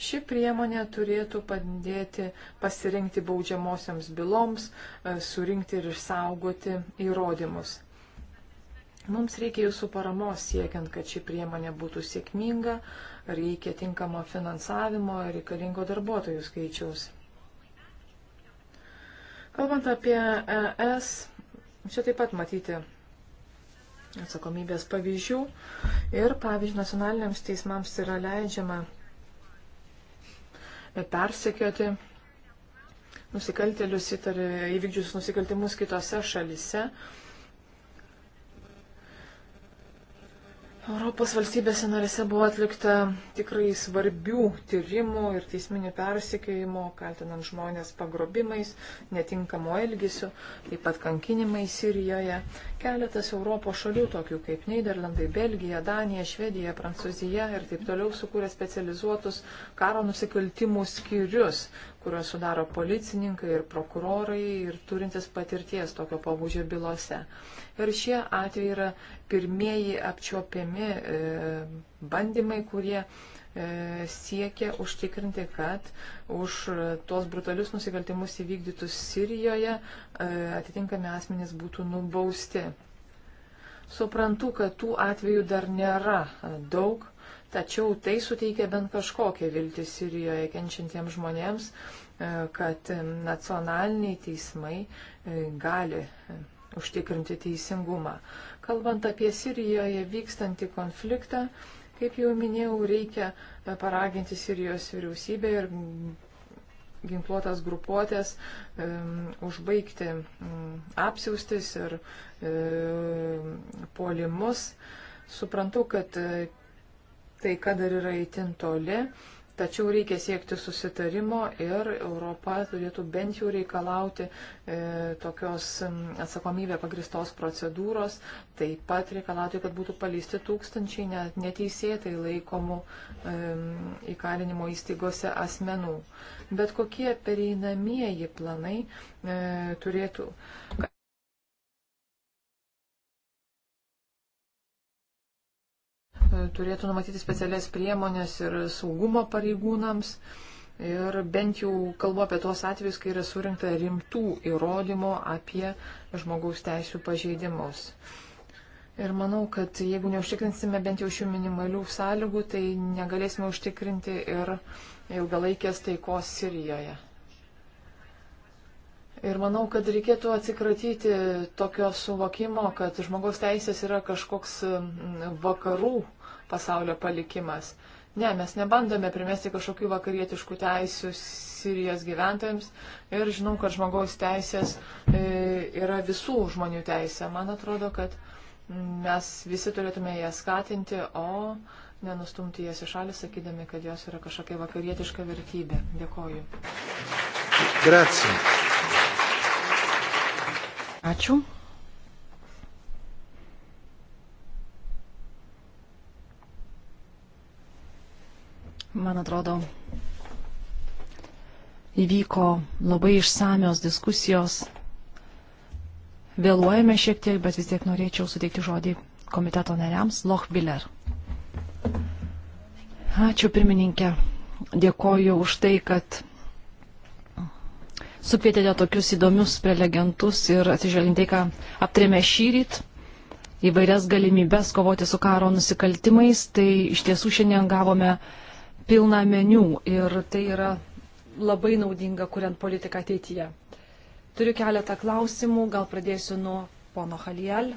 Ši priemonė turėtų padėti pasirinkti baudžiamosiams byloms, e, surinkti ir išsaugoti įrodymus. Mums reikia jūsų paramos siekiant, kad ši priemonė būtų sėkminga, reikia tinkamo finansavimo ir reikalingo darbuotojų skaičiaus. Kalbant apie ES, čia taip pat matyti atsakomybės pavyzdžių ir, pavyzdžiui, nacionaliniams teismams yra leidžiama persekioti nusikaltelius įvykdžius nusikaltimus kitose šalise Europos valstybėse narėse buvo atlikta tikrai svarbių tyrimų ir teisminių persikėjimų, kaltinant žmonės pagrobimais, netinkamo elgesiu, taip pat kankinimai Sirijoje. Keletas Europos šalių, tokių kaip Niderlandai, Belgija, Danija, Švedija, Prancūzija ir taip toliau, sukūrė specializuotus karo nusikaltimų skyrius, kuriuos sudaro policininkai ir prokurorai ir turintis patirties tokio pabudžio bylose. Ir šie atvejai yra pirmieji apčiuopiami e, bandymai, kurie e, siekia užtikrinti, kad už tuos brutalius nusikaltimus įvykdytus Sirijoje e, atitinkami asmenys būtų nubausti. Suprantu, kad tų atvejų dar nėra daug, tačiau tai suteikia bent kažkokią viltį Sirijoje kenčiantiems žmonėms, kad nacionaliniai teismai gali užtikrinti teisingumą. Kalbant apie Sirijoje vykstantį konfliktą, kaip jau minėjau, reikia e, paraginti Sirijos vyriausybę ir ginkluotas grupuotės um, užbaigti um, apsiaustis ir um, e, polimus. Suprantu, kad uh, tai, kad dar yra įtin toli, uh, Tačiau reikia siekti susitarimo ir Europa turėtų bent jau reikalauti e, tokios atsakomybė pagristos procedūros, taip pat reikalauti, kad būtų paleisti tūkstančiai net neteisėtai laikomų e, įkalinimo įstaigose asmenų. Bet kokie pereinamieji planai e, turėtų. turėtų numatyti specialias priemonės ir saugumo pareigūnams. Ir bent jau kalbu apie tos atvejus, kai yra surinkta rimtų įrodymų apie žmogaus teisų pažeidimus. Ir manau, kad jeigu neužtikrinsime bent jau šių minimalių sąlygų, tai negalėsime užtikrinti ir ilgalaikės taikos Sirijoje. Ir manau, kad reikėtų atsikratyti tokio suvokimo, kad žmogaus teisės yra kažkoks vakarų pasaulio palikimas. Ne, mes nebandome primesti kažkokių vakarietiškų teisių Sirijos gyventojams ir žinau, kad žmogaus teisės e, yra visų žmonių teisė. Man atrodo, kad mes visi turėtume jas skatinti, o nenustumti jas į šalį, sakydami, kad jos yra kažkokia vakarietiška vertybė. Dėkoju. Grazie. Ačiū. Man atrodo, įvyko labai išsamios diskusijos. Vėluojame šiek tiek, bet vis tiek norėčiau suteikti žodį komiteto nariams Lochbiller. Ačiū pirmininkė. Dėkoju už tai, kad sukvietėte tokius įdomius prelegentus ir atsižvelgintai, ką aptarėme šį rytą įvairias galimybes kovoti su karo nusikaltimais, tai iš tiesų šiandien gavome uh, pilną meniu ir tai yra labai naudinga, kuriant politiką ateityje. Turiu keletą klausimų, gal pradėsiu nuo pono Halijal.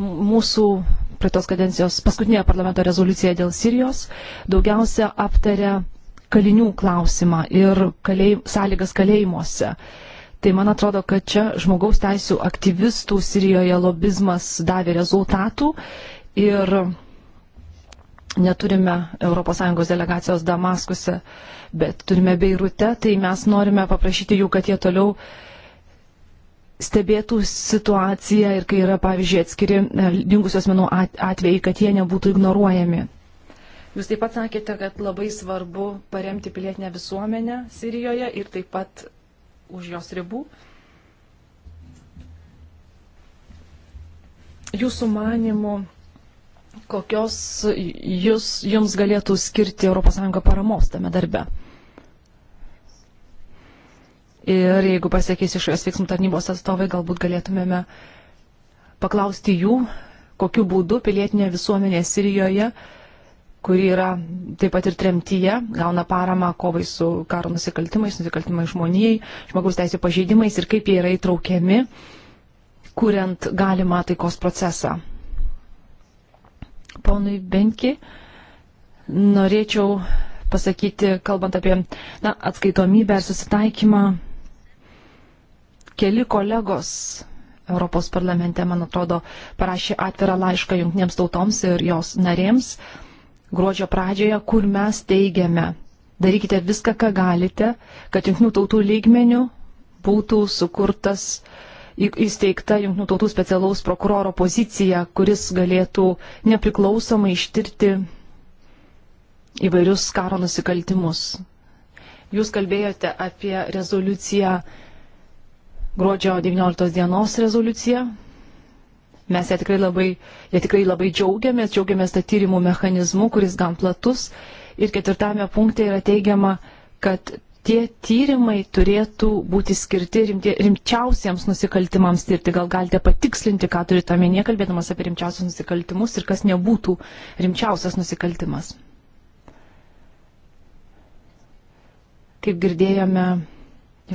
Mūsų praeitos kadencijos paskutinėje parlamento rezoliucijoje dėl Sirijos daugiausia aptarė kalinių klausimą ir kalėj, sąlygas kalėjimuose. Tai man atrodo, kad čia žmogaus teisų aktyvistų Sirijoje lobizmas davė rezultatų ir neturime ES delegacijos Damaskuse, bet turime Beirute, tai mes norime paprašyti jų, kad jie toliau stebėtų situaciją ir kai yra, pavyzdžiui, atskiri e, dingusios menų atvejai, kad jie nebūtų ignoruojami. Jūs taip pat sakėte, kad labai svarbu paremti pilietinę visuomenę Sirijoje ir taip pat už jos ribų. Jūsų manimų kokios jūs, jums galėtų skirti ES paramos tame darbe. Ir jeigu pasakys iš jos veiksmų tarnybos atstovai, galbūt galėtumėme paklausti jų, kokiu būdu pilietinė visuomenė Sirijoje, kuri yra taip pat ir tremtyje, gauna paramą kovai su karo nusikaltimais, nusikaltimais žmonijai, žmogaus teisų pažeidimais ir kaip jie yra įtraukiami, kuriant galimą taikos procesą ponui Benki. Norėčiau pasakyti, kalbant apie na, atskaitomybę ir susitaikymą, keli kolegos Europos parlamente, man atrodo, parašė atvirą laišką jungtinėms tautoms ir jos narėms gruodžio pradžioje, kur mes teigiame, darykite viską, ką galite, kad jungtinių tautų lygmenių būtų sukurtas uh, įsteigta Junktinių tautų specialaus prokuroro pozicija, kuris galėtų nepriklausomai ištirti įvairius karo nusikaltimus. Jūs kalbėjote apie rezoliuciją, gruodžio 19 dienos rezoliuciją. Mes ją tikrai labai, ją tikrai labai džiaugiamės, džiaugiamės tą tyrimų mechanizmu, kuris gan platus. Ir ketvirtame punkte yra teigiama, kad tie tyrimai turėtų būti skirti rimtie, rimčiausiems nusikaltimams tirti. Gal galite patikslinti, ką turite omenyje, kalbėdamas apie rimčiausius nusikaltimus ir kas nebūtų rimčiausias nusikaltimas. Kaip girdėjome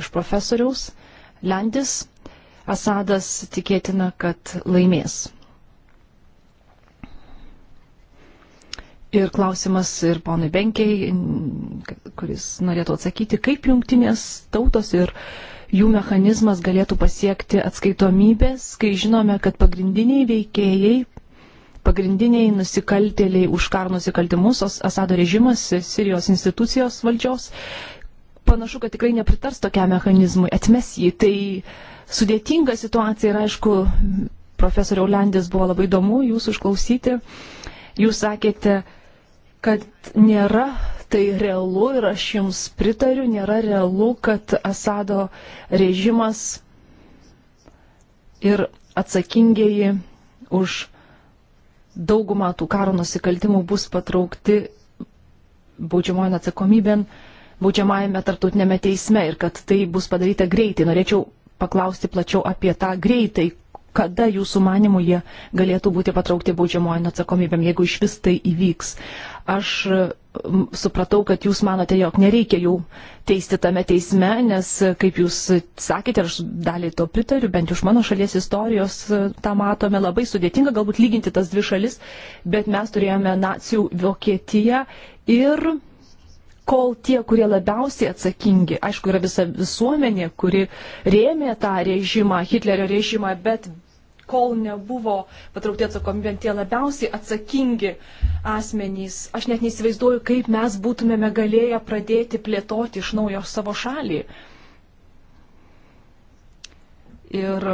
iš profesoriaus, Landis, Asadas tikėtina, kad laimės Ir klausimas ir ponui Benkiai, kuris norėtų atsakyti, kaip jungtinės tautos ir jų mechanizmas galėtų pasiekti atskaitomybės, kai žinome, kad pagrindiniai veikėjai, pagrindiniai nusikaltėliai už karo nusikaltimus, Asado režimas, Sirijos institucijos valdžios, panašu, kad tikrai nepritars tokiam mechanizmui, atmes jį. Tai sudėtinga situacija ir aišku, profesoriau Landis buvo labai įdomu jūsų išklausyti. Uh, Jūs sakėte, kad nėra tai realu ir aš jums pritariu, nėra realu, kad Asado režimas ir atsakingieji už daugumą tų karo nusikaltimų bus patraukti baudžiamojo atsakomybėn baudžiamajame tarptautinėme teisme ir kad tai bus padaryta greitai. Norėčiau paklausti plačiau apie tą greitai, kada jūsų manimų jie galėtų būti patraukti baudžiamojo atsakomybėm, jeigu iš vis tai įvyks. Aš supratau, kad jūs manote, jog nereikia jų teisti tame teisme, nes, kaip jūs sakėte, aš dalį to pritariu, bent iš mano šalies istorijos e, tą matome labai sudėtinga, galbūt lyginti tas dvi šalis, bet mes turėjome nacijų Vokietiją ir kol tie, kurie labiausiai atsakingi, aišku, yra visa visuomenė, kuri rėmė tą režimą, Hitlerio režimą, bet kol nebuvo patraukti atsakomybėn tie labiausiai atsakingi asmenys. Aš net neįsivaizduoju, kaip mes būtumėme galėję pradėti plėtoti iš naujo savo šalį. Ir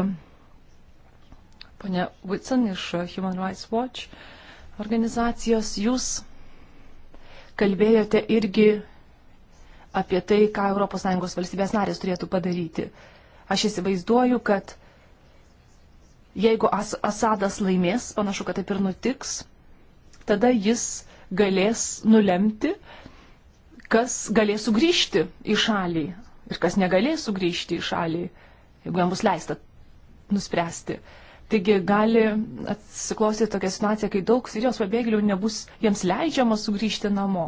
ponia Whitson iš Human Rights Watch organizacijos, jūs kalbėjote irgi apie tai, ką ES valstybės narės turėtų padaryti. Aš įsivaizduoju, kad jeigu As Asadas laimės, panašu, kad taip ir nutiks, tada jis galės nulemti, kas galės sugrįžti į šalį ir kas negalės sugrįžti į šalį, jeigu jam bus leista nuspręsti. Taigi gali atsiklausyti tokia situacija, kai daug Sirijos pabėgėlių nebus jiems leidžiama sugrįžti namo.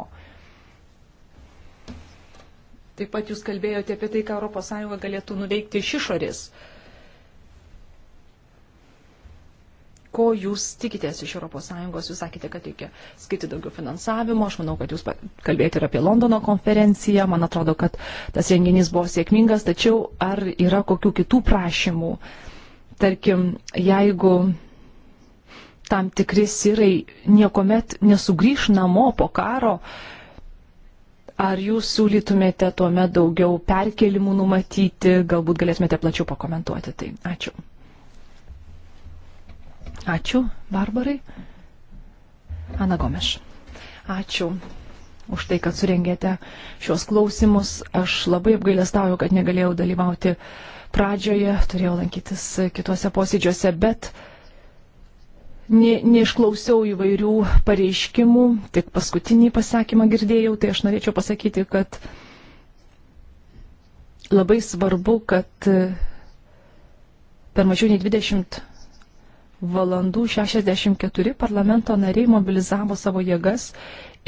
Taip pat jūs kalbėjote apie tai, ką ES galėtų nuveikti iš išorės. Uh, ko jūs tikitės iš ES. Jūs sakėte, kad reikia skirti daugiau finansavimo. Aš manau, kad jūs kalbėjote ir apie Londono konferenciją. Man atrodo, kad tas renginys buvo sėkmingas. Tačiau ar yra kokių kitų prašymų? Tarkim, jeigu tam tikri sirai niekuomet nesugryž namo po karo, ar jūs siūlytumėte tuomet daugiau perkelimų numatyti, galbūt galėtumėte plačiau pakomentuoti tai. Ačiū. Ačiū, Barbarai. Ana Gomeš. Ačiū už tai, kad surengėte šios klausimus. Aš labai apgailestauju, kad negalėjau dalyvauti pradžioje, turėjau lankytis kituose posėdžiuose, bet ne, neišklausiau įvairių pareiškimų, tik paskutinį pasakymą girdėjau, tai aš norėčiau pasakyti, kad labai svarbu, kad per mažiau nei 20 valandų 64 parlamento nariai mobilizavo savo jėgas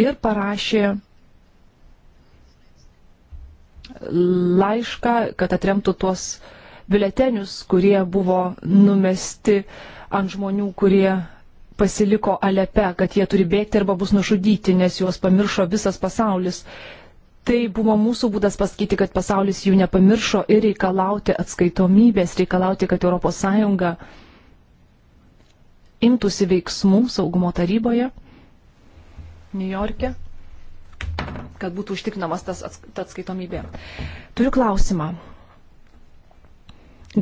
ir parašė laišką, kad atremtų tuos biuletenius, kurie buvo numesti ant žmonių, kurie pasiliko Alepe, kad jie turi bėgti arba bus nužudyti, nes juos pamiršo visas pasaulis. Tai buvo mūsų būdas pasakyti, kad pasaulis jų nepamiršo ir reikalauti atskaitomybės, reikalauti, kad ES imtųsi veiksmų saugumo taryboje New York'e, kad būtų užtikrinamas tas atskaitomybė. Turiu klausimą.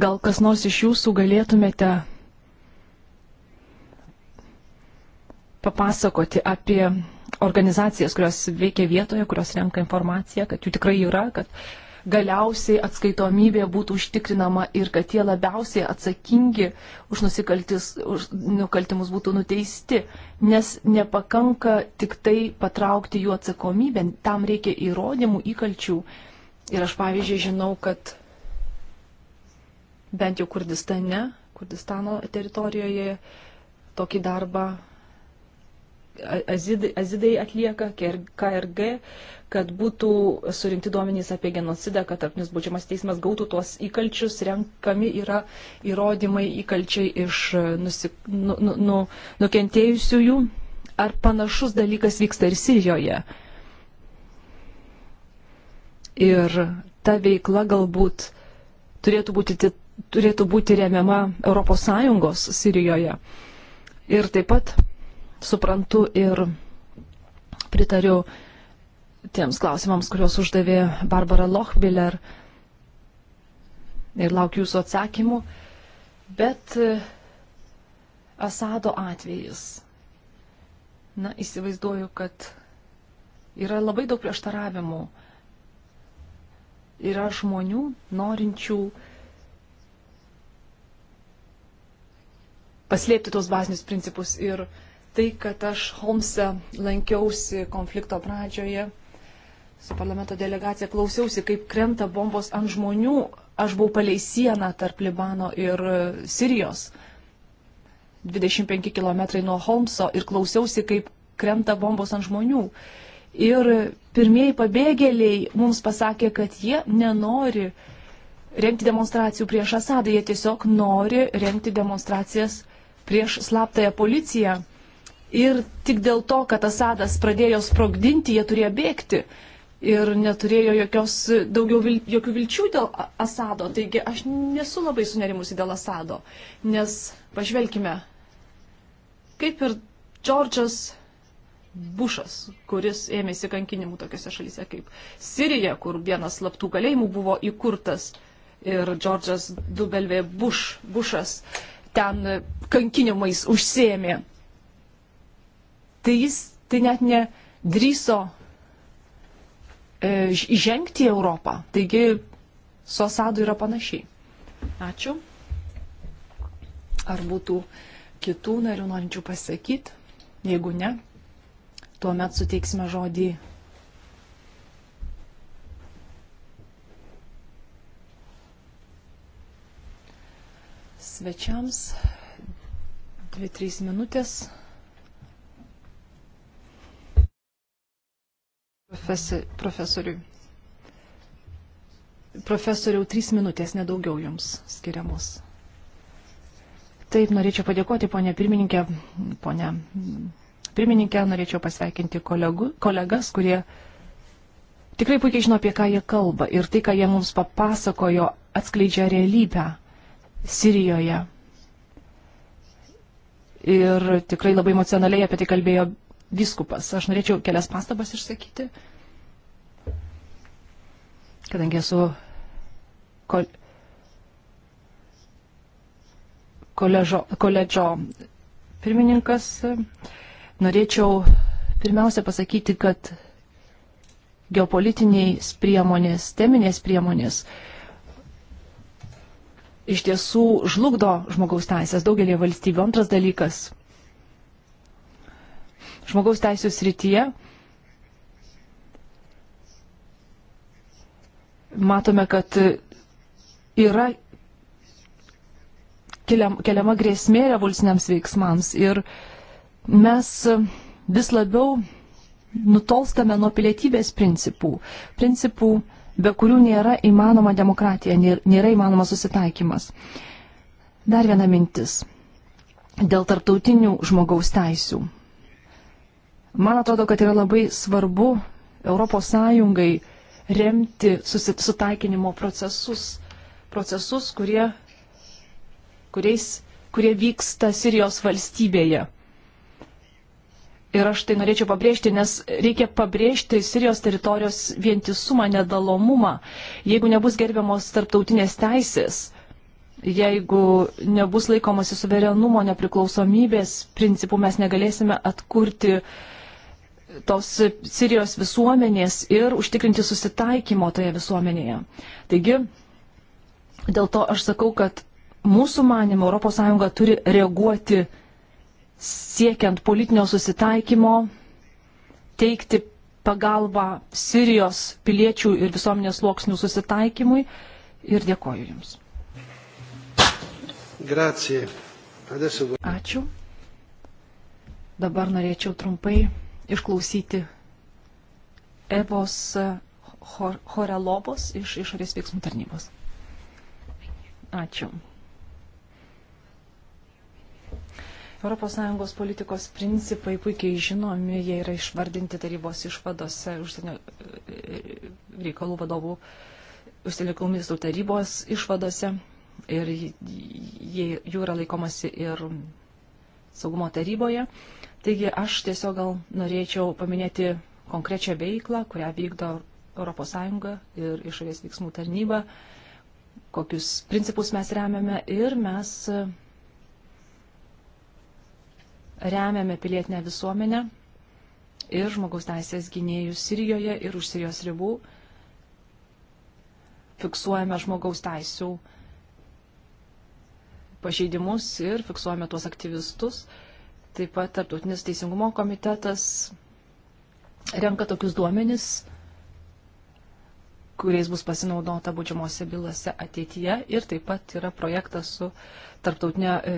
Gal kas nors iš jūsų galėtumėte papasakoti apie organizacijas, kurios veikia vietoje, kurios renka informaciją, kad jų tikrai yra, kad uh, galiausiai atskaitomybė būtų užtikrinama ir kad tie labiausiai atsakingi už, už nukaltimus būtų nuteisti, nes nepakanka tik tai patraukti jų atsakomybę, tam reikia įrodymų, įkalčių. Ir aš pavyzdžiui žinau, kad bent jau Kurdistane, Kurdistano teritorijoje tokį darbą azidai atlieka, KRG, kad būtų surinkti duomenys apie genocidą, kad tarpnis būdžiamas teismas gautų tuos įkalčius, renkami yra įrodymai įkalčiai iš nusi, nu, nu, nu, nukentėjusiųjų. Ar panašus dalykas vyksta ir Sirijoje? Ir ta veikla galbūt turėtų būti, turėtų būti remiama ES Sirijoje. Ir taip pat suprantu ir pritariu tiems klausimams, kuriuos uždavė Barbara Lochbiller ir laukiu jūsų atsakymų. Bet e, Asado atvejis. Na, įsivaizduoju, kad yra labai daug prieštaravimų. Yra žmonių norinčių paslėpti tos bazinius principus. Ir tai, kad aš Holmse lankiausi konflikto pradžioje su parlamento delegacija klausiausi, kaip krenta bombos ant žmonių. Aš buvau palei sieną tarp Libano ir e, Sirijos, 25 km nuo Holmso ir klausiausi, kaip krenta bombos ant žmonių. Ir pirmieji pabėgėliai mums pasakė, kad jie nenori rengti demonstracijų prieš Asadą, jie tiesiog nori rengti demonstracijas prieš slaptąją policiją. Ir tik dėl to, kad Asadas pradėjo sprogdinti, jie turėjo bėgti ir neturėjo jokios, daugiau vil, jokių vilčių dėl Asado. Taigi aš nesu labai sunerimusi dėl Asado, nes pažvelkime, kaip ir Džordžas Bušas, kuris ėmėsi kankinimų tokiuose šalyse kaip Sirija, kur vienas slaptų kalėjimų buvo įkurtas ir Džordžas Dubelvė Buš, Bušas ten kankinimais užsėmė. Tai jis tai net nedrįso įžengti e, į Europą. Taigi su Asadu yra panašiai. Ačiū. Ar būtų kitų narių norinčių pasakyti? Jeigu ne, tuomet suteiksime žodį. Svečiams 2-3 minutės. profesoriui. Profesoriau, trys minutės nedaugiau jums skiriamos. Taip, norėčiau padėkoti, ponė pirmininkė, ponė pirmininkė, norėčiau pasveikinti kolegų, kolegas, kurie tikrai puikiai žino, apie ką jie kalba ir tai, ką jie mums papasakojo, atskleidžia realybę Sirijoje. Ir tikrai labai emocionaliai apie tai kalbėjo vyskupas. Aš norėčiau kelias pastabas išsakyti, kadangi esu kol... koležo, koledžo pirmininkas. Norėčiau pirmiausia pasakyti, kad geopolitiniais priemonės, teminės priemonės iš tiesų žlugdo žmogaus teisės daugelį valstybių. Antras dalykas žmogaus teisų srityje. Matome, kad yra keliama grėsmė revoliuciniams veiksmams ir mes vis labiau nutolstame nuo pilietybės principų, principų, be kurių nėra įmanoma demokratija, nėra įmanoma susitaikymas. Dar viena mintis dėl tarptautinių žmogaus teisių. Man atrodo, kad yra labai svarbu ES remti susitaikinimo procesus, procesus, kurie, kuriais, kurie vyksta Sirijos valstybėje. Ir aš tai norėčiau pabrėžti, nes reikia pabrėžti Sirijos teritorijos vientisumą, nedalomumą. Jeigu nebus gerbiamos tarptautinės teisės, jeigu nebus laikomasi suverenumo, nepriklausomybės principų, mes negalėsime atkurti uh, tos Sirijos visuomenės ir užtikrinti susitaikymo toje visuomenėje. Taigi, dėl to aš sakau, kad mūsų manimo ES turi reaguoti siekiant politinio susitaikymo, teikti pagalbą Sirijos piliečių ir visuomenės sluoksnių susitaikymui ir dėkoju Jums. Grazie. Adesso... Ačiū. Dabar norėčiau trumpai išklausyti Evos Horelobos iš išorės veiksmų tarnybos. Ačiū. ES politikos principai puikiai žinomi, jie yra išvardinti tarybos išvadose užsienio e, reikalų vadovų, užsienio reikalų ministrų tarybos išvadose ir jie, jų yra laikomasi ir saugumo taryboje. Taigi aš tiesiog gal norėčiau paminėti konkrečią veiklą, kurią vykdo ES ir išorės veiksmų tarnyba, kokius principus mes remiame ir mes remiame pilietinę visuomenę ir žmogaus teisės gynėjus Sirijoje ir už Sirijos ribų fiksuojame žmogaus teisų pažeidimus ir fiksuojame tuos aktyvistus, Taip pat Tarptautinis teisingumo komitetas renka tokius duomenis, kuriais bus pasinaudota būdžiamosiose bylose ateityje. Ir taip pat yra projektas su Tarptautinė e,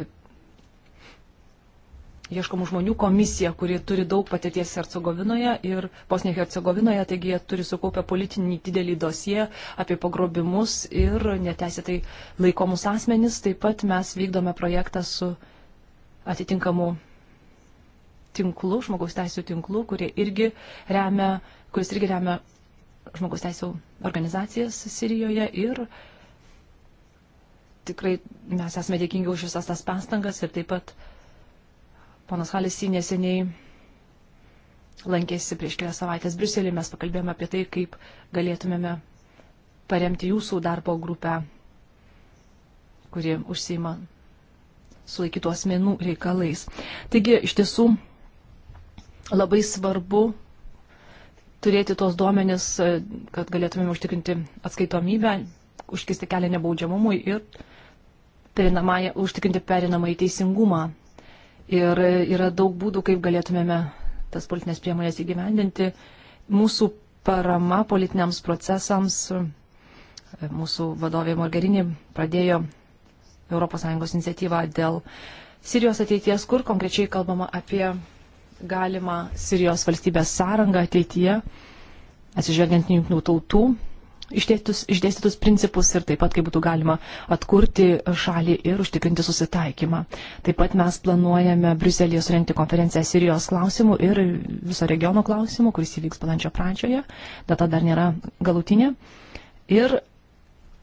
ieškomų žmonių komisija, kuri turi daug patirties Hercegovinoje ir Bosnijoje Hercegovinoje, taigi jie turi sukaupę politinį didelį dosiją apie pagrobimus ir neteisėtai laikomus asmenis. Taip pat mes vykdome projektą su atitinkamu tinklu, žmogaus teisų tinklu, kurie irgi remia, kuris irgi remia žmogaus teisų organizacijas Sirijoje ir tikrai mes esame dėkingi už visas tas pastangas ir taip pat ponas Halis neseniai lankėsi prieš kelias savaitės Briuselį, mes pakalbėjome apie tai, kaip galėtumėme paremti jūsų darbo grupę, kuri užsima sulaikytų asmenų reikalais. Taigi, iš tiesų, Labai svarbu turėti tos duomenis, e, kad galėtumėm užtikrinti atskaitomybę, užkisti kelią nebaudžiamumui ir užtikrinti perinamąjį teisingumą. Ir e, yra daug būdų, kaip galėtumėme tas politinės priemonės įgyvendinti. Mūsų parama politiniams procesams, e, mūsų vadovė Morgerini pradėjo ES iniciatyvą dėl Sirijos ateities, kur konkrečiai kalbama apie galima Sirijos valstybės sąrangą ateityje, atsižvelgiant jungtinių tautų išdėstytus principus ir taip pat, kaip būtų galima atkurti šalį ir užtikrinti susitaikymą. Taip pat mes planuojame Briuselėje surenkti konferenciją Sirijos klausimų ir viso regiono klausimų, kuris įvyks balandžio pradžioje, data dar nėra galutinė. Ir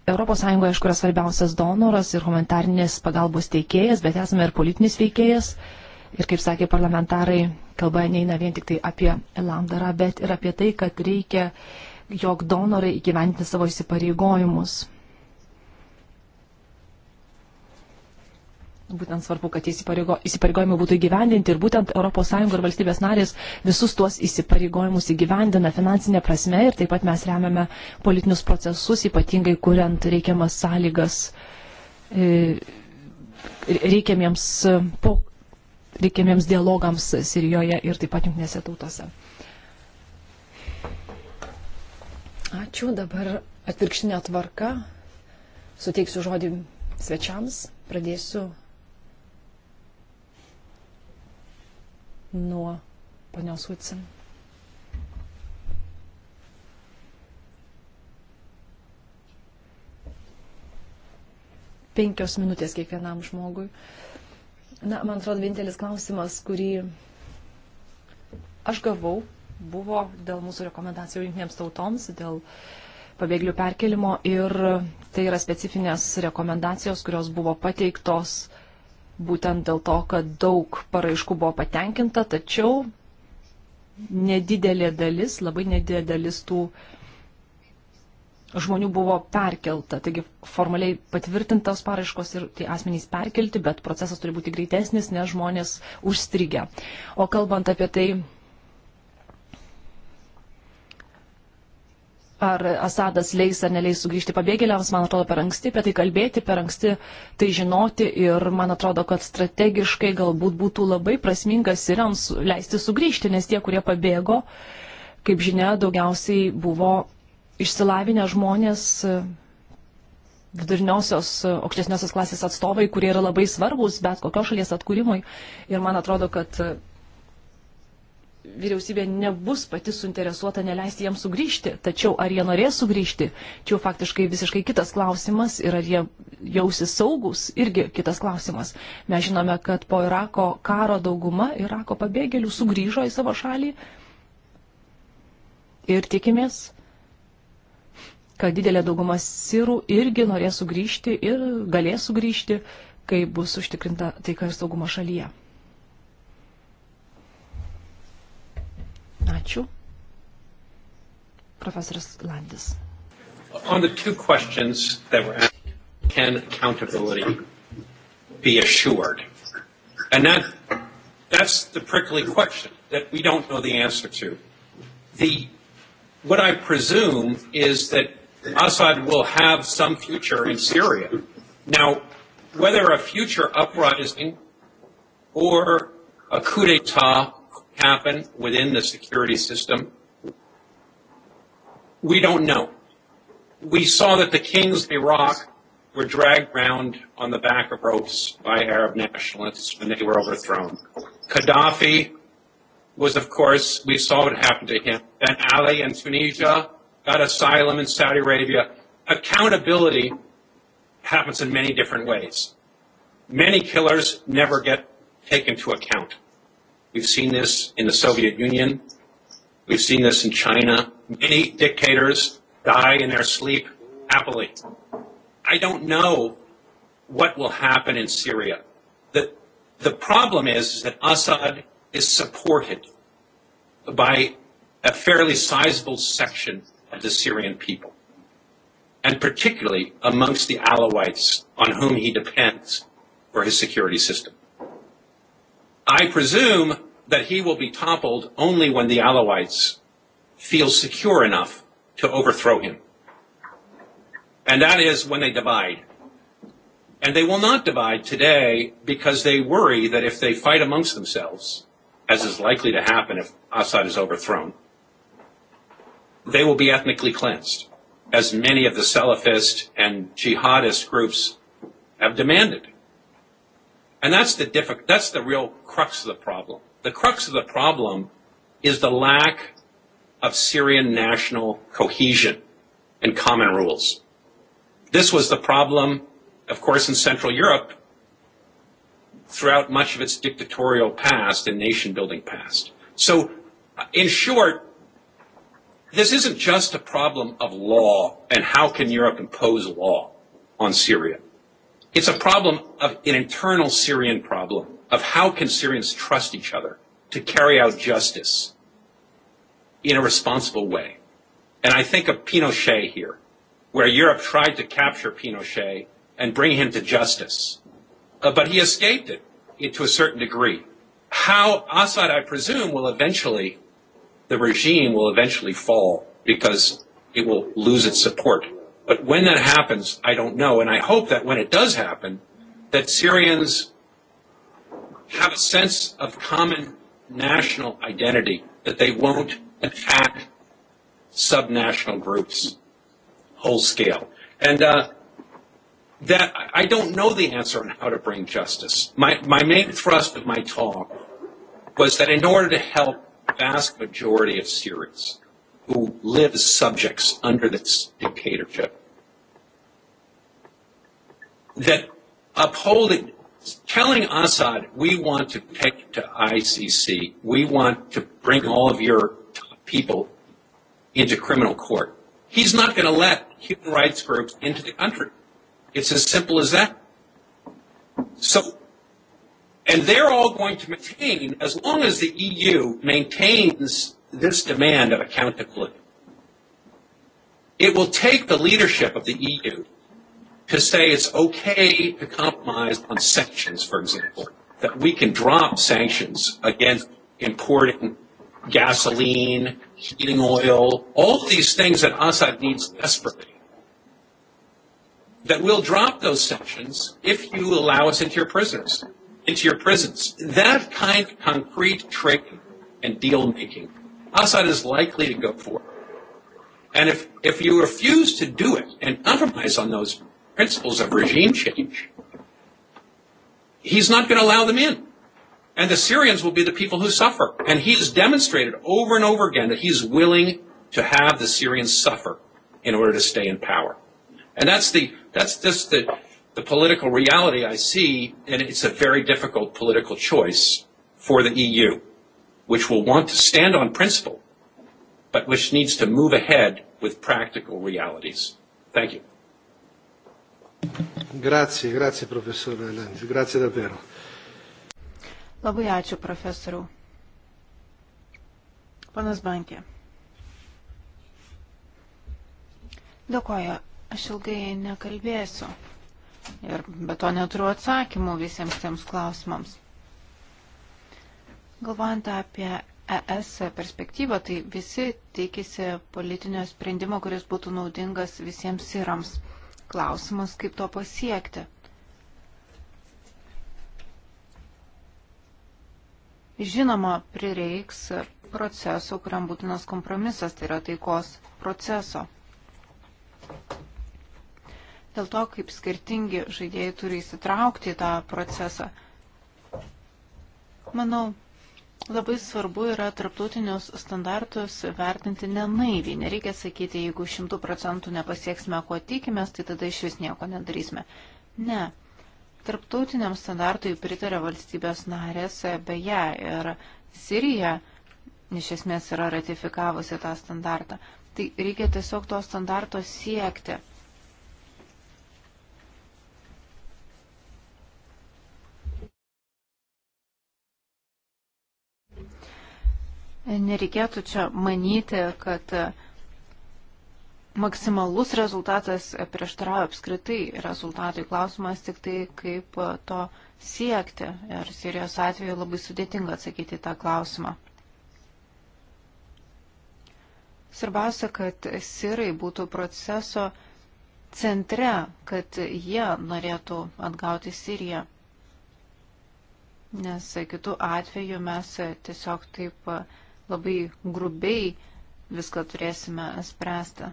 ES, aišku, yra svarbiausias donoras ir humanitarnės pagalbos teikėjas, bet esame ir politinis veikėjas. Ir kaip sakė parlamentarai, kalba neina vien tik tai apie Landarą, bet ir apie tai, kad reikia, jog donorai įgyventinti savo įsipareigojimus. Būtent svarbu, kad įsipareigo, įsipareigojimai būtų įgyvendinti ir būtent ES ir valstybės narės visus tuos įsipareigojimus įgyvendina finansinė prasme ir taip pat mes remiame politinius procesus, ypatingai kuriant reikiamas sąlygas e, reikiamiems po reikiamiems dialogams Sirijoje ir taip pat jungtinėse tautose. Ačiū. Dabar atvirkštinė tvarka. Suteiksiu žodį svečiams. Pradėsiu nuo panios Hudson. Penkios minutės kiekvienam žmogui. Uh, Na, man atrodo, vienintelis klausimas, kurį aš gavau, buvo dėl mūsų rekomendacijų jungtinėms tautoms, dėl pabėgėlių perkelimo ir tai yra specifinės rekomendacijos, kurios buvo pateiktos būtent dėl to, kad daug paraiškų buvo patenkinta, tačiau nedidelė dalis, labai nedidelė dalis tų uh, žmonių buvo perkelta. Taigi formaliai patvirtintos paraiškos ir tie asmenys perkelti, bet procesas turi būti greitesnis, nes žmonės užstrigę. O kalbant apie tai, ar Asadas leis ar neleis sugrįžti pabėgėliams, man atrodo, per anksti apie tai kalbėti, per anksti tai žinoti ir man atrodo, kad strategiškai galbūt būtų labai prasminga siriams leisti sugrįžti, nes tie, kurie pabėgo, kaip žinia, daugiausiai buvo išsilavinę žmonės, viduriniosios, aukštesniosios klasės atstovai, kurie yra labai svarbus bet kokios šalies atkūrimui. Ir man atrodo, kad vyriausybė nebus pati suinteresuota neleisti jiems sugrįžti. Tačiau ar jie norės sugrįžti, čia jau faktiškai visiškai kitas klausimas ir ar jie jausis saugus, irgi kitas klausimas. Mes žinome, kad po Irako karo dauguma Irako pabėgėlių sugrįžo į savo šalį ir tikimės, kad didelė dauguma sirų irgi norės sugrįžti ir galės sugrįžti, kai bus užtikrinta taika ir saugumo šalyje. Ačiū. Profesorius Landis. On the two questions that were asked, can accountability be assured? And that, that's the prickly question that we don't know the answer to. The, what I presume is that Assad will have some future in Syria. Now, whether a future uprising or a coup d'etat happen within the security system, we don't know. We saw that the kings of Iraq were dragged round on the back of ropes by Arab nationalists when they were overthrown. Gaddafi was, of course, we saw what happened to him. Ben Ali in Tunisia, got asylum in Saudi Arabia. Accountability happens in many different ways. Many killers never get taken to account. We've seen this in the Soviet Union. We've seen this in China. Many dictators die in their sleep happily. I don't know what will happen in Syria. The, the problem is that Assad is supported by a fairly sizable section of the Syrian people, and particularly amongst the Alawites on whom he depends for his security system. I presume that he will be toppled only when the Alawites feel secure enough to overthrow him. And that is when they divide. And they will not divide today because they worry that if they fight amongst themselves, as is likely to happen if Assad is overthrown, they will be ethnically cleansed, as many of the Salafist and jihadist groups have demanded. And that's the diffi- that's the real crux of the problem. The crux of the problem is the lack of Syrian national cohesion and common rules. This was the problem, of course, in Central Europe throughout much of its dictatorial past and nation building past. So, in short, this isn't just a problem of law and how can Europe impose law on Syria. It's a problem of an internal Syrian problem of how can Syrians trust each other to carry out justice in a responsible way. And I think of Pinochet here, where Europe tried to capture Pinochet and bring him to justice. Uh, but he escaped it, it to a certain degree. How Assad, I presume, will eventually the regime will eventually fall because it will lose its support. But when that happens, I don't know. And I hope that when it does happen, that Syrians have a sense of common national identity, that they won't attack subnational groups whole scale. And uh, that I don't know the answer on how to bring justice. My, my main thrust of my talk was that in order to help vast majority of Syrians who live as subjects under this dictatorship that upholding, telling Assad, we want to take to ICC, we want to bring all of your people into criminal court. He's not going to let human rights groups into the country. It's as simple as that. So And they're all going to maintain, as long as the EU maintains this demand of accountability, it will take the leadership of the EU to say it's okay to compromise on sanctions, for example, that we can drop sanctions against importing gasoline, heating oil, all of these things that Assad needs desperately. That we'll drop those sanctions if you allow us into your prisons into your prisons. That kind of concrete trick and deal making Assad is likely to go for. And if, if you refuse to do it and compromise on those principles of regime change, he's not going to allow them in. And the Syrians will be the people who suffer. And he has demonstrated over and over again that he's willing to have the Syrians suffer in order to stay in power. And that's the, that's just the, The political reality I see, and it's a very difficult political choice for the EU, which will want to stand on principle, but which needs to move ahead with practical realities. Thank you. Grazie, grazie professore Lenz, grazie davvero. Labai ačiū profesoriau. Panas Bankė. Dėkoju, aš ilgai nekalbėsiu. Ir be to neturiu atsakymų visiems tiems klausimams. Galvojant apie ES perspektyvą, tai visi tikisi politinio sprendimo, kuris būtų naudingas visiems sirams. Klausimas, kaip to pasiekti. Žinoma, prireiks proceso, kuriam būtinas kompromisas, tai yra taikos proceso dėl to, kaip skirtingi žaidėjai turi įsitraukti į tą procesą. Manau, labai svarbu yra tarptautinius standartus vertinti nenaiviai. Nereikia sakyti, jeigu šimtų procentų nepasieksime, ko tikimės, tai tada iš vis nieko nedarysime. Ne. Tarptautiniam standartui pritarė valstybės narės, beje, ir Sirija iš esmės yra ratifikavusi tą standartą. Tai reikia tiesiog to standarto siekti. Nereikėtų čia manyti, kad maksimalus rezultatas prieštarauja apskritai rezultatui. Klausimas tik tai, kaip to siekti. Ir Sirijos atveju labai sudėtinga atsakyti tą klausimą. Svarbiausia, kad sirai būtų proceso centre, kad jie norėtų atgauti Siriją. Nes kitų atveju mes tiesiog taip labai grubiai viską turėsime spręsti.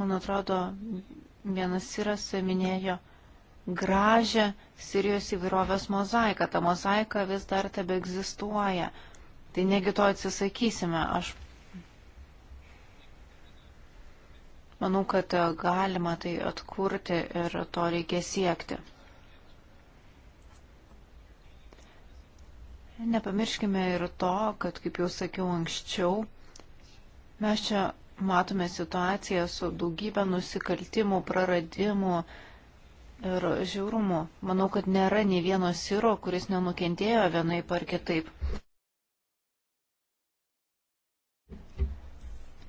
Man atrodo, vienas Siras minėjo gražią Sirijos įvairovės mozaiką. Ta mozaika vis dar tebe egzistuoja. Tai negi to atsisakysime. Aš manau, kad galima tai atkurti ir to reikia siekti. Nepamirškime ir to, kad, kaip jau sakiau anksčiau, mes čia matome situaciją su daugybė nusikaltimų, praradimų ir žiaurumų. Manau, kad nėra nei vieno siro, kuris nenukentėjo vienai par kitaip.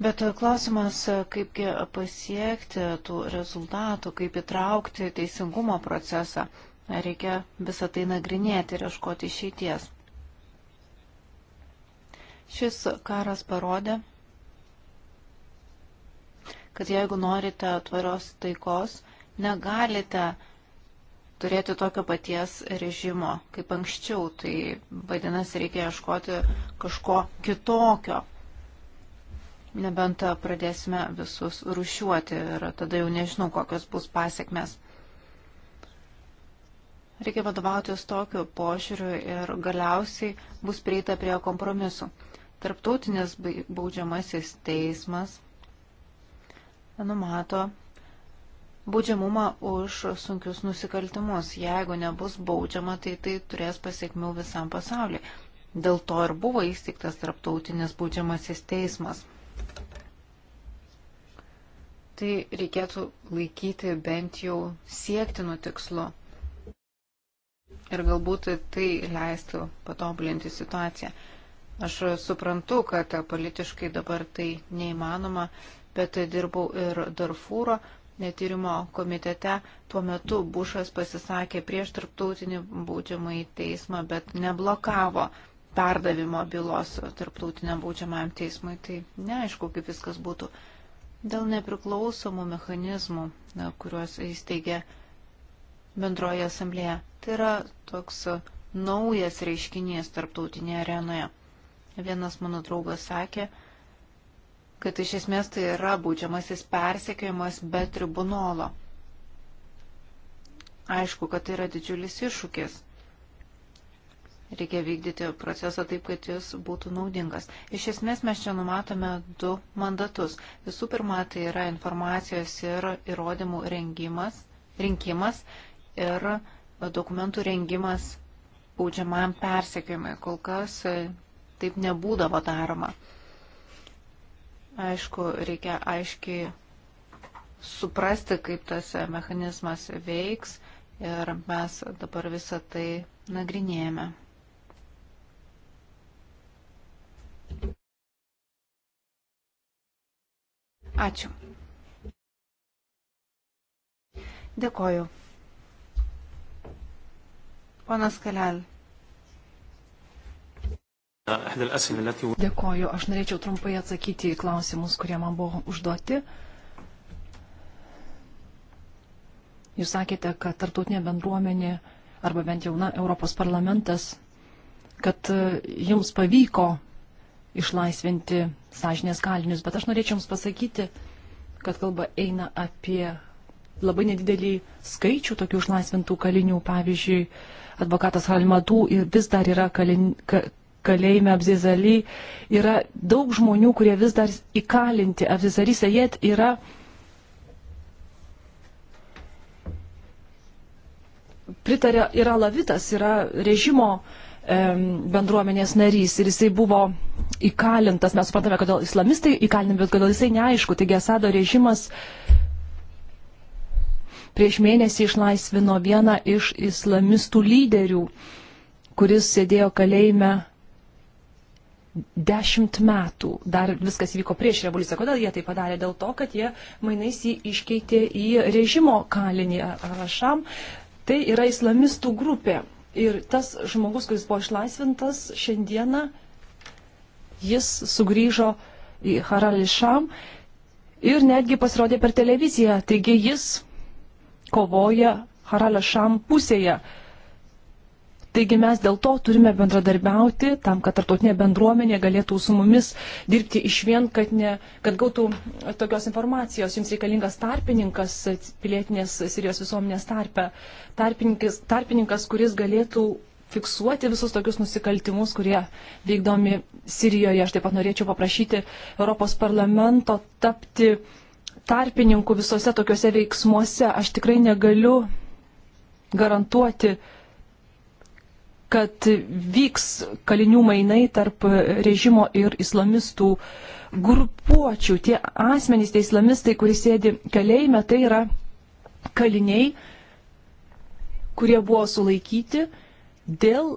Bet klausimas, kaipgi pasiekti tų rezultatų, kaip įtraukti teisingumo procesą. Reikia visą tai nagrinėti ir ieškoti išeities. Šis karas parodė, kad jeigu norite tvarios taikos, negalite turėti tokio paties režimo kaip anksčiau. Tai vadinasi, reikia ieškoti kažko kitokio. Nebent pradėsime visus rušiuoti ir tada jau nežinau, kokios bus pasiekmes. Reikia vadovautis tokiu požiūriu ir galiausiai bus prieita prie kompromisu. Tarptautinis baudžiamasis teismas numato baudžiamumą už sunkius nusikaltimus. Jeigu nebus baudžiama, tai tai turės pasiekmių visam pasauliu. Dėl to ir buvo įsteigtas tarptautinis baudžiamasis teismas. Tai reikėtų laikyti bent jau siektinų tikslu. Ir galbūt tai leistų patobulinti situaciją. Aš suprantu, kad politiškai dabar tai neįmanoma, bet dirbau ir Darfūro netyrimo komitete. Tuo metu Bušas pasisakė prieš tarptautinį baudžiamąjį teismą, bet neblokavo perdavimo bylos tarptautiniam baudžiamajam teismui. Tai neaišku, kaip viskas būtų. Dėl nepriklausomų mechanizmų, na, kuriuos įsteigė bendroje asamblėje. Tai yra toks naujas reiškinys tarptautinėje arenoje. Vienas mano draugas sakė, kad iš esmės tai yra būdžiamasis persekiojimas be tribunolo. Aišku, kad tai yra didžiulis iššūkis. Reikia vykdyti procesą taip, kad jis būtų naudingas. Iš esmės mes čia numatome du mandatus. Visų pirma, tai yra informacijos ir įrodymų rengimas, rinkimas ir dokumentų rengimas baudžiamam persekiojimui. Kol kas taip nebūdavo daroma. Aišku, reikia aiškiai suprasti, kaip tas mechanizmas veiks ir mes dabar visą tai nagrinėjame. Ačiū. Dėkoju. Ponas Kalel. Dėkoju. Aš norėčiau trumpai atsakyti į klausimus, kurie man buvo užduoti. Jūs sakėte, kad tartutinė bendruomenė arba bent jau na, Europos parlamentas, kad e, jums pavyko išlaisvinti sąžinės kalinius. Bet aš norėčiau jums pasakyti, kad kalba eina apie labai nedidelį skaičių tokių išlaisvintų kalinių. Pavyzdžiui, advokatas Halmadų vis dar yra kalin, ka, kalėjime Abzizaly yra daug žmonių, kurie vis dar įkalinti. Abzizary Sajet yra pritarė, yra lavitas, yra režimo bendruomenės narys ir jisai buvo įkalintas, mes suprantame, kodėl islamistai įkalinami, bet kodėl jisai neaišku. Taigi Asado režimas prieš mėnesį išlaisvino vieną iš islamistų lyderių, kuris sėdėjo kalėjime dešimt metų. Dar viskas įvyko prieš revoliuciją. Kodėl jie tai padarė? Dėl to, kad jie mainais jį iškeitė į režimo kalinį Arašam. Tai yra islamistų grupė. Ir tas žmogus, kuris buvo išlaisvintas šiandieną, jis sugrįžo į Harališam ir netgi pasirodė per televiziją. Taigi jis kovoja Harališam pusėje. Uh, Taigi mes dėl to turime bendradarbiauti, tam, kad tarptautinė bendruomenė galėtų su mumis dirbti iš vien, kad, ne, kad gautų tokios informacijos. Jums reikalingas tarpininkas pilietinės Sirijos visuomenės tarpe, tarpininkas, tarpininkas, kuris galėtų fiksuoti visus tokius nusikaltimus, kurie vykdomi Sirijoje. Aš taip pat norėčiau paprašyti Europos parlamento tapti tarpininku visose tokiuose veiksmuose. Aš tikrai negaliu garantuoti, kad vyks kalinių mainai tarp režimo ir islamistų grupuočių. Tie asmenys, tie islamistai, kurie sėdi kalėjime, tai yra kaliniai, kurie buvo sulaikyti dėl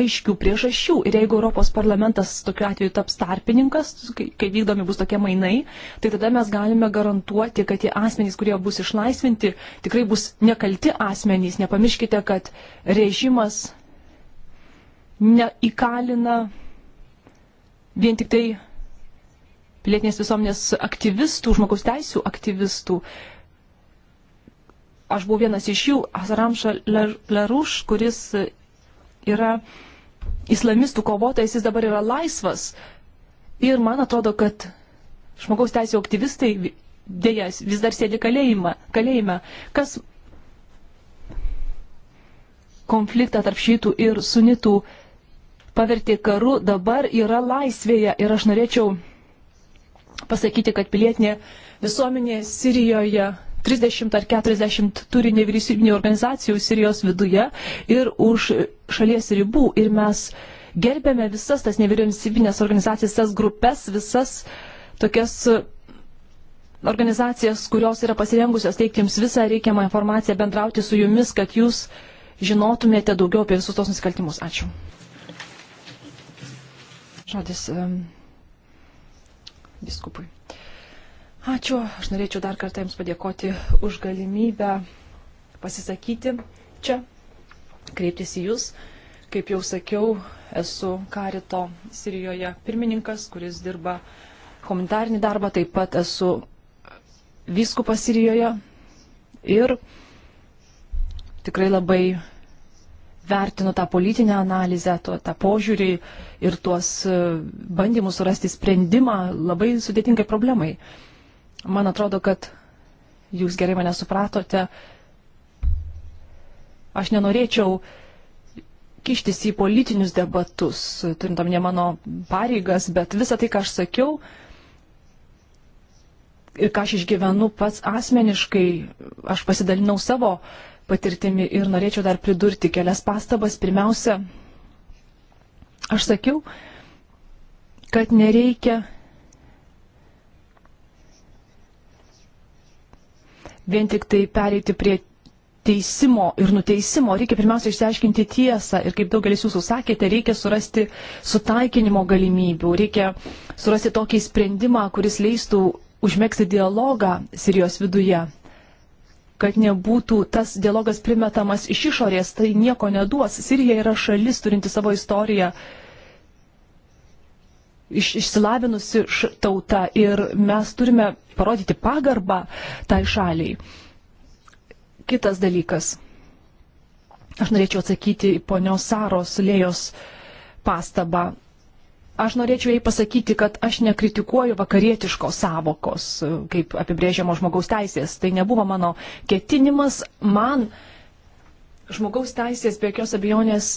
aiškių priežasčių. Ir jeigu Europos parlamentas tokiu atveju taps tarpininkas, kai, kai vykdomi bus tokie mainai, tai tada mes galime garantuoti, kad tie asmenys, kurie bus išlaisvinti, tikrai bus nekalti asmenys. Nepamirškite, kad režimas neįkalina vien tik tai pilietinės visuomenės aktyvistų, žmogaus teisų aktyvistų. Aš buvau vienas iš jų, Asaramša Laruš, kuris yra islamistų kovotojas, jis dabar yra laisvas. Ir man atrodo, kad žmogaus teisų aktyvistai dėja vis dar sėdi kalėjimą, kalėjime. Kas konfliktą tarp šitų ir sunitų pavertė karu, dabar yra laisvėje. Ir aš norėčiau pasakyti, kad pilietinė visuomenė Sirijoje 30 ar 40 turi nevyriausybinio organizacijų Sirijos viduje ir už šalies ribų. Ir mes gerbėme visas tas nevyriausybinės organizacijas, tas grupės, visas tokias organizacijas, kurios yra pasirengusios teikti jums visą reikiamą informaciją, bendrauti su jumis, kad jūs žinotumėte daugiau apie visus tos nusikaltimus. Ačiū. Žodis biskupui. Ačiū, aš norėčiau dar kartą Jums padėkoti už galimybę pasisakyti čia, kreiptis į Jūs. Kaip jau sakiau, esu Karito Sirijoje pirmininkas, kuris dirba komunitarinį darbą, taip pat esu vyskupas Sirijoje ir tikrai labai vertinu tą politinę analizę, to, tą požiūrį ir tuos e, bandymus surasti sprendimą labai sudėtingai problemai. Man atrodo, kad jūs gerai mane supratote. Aš nenorėčiau kištis į politinius debatus, turintam ne mano pareigas, bet visą tai, ką aš sakiau ir ką aš išgyvenu pats asmeniškai, aš pasidalinau savo patirtimi ir norėčiau dar pridurti kelias pastabas. Pirmiausia, aš sakiau, kad nereikia vien tik tai pereiti prie teisimo ir nuteisimo, reikia pirmiausia išsiaiškinti tiesą ir kaip daugelis jūsų sakėte, reikia surasti sutaikinimo galimybių, reikia surasti tokį sprendimą, kuris leistų užmėgsti dialogą Sirijos viduje kad nebūtų tas dialogas primetamas iš išorės, tai nieko neduos. Sirija yra šalis turinti savo istoriją, iš, išsilavinusi š, tauta ir mes turime parodyti pagarbą tai šaliai. Kitas dalykas. Aš norėčiau atsakyti į ponios Saros Lėjos pastabą Aš norėčiau jai pasakyti, kad aš nekritikuoju vakarietiškos savokos, kaip apibrėžiamo žmogaus teisės. Tai nebuvo mano ketinimas. Man žmogaus teisės be jokios abejonės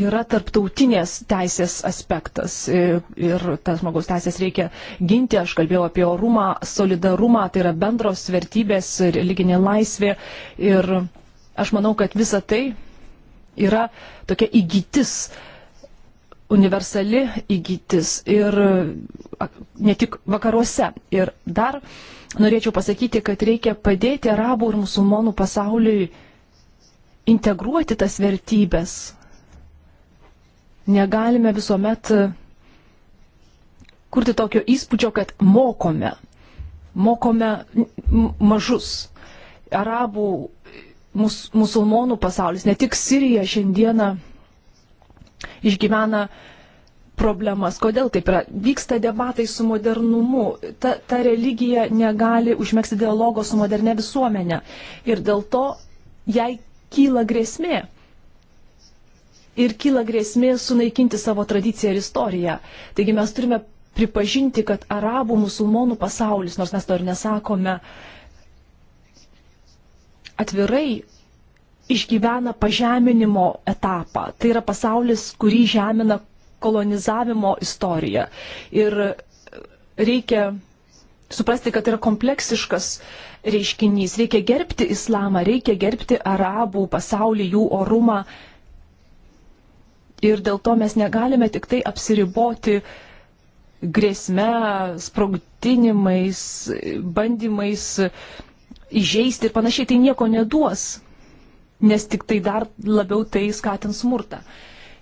yra tarptautinės teisės aspektas ir tas žmogaus teisės reikia ginti. Aš kalbėjau apie orumą, solidarumą, tai yra bendros vertybės, religinė laisvė. Ir aš manau, kad visa tai yra tokia įgytis universali įgytis ir ne tik vakaruose. Ir dar norėčiau pasakyti, kad reikia padėti arabų ir musulmonų pasauliui integruoti tas vertybės. Negalime visuomet e, kurti tokio įspūdžio, kad mokome, mokome mažus. Arabų mus, musulmonų pasaulis, ne tik Sirija šiandieną išgyvena problemas. Kodėl taip yra? Vyksta debatai su modernumu. Ta, ta religija negali užmėgsti dialogo su modernė visuomenė. Ir dėl to jai kyla grėsmė. Ir kyla grėsmė sunaikinti savo tradiciją ir istoriją. Taigi mes turime pripažinti, kad arabų musulmonų pasaulis, nors mes to ir nesakome, atvirai išgyvena pažeminimo etapą. Tai yra pasaulis, kurį žemina kolonizavimo istorija. Ir reikia suprasti, kad yra kompleksiškas reiškinys. Reikia gerbti islamą, reikia gerbti arabų pasaulį, jų orumą. Ir dėl to mes negalime tik tai apsiriboti grėsme, sprogdinimais, bandymais įžeisti ir panašiai. Tai nieko neduos nes tik tai dar labiau tai skatins smurtą.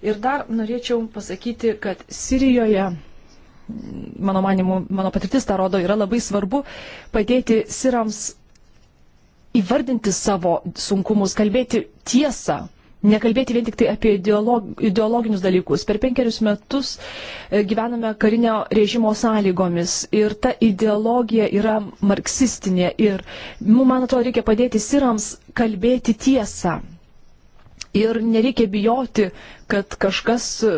Ir dar norėčiau pasakyti, kad Sirijoje, mano manimu, mano patirtis tą rodo, yra labai svarbu padėti sirams įvardinti savo sunkumus, kalbėti tiesą, nekalbėti vien tik tai apie ideolog, ideologinius dalykus. Per penkerius metus e, gyvename karinio režimo sąlygomis ir ta ideologija yra marksistinė ir, man atrodo, reikia padėti sirams kalbėti tiesą. Ir nereikia bijoti, kad kažkas e,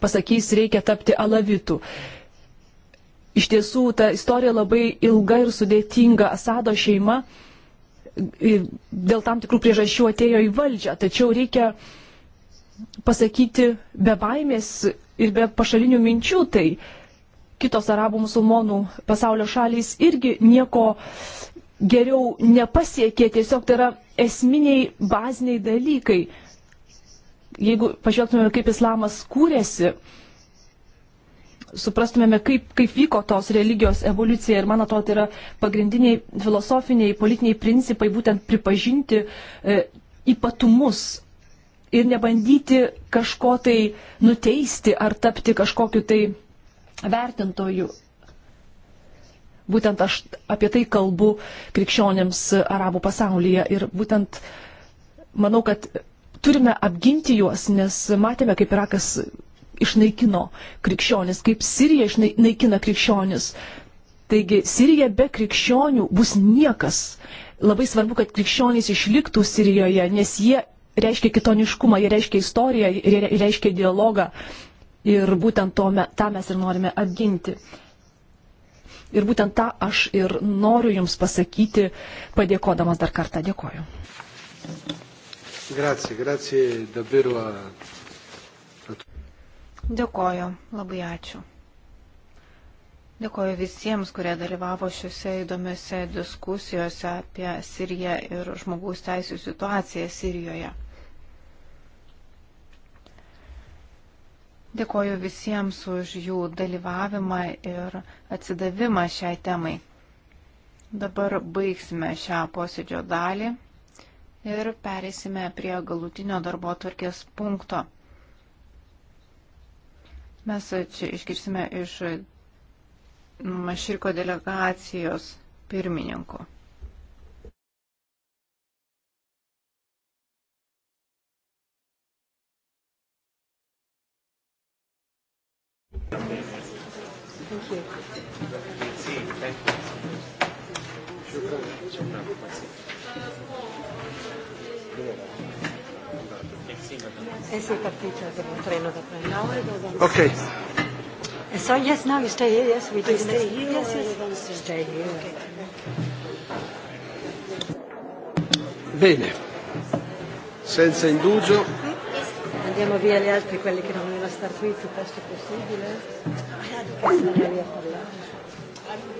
pasakys, reikia tapti alavitų. Iš tiesų, ta istorija labai ilga ir sudėtinga. Asado šeima uh, dėl tam tikrų priežasčių atėjo į valdžią. Tačiau reikia pasakyti be baimės ir be pašalinių minčių, tai kitos arabų musulmonų pasaulio šalys irgi nieko geriau nepasiekė, tiesiog tai yra esminiai baziniai dalykai. Jeigu pažvelgtume, kaip islamas kūrėsi, suprastumėme, kaip, kaip vyko tos religijos evoliucija. Ir man atrodo, tai yra pagrindiniai filosofiniai, politiniai principai būtent pripažinti e, ypatumus ir nebandyti kažko tai nuteisti ar tapti kažkokiu tai vertintoju. Būtent aš apie tai kalbu krikščionėms arabų pasaulyje ir būtent manau, kad turime apginti juos, nes matėme, kaip Irakas išnaikino krikščionis, kaip Sirija išnaikina krikščionis. Taigi Sirija be krikščionių bus niekas. Labai svarbu, kad krikščionys išliktų Sirijoje, nes jie reiškia kitoniškumą, jie reiškia istoriją, jie reiškia dialogą. Ir būtent to, me, tą mes ir norime apginti. Ir būtent tą aš ir noriu Jums pasakyti, padėkodamas dar kartą. Dėkoju. Grazie, grazie davvero a Dėkoju, labai ačiū. Dėkoju visiems, kurie dalyvavo šiuose įdomiuose diskusijose apie Siriją ir žmogaus teisų situaciją Sirijoje. Dėkoju visiems už jų dalyvavimą ir atsidavimą šiai temai. Dabar baigsime šią posėdžio dalį ir perėsime prie galutinio darbo tvarkės punkto. Mes čia išgirsime iš Maširko delegacijos pirmininko. Thank you. Eh sì, partito, avevo un treno da prendere. Ok. And so yes, now you stay here, yes, we do. Stay here, yes, yes. Stay here. Okay. Bene, senza indugio. Andiamo via gli altri, quelli che non vogliono star qui, più presto possibile. Ah, di che non a parlare.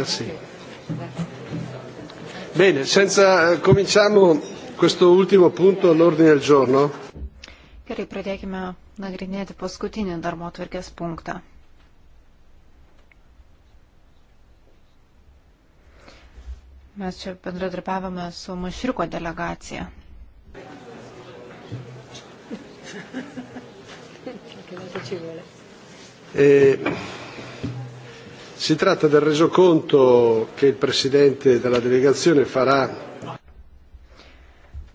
Merci. Bene, senza, eh, cominciamo questo ultimo punto all'ordine del giorno. Gerai, pradėkime nagrinėti paskutinį darbo tvarkės punktą. Mes čia bendradarbiavame su Mašriko delegacija. E, Si tratta del resoconto che il presidente della delegazione farà.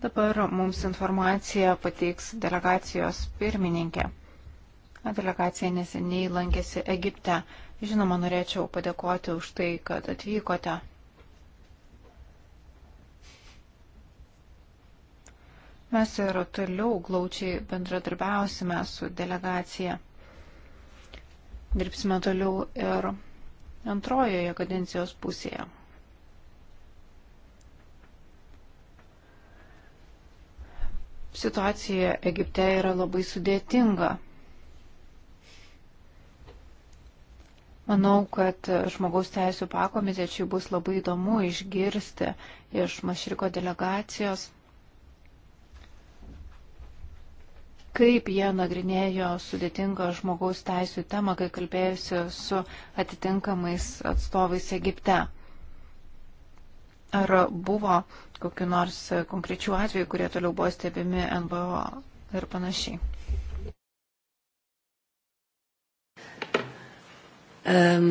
Dabar mums informaciją pateiks delegacijos pirmininkė. Delegacija neseniai lankėsi Egipte. Žinoma, norėčiau padėkoti už tai, kad atvykote. Mes ir toliau glaučiai bendradarbiausime su delegacija. Dirbsime toliau ir antrojoje kadencijos pusėje. Situacija Egipte yra labai sudėtinga. Manau, kad žmogaus teisų pakomitečiai bus labai įdomu išgirsti iš Mašriko delegacijos kaip jie nagrinėjo sudėtingą žmogaus teisų temą, kai kalbėjusi su atitinkamais atstovais Egipte. Ar buvo kokiu nors konkrečiu atveju, kurie toliau buvo stebimi NBO ir panašiai? Um.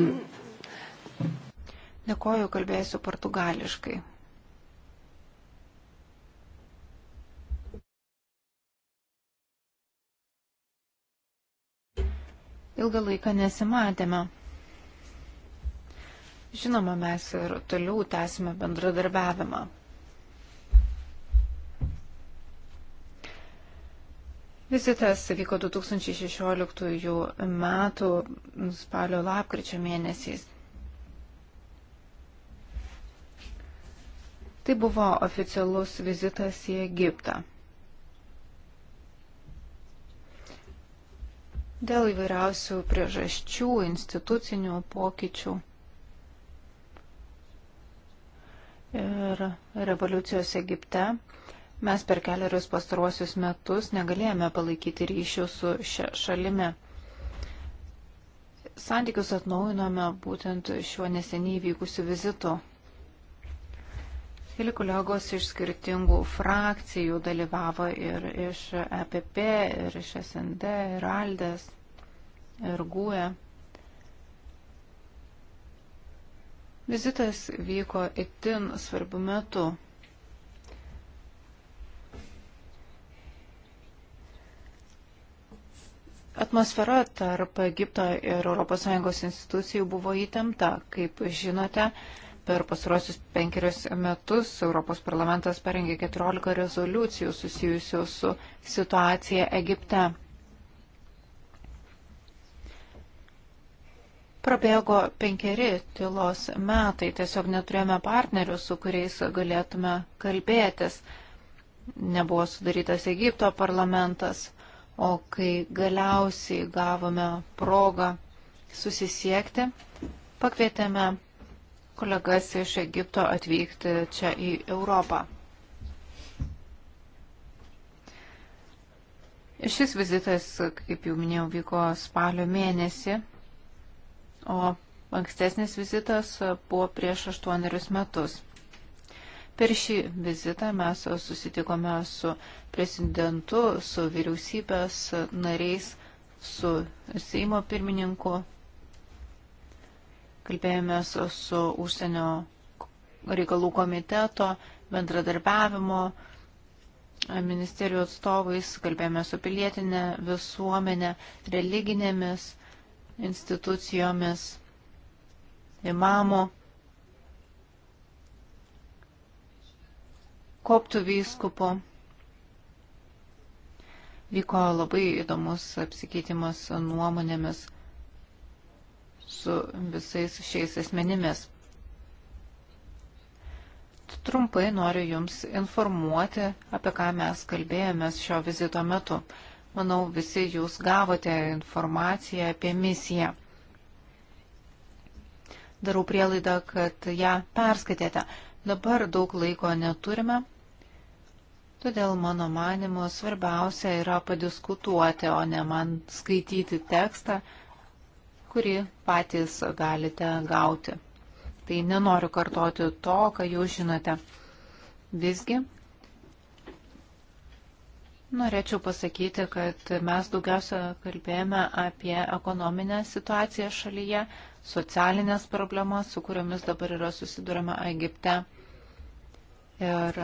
Dėkoju, kalbėsiu portugališkai. ilgą laiką nesimatėme. Žinoma, mes ir toliau tęsime bendradarbiavimą. Vizitas vyko 2016 metų spalio lapkričio mėnesiais. Tai buvo oficialus vizitas į Egiptą. dėl įvairiausių priežasčių, institucinių pokyčių ir revoliucijos Egipte mes per keliarius pastaruosius metus negalėjome palaikyti ryšių su šia šalimi. Santykius atnaujinome būtent šiuo neseniai vykusiu vizitu Keli kolegos iš skirtingų frakcijų dalyvavo ir iš EPP, ir iš SND, ir Aldės, ir GUE. Vizitas vyko itin svarbiu metu. Atmosfera tarp Egipto ir ES institucijų buvo įtempta. Kaip žinote, Per pasirosius penkerius metus Europos parlamentas parengė 14 rezoliucijų susijusių su situacija Egipte. Prabėgo penkeri tylos metai, tiesiog neturėjome partnerių, su kuriais galėtume kalbėtis. Nebuvo sudarytas Egipto parlamentas, o kai galiausiai gavome progą susisiekti, pakvietėme kolegas iš Egipto atvykti čia į Europą. Šis vizitas, kaip jau minėjau, vyko spalio mėnesį, o ankstesnis vizitas buvo prieš aštuonerius metus. Per šį vizitą mes susitikome su prezidentu, su vyriausybės nariais, su Seimo pirmininku Kalbėjomės su užsienio reikalų komiteto bendradarbiavimo ministerijų atstovais, kalbėjome su pilietinė visuomenė, religinėmis institucijomis, imamu, koptų vyskupu. Vyko labai įdomus apsikeitimas nuomonėmis su visais šiais asmenimis. Trumpai noriu Jums informuoti, apie ką mes kalbėjomės šio vizito metu. Manau, visi Jūs gavote informaciją apie misiją. Darau prielaidą, kad ją perskaitėte. Dabar daug laiko neturime, todėl mano manimu svarbiausia yra padiskutuoti, o ne man skaityti tekstą kurį patys galite gauti. Tai nenoriu kartoti to, ką jūs žinote. Visgi norėčiau pasakyti, kad mes daugiausia kalbėjome apie ekonominę situaciją šalyje, socialinės problemas, su kuriomis dabar yra susidurama Egipte. Ir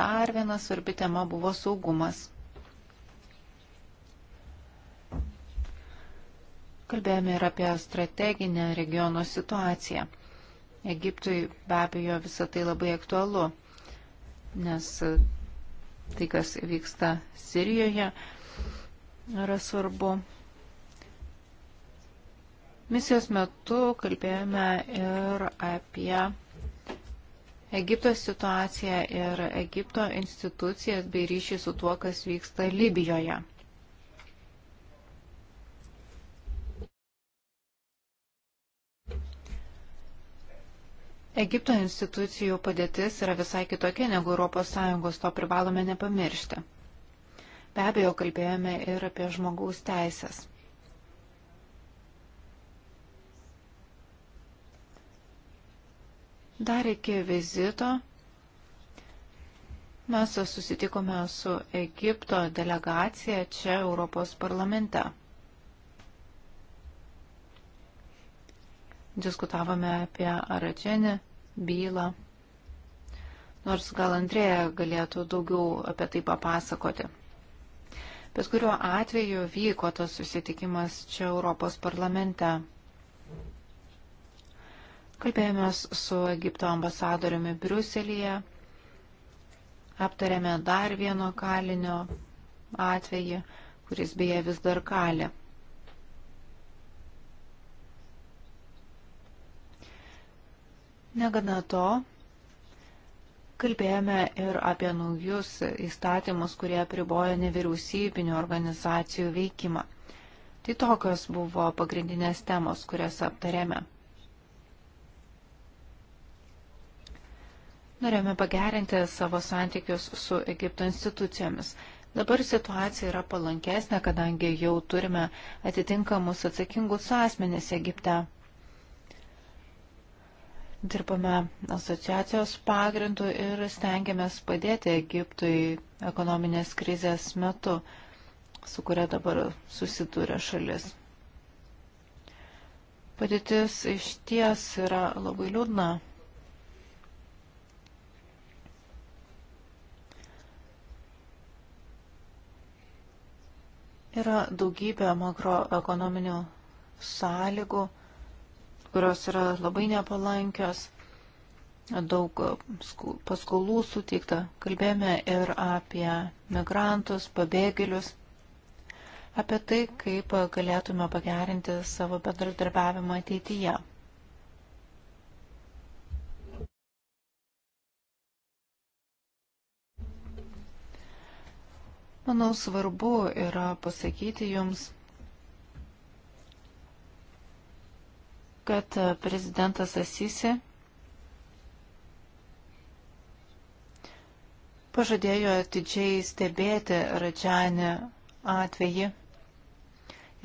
dar viena svarbi tema buvo saugumas. kalbėjome ir apie strateginę regiono situaciją. Egiptui be abejo visą tai labai aktualu, nes tai, kas vyksta Sirijoje, yra svarbu. Misijos metu kalbėjome ir apie Egipto situaciją ir Egipto institucijas bei ryšį su tuo, kas vyksta Libijoje. Egipto institucijų padėtis yra visai kitokia negu ES, to privalome nepamiršti. Be abejo, kalbėjome ir apie žmogaus teisės. Dar iki vizito mes susitikome su Egipto delegacija čia Europos parlamente. diskutavome apie Aračenį bylą. Nors gal Andrėja galėtų daugiau apie tai papasakoti. Bet kuriuo atveju vyko tas susitikimas čia Europos parlamente. Kalbėjomės su Egipto ambasadoriumi Briuselėje, aptarėme dar vieno kalinio atvejį, kuris beje vis dar kali. Negana to, kalbėjome ir apie naujus įstatymus, kurie priboja nevyriausybinio organizacijų veikimą. Tai tokios buvo pagrindinės temos, kurias aptarėme. Norėjome pagerinti savo santykius su Egipto institucijomis. Dabar situacija yra palankesnė, kadangi jau turime atitinkamus atsakingus asmenys Egipte. Dirbame asociacijos pagrindu ir stengiamės padėti Egiptui ekonominės krizės metu, su kuria dabar susidūrė šalis. Padėtis iš ties yra labai liūdna. Yra daugybė makroekonominių sąlygų kurios yra labai nepalankios, daug paskolų suteikta. Kalbėjome ir apie migrantus, pabėgėlius, apie tai, kaip galėtume pagerinti savo bendradarbiavimą ateityje. Manau, svarbu yra pasakyti jums, kad e, prezidentas Asisi pažadėjo atidžiai stebėti Radžianį atvejį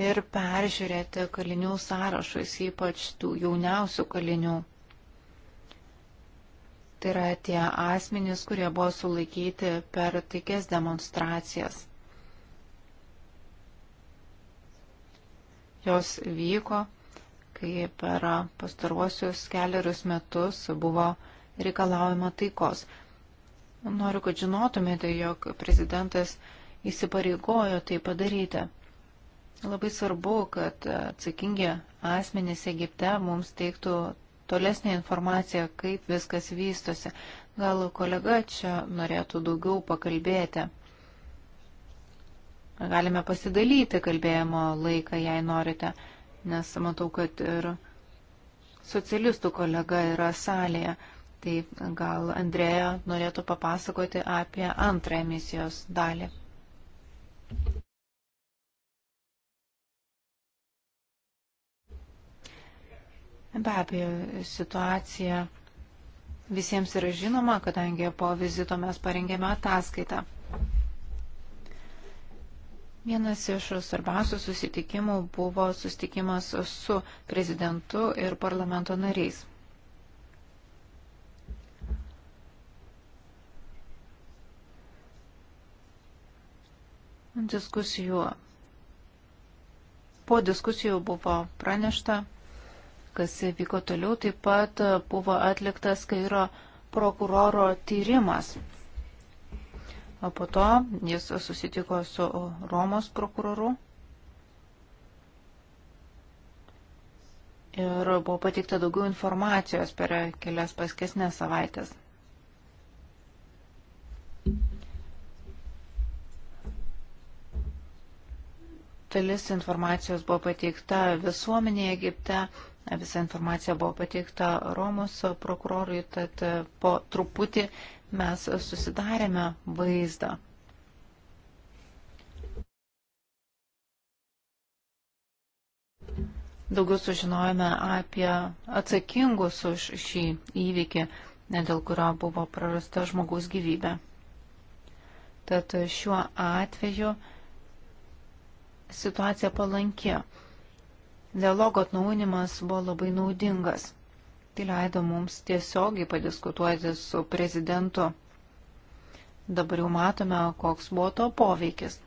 ir peržiūrėti kalinių sąrašus, ypač tų jauniausių kalinių. Tai yra tie asmenys, kurie buvo sulaikyti per taikės demonstracijas. Jos vyko kai per pastaruosius keliarius metus buvo reikalaujama taikos. Noriu, kad žinotumėte, jog prezidentas įsipareigojo tai padaryti. Labai svarbu, kad atsakingi asmenys Egipte mums teiktų tolesnė informacija, kaip viskas vystosi. Gal kolega čia norėtų daugiau pakalbėti. Galime pasidalyti kalbėjimo laiką, jei norite nes matau, kad ir socialistų kolega yra salėje. Tai gal Andrėja norėtų papasakoti apie antrą emisijos dalį. Be abejo, situacija visiems yra žinoma, kadangi po vizito mes parengėme ataskaitą. Vienas iš svarbiausių susitikimų buvo susitikimas su prezidentu ir parlamento nariais. Diskusijų. Po diskusijų buvo pranešta, kas vyko toliau, taip pat buvo atliktas Kairo prokuroro tyrimas O po to jis susitiko su Romos prokuroru ir buvo pateikta daugiau informacijos per kelias paskesnės savaitės. Dalis informacijos buvo pateikta visuomenėje Egipte. Visa informacija buvo pateikta Romos prokurorui, tad po truputį mes susidarėme vaizdą. Daugiau sužinojome apie atsakingus už šį įvykį, dėl kurio buvo prarasta žmogaus gyvybė. Tad šiuo atveju situacija palanki. Dialogo atnaunimas buvo labai naudingas. Tai leido mums tiesiogiai padiskutuoti su prezidentu. Dabar jau matome, koks buvo to poveikis.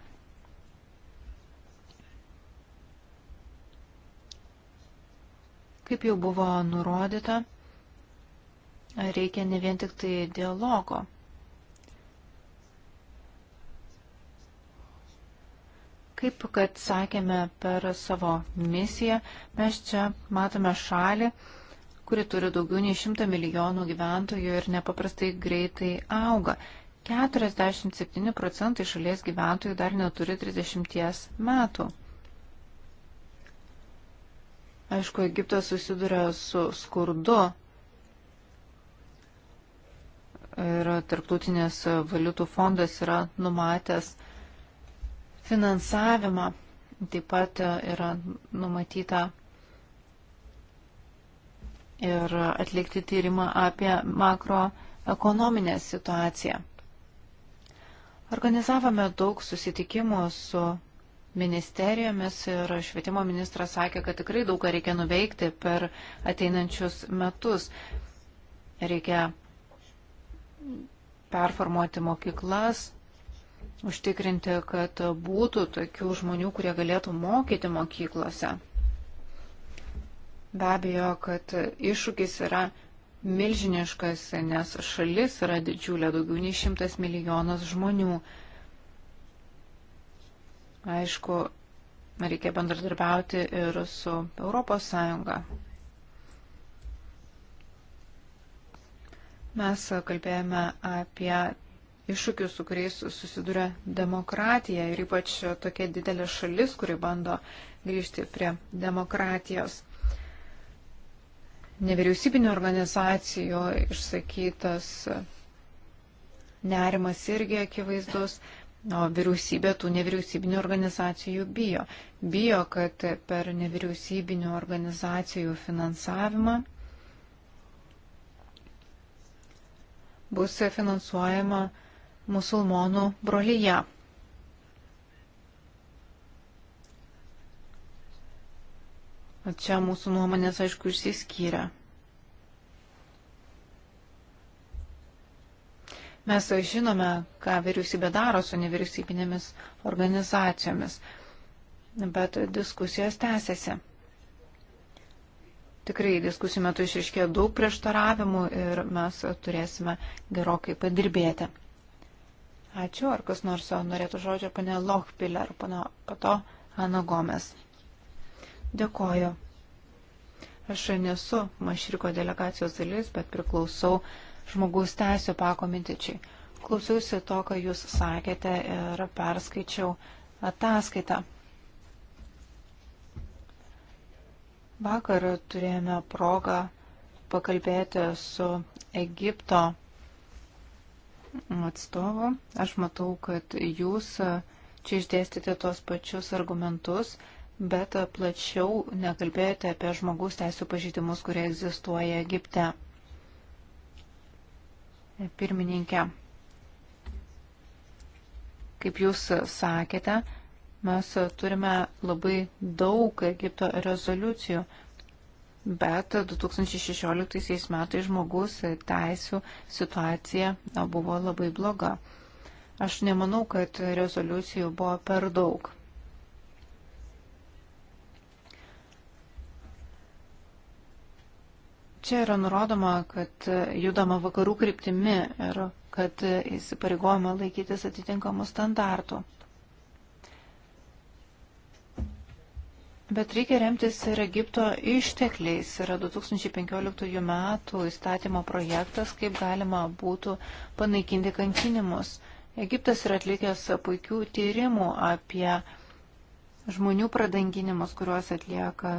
Kaip jau buvo nurodyta, reikia ne vien tik tai dialogo. Kaip, kad sakėme per savo misiją, mes čia matome šalį, kuri turi daugiau nei 100 milijonų gyventojų ir nepaprastai greitai auga. 47 procentai šalies gyventojų dar neturi 30 metų. Aišku, Egiptas susiduria su skurdu ir Tarptautinės valiutų fondas yra numatęs finansavimą. Taip pat yra numatyta ir atlikti tyrimą apie makroekonominę situaciją. Organizavome daug susitikimų su ministerijomis ir švietimo ministras sakė, kad tikrai daug ką reikia nuveikti per ateinančius metus. Reikia performuoti mokyklas, užtikrinti, kad būtų tokių žmonių, kurie galėtų mokyti mokyklose. Be abejo, kad iššūkis yra milžiniškas, nes šalis yra didžiulė, daugiau nei šimtas milijonas žmonių. Aišku, reikia bendradarbiauti ir su ES. Mes kalbėjome apie iššūkių, su kuriais susiduria demokratija ir ypač tokia didelė šalis, kuri bando grįžti prie demokratijos. Nevyriausybinio organizacijų išsakytas nerimas irgi akivaizdus, o vyriausybė tų nevyriausybinio organizacijų bijo. Bijo, kad per nevyriausybinio organizacijų finansavimą bus finansuojama musulmonų brolyje. O čia mūsų nuomonės, aišku, išsiskyrė. Mes žinome, ką vyriausybė daro su nevyriausybinėmis organizacijomis, bet diskusijos tęsiasi. Tikrai diskusijų metu išriškėjo daug prieštaravimų ir mes turėsime gerokai padirbėti. Ačiū. Ar kas nors norėtų žodžio, pane Lochpiller, pana pato Ana Gomes. Dėkoju. Aš nesu Mašriko delegacijos dalis, bet priklausau žmogaus teisų pakomitečiai. Klausiausi to, ką jūs sakėte ir perskaičiau ataskaitą. Vakar turėjome progą pakalbėti su Egipto atstovo. Aš matau, kad jūs e, čia išdėstėte tos pačius argumentus, bet e, plačiau nekalbėjote apie žmogus teisų pažydimus, kurie egzistuoja Egipte. E, pirmininkė, kaip jūs sakėte, mes turime labai daug Egipto rezoliucijų, bet 2016 metais žmogus teisų situacija buvo labai bloga. Aš nemanau, kad rezoliucijų buvo per daug. Čia yra nurodoma, kad judama vakarų kryptimi ir kad įsipareigojama laikytis atitinkamų standartų. Bet reikia remtis ir Egipto ištekliais. Yra 2015 metų įstatymo projektas, kaip galima būtų panaikinti kankinimus. Egiptas yra atlikęs puikių tyrimų apie žmonių pradanginimus, kuriuos atlieka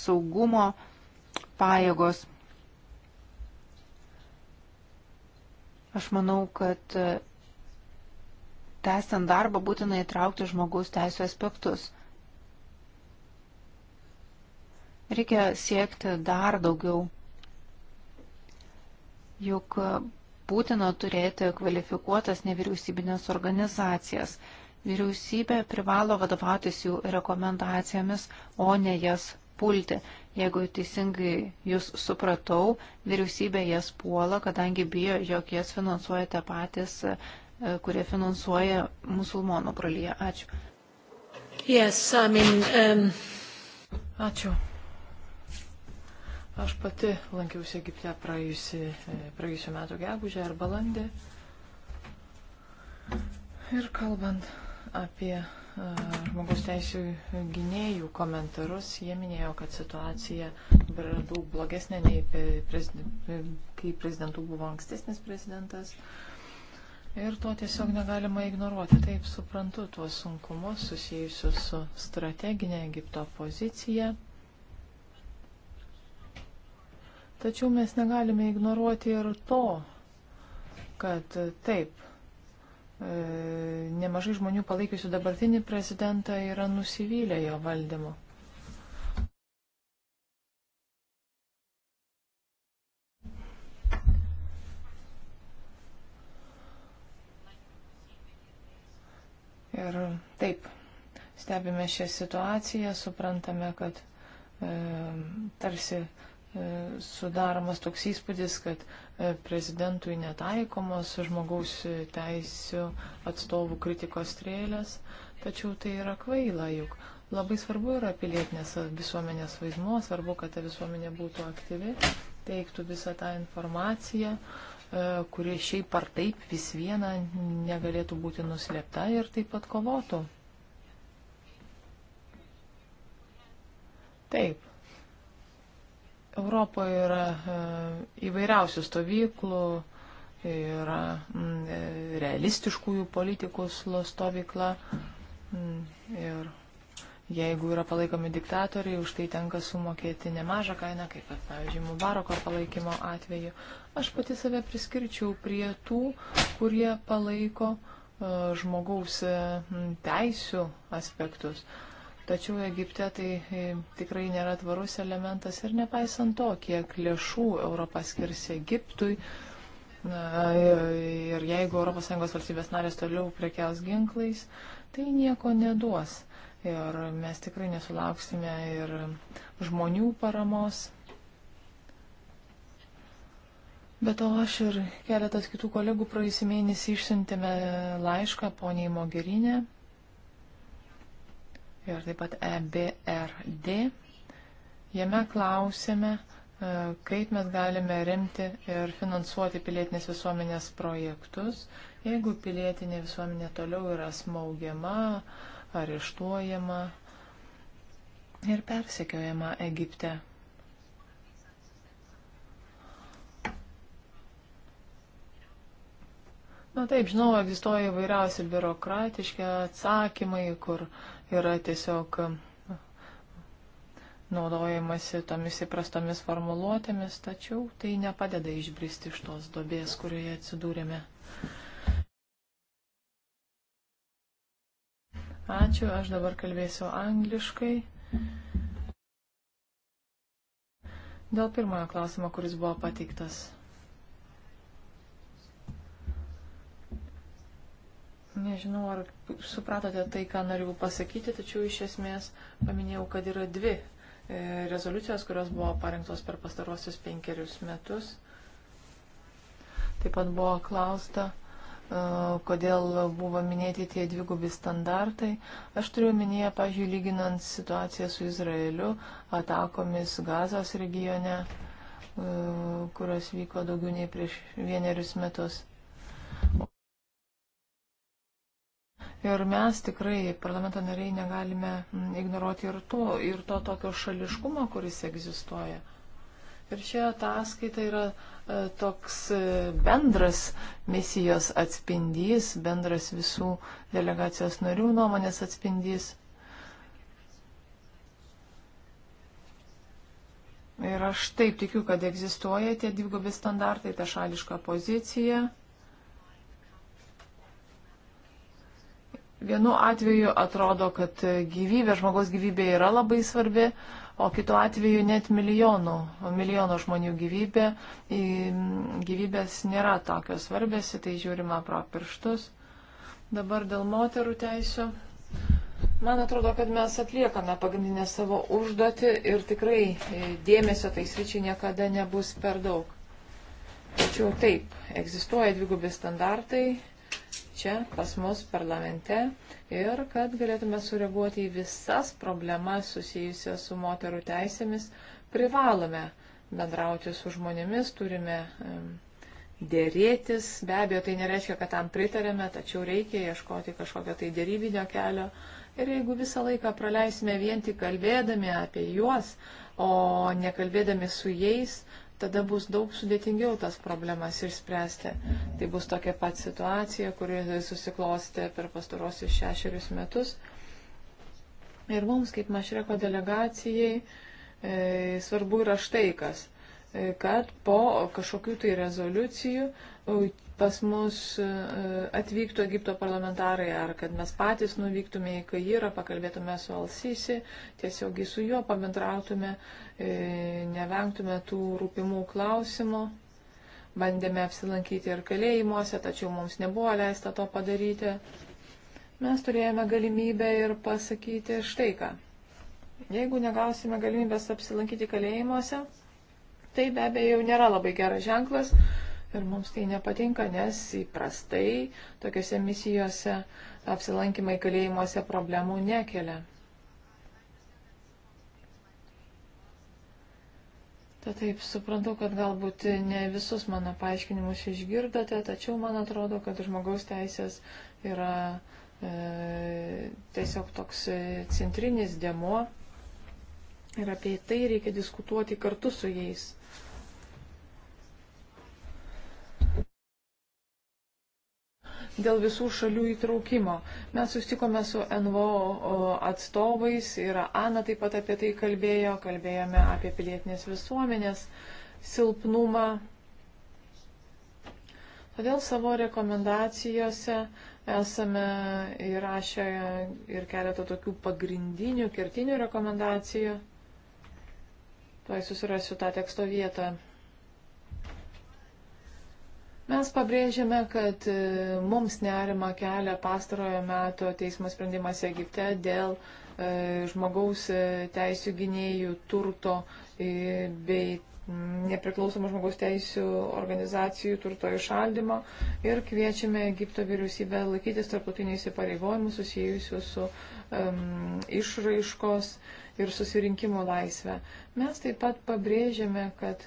saugumo pajėgos. Aš manau, kad tęsiant darbą būtina įtraukti žmogaus teisų aspektus. Reikia siekti dar daugiau. Juk būtina turėti kvalifikuotas nevyriausybinės organizacijas. Vyriausybė privalo vadovautis jų rekomendacijomis, o ne jas pulti. Jeigu teisingai jūs supratau, vyriausybė jas puola, kadangi bijo, jog jas finansuojate patys, e, kurie finansuoja musulmonų brolyje. Ačiū. Yes, I mean, um... Ačiū. Aš pati lankiausi Egipte praėjusi, praėjusiu metu gegužę ar balandį. Ir kalbant apie e, žmogaus teisų gynėjų komentarus, jie minėjo, kad situacija yra daug blogesnė nei prezident, kai prezidentų buvo ankstesnis prezidentas. Ir to tiesiog negalima ignoruoti. Taip suprantu tuos sunkumus susijusius su strateginė Egipto pozicija. Tačiau mes negalime ignoruoti ir to, kad taip, e, nemažai žmonių palaikiusių dabartinį prezidentą yra nusivylę jo valdymu. Ir taip, stebime šią situaciją, suprantame, kad e, tarsi E, sudaromas toks įspūdis, kad e, prezidentui netaikomos žmogaus teisų atstovų kritikos strėlės, tačiau tai yra kvaila juk. Labai svarbu yra pilietinės visuomenės vaizmuo, svarbu, kad ta visuomenė būtų aktyvi, teiktų visą tą informaciją, e, kuri šiaip ar taip vis viena negalėtų būti nuslėpta ir taip pat kovotų. Taip, Europoje yra e, įvairiausių stovyklų, yra mm, e, realistiškųjų politikų stovykla mm, ir jeigu yra palaikomi diktatoriai, už tai tenka sumokėti nemažą kainą, kaip, kad, pavyzdžiui, Mubaroko palaikymo atveju. Aš pati save priskirčiau prie tų, kurie palaiko e, žmogaus teisų aspektus. Uh, Tačiau Egipte tai e, tikrai nėra tvarus elementas ir nepaisant to, kiek lėšų Europas skirs Egiptui. Na, e, ir jeigu ES valstybės narės toliau prekiaus ginklais, tai nieko neduos. Ir mes tikrai nesulauksime ir žmonių paramos. Bet o aš ir keletas kitų kolegų praėjusį mėnesį išsintėme laišką poniai Mogerinė ir taip pat EBRD. Jame klausėme, e, kaip mes galime remti ir finansuoti pilietinės visuomenės projektus, jeigu pilietinė visuomenė toliau yra smaugiama, areštuojama ir persekiojama Egipte. Na taip, žinau, egzistuoja įvairiausi biurokratiški atsakymai, kur uh, yra tiesiog e, naudojamasi tomis įprastomis formuluotėmis, tačiau tai nepadeda išbristi iš tos dobės, kurioje atsidūrėme. Ačiū, aš dabar kalbėsiu angliškai. Dėl pirmojo klausimo, kuris buvo pateiktas. Nežinau, ar supratote tai, ką norėjau pasakyti, tačiau iš esmės paminėjau, kad yra dvi e, rezoliucijos, kurios buvo parengtos per pastarosius penkerius metus. Taip pat buvo klausta, e, kodėl buvo minėti tie dvigubi standartai. Aš turiu minėję, pažiūrėjau, lyginant situaciją su Izraeliu, atakomis Gazos regione, e, kurios vyko daugiau nei prieš vienerius metus. Ir mes tikrai, parlamento nariai, negalime mm, ignoruoti ir to, ir to tokio šališkumo, kuris egzistuoja. Ir šioje ataskaita yra e, toks e, bendras misijos atspindys, bendras visų delegacijos narių nuomonės atspindys. Ir aš taip tikiu, kad egzistuoja tie dvigubi standartai, ta šališka pozicija. Vienu atveju atrodo, kad gyvybė, žmogaus gyvybė yra labai svarbi, o kitu atveju net milijonų, milijono žmonių gyvybė, gyvybės nėra tokios svarbės, tai žiūrima pro pirštus. Dabar dėl moterų teisų. Man atrodo, kad mes atliekame pagrindinę savo užduotį ir tikrai e, dėmesio tai sričiai niekada nebus per daug. Tačiau taip, egzistuoja dvigubi standartai čia pas mus parlamente ir kad galėtume sureaguoti į visas problemas susijusias su moterų teisėmis, privalome bendrauti su žmonėmis, turime dėrėtis. Be abejo, tai nereiškia, kad tam pritarėme, tačiau reikia ieškoti kažkokio tai dėrybinio kelio. Ir jeigu visą laiką praleisime vien tik kalbėdami apie juos, o nekalbėdami su jais, tada bus daug sudėtingiau tas problemas išspręsti. Tai bus tokia pat situacija, kuri susiklosti per pastarosius šešerius metus. Ir mums, kaip Mašreko delegacijai, e, svarbu yra štai kas e, kad po kažkokių tai rezoliucijų pas mus e, atvyktų Egipto parlamentarai ar kad mes patys nuvyktume į Kairą, pakalbėtume su Alsisi, tiesiogiai su juo pabendrautume, e, nevengtume tų rūpimų klausimų. Bandėme apsilankyti ir kalėjimuose, tačiau mums nebuvo leista to padaryti. Mes turėjome galimybę ir pasakyti štai ką. Jeigu negausime galimybės apsilankyti kalėjimuose, tai be abejo jau nėra labai geras ženklas Ir mums tai nepatinka, nes įprastai tokiuose misijose apsilankimai kalėjimuose problemų nekelia. Tad taip, suprantu, kad galbūt ne visus mano paaiškinimus išgirdote, tačiau man atrodo, kad žmogaus teisės yra e, tiesiog toks e, centrinis demo ir apie tai reikia diskutuoti kartu su jais. dėl visų šalių įtraukimo. Mes sustikome su NVO atstovais ir Ana taip pat apie tai kalbėjo, kalbėjome apie pilietinės visuomenės silpnumą. Todėl savo rekomendacijose esame įrašę ir keletą tokių pagrindinių, kertinių rekomendacijų. Tuoj susirasiu tą teksto vietą. Mes pabrėžėme, kad e, mums nerima kelia pastarojo meto teismo sprendimas Egipte dėl e, žmogaus e, teisų gynėjų turto bei nepriklausomų žmogaus teisų organizacijų turto išaldymo ir kviečiame Egipto vyriausybę laikytis tarptautinių įsipareigojimų susijusių su um, išraiškos ir susirinkimo laisvę. Mes taip pat pabrėžėme, kad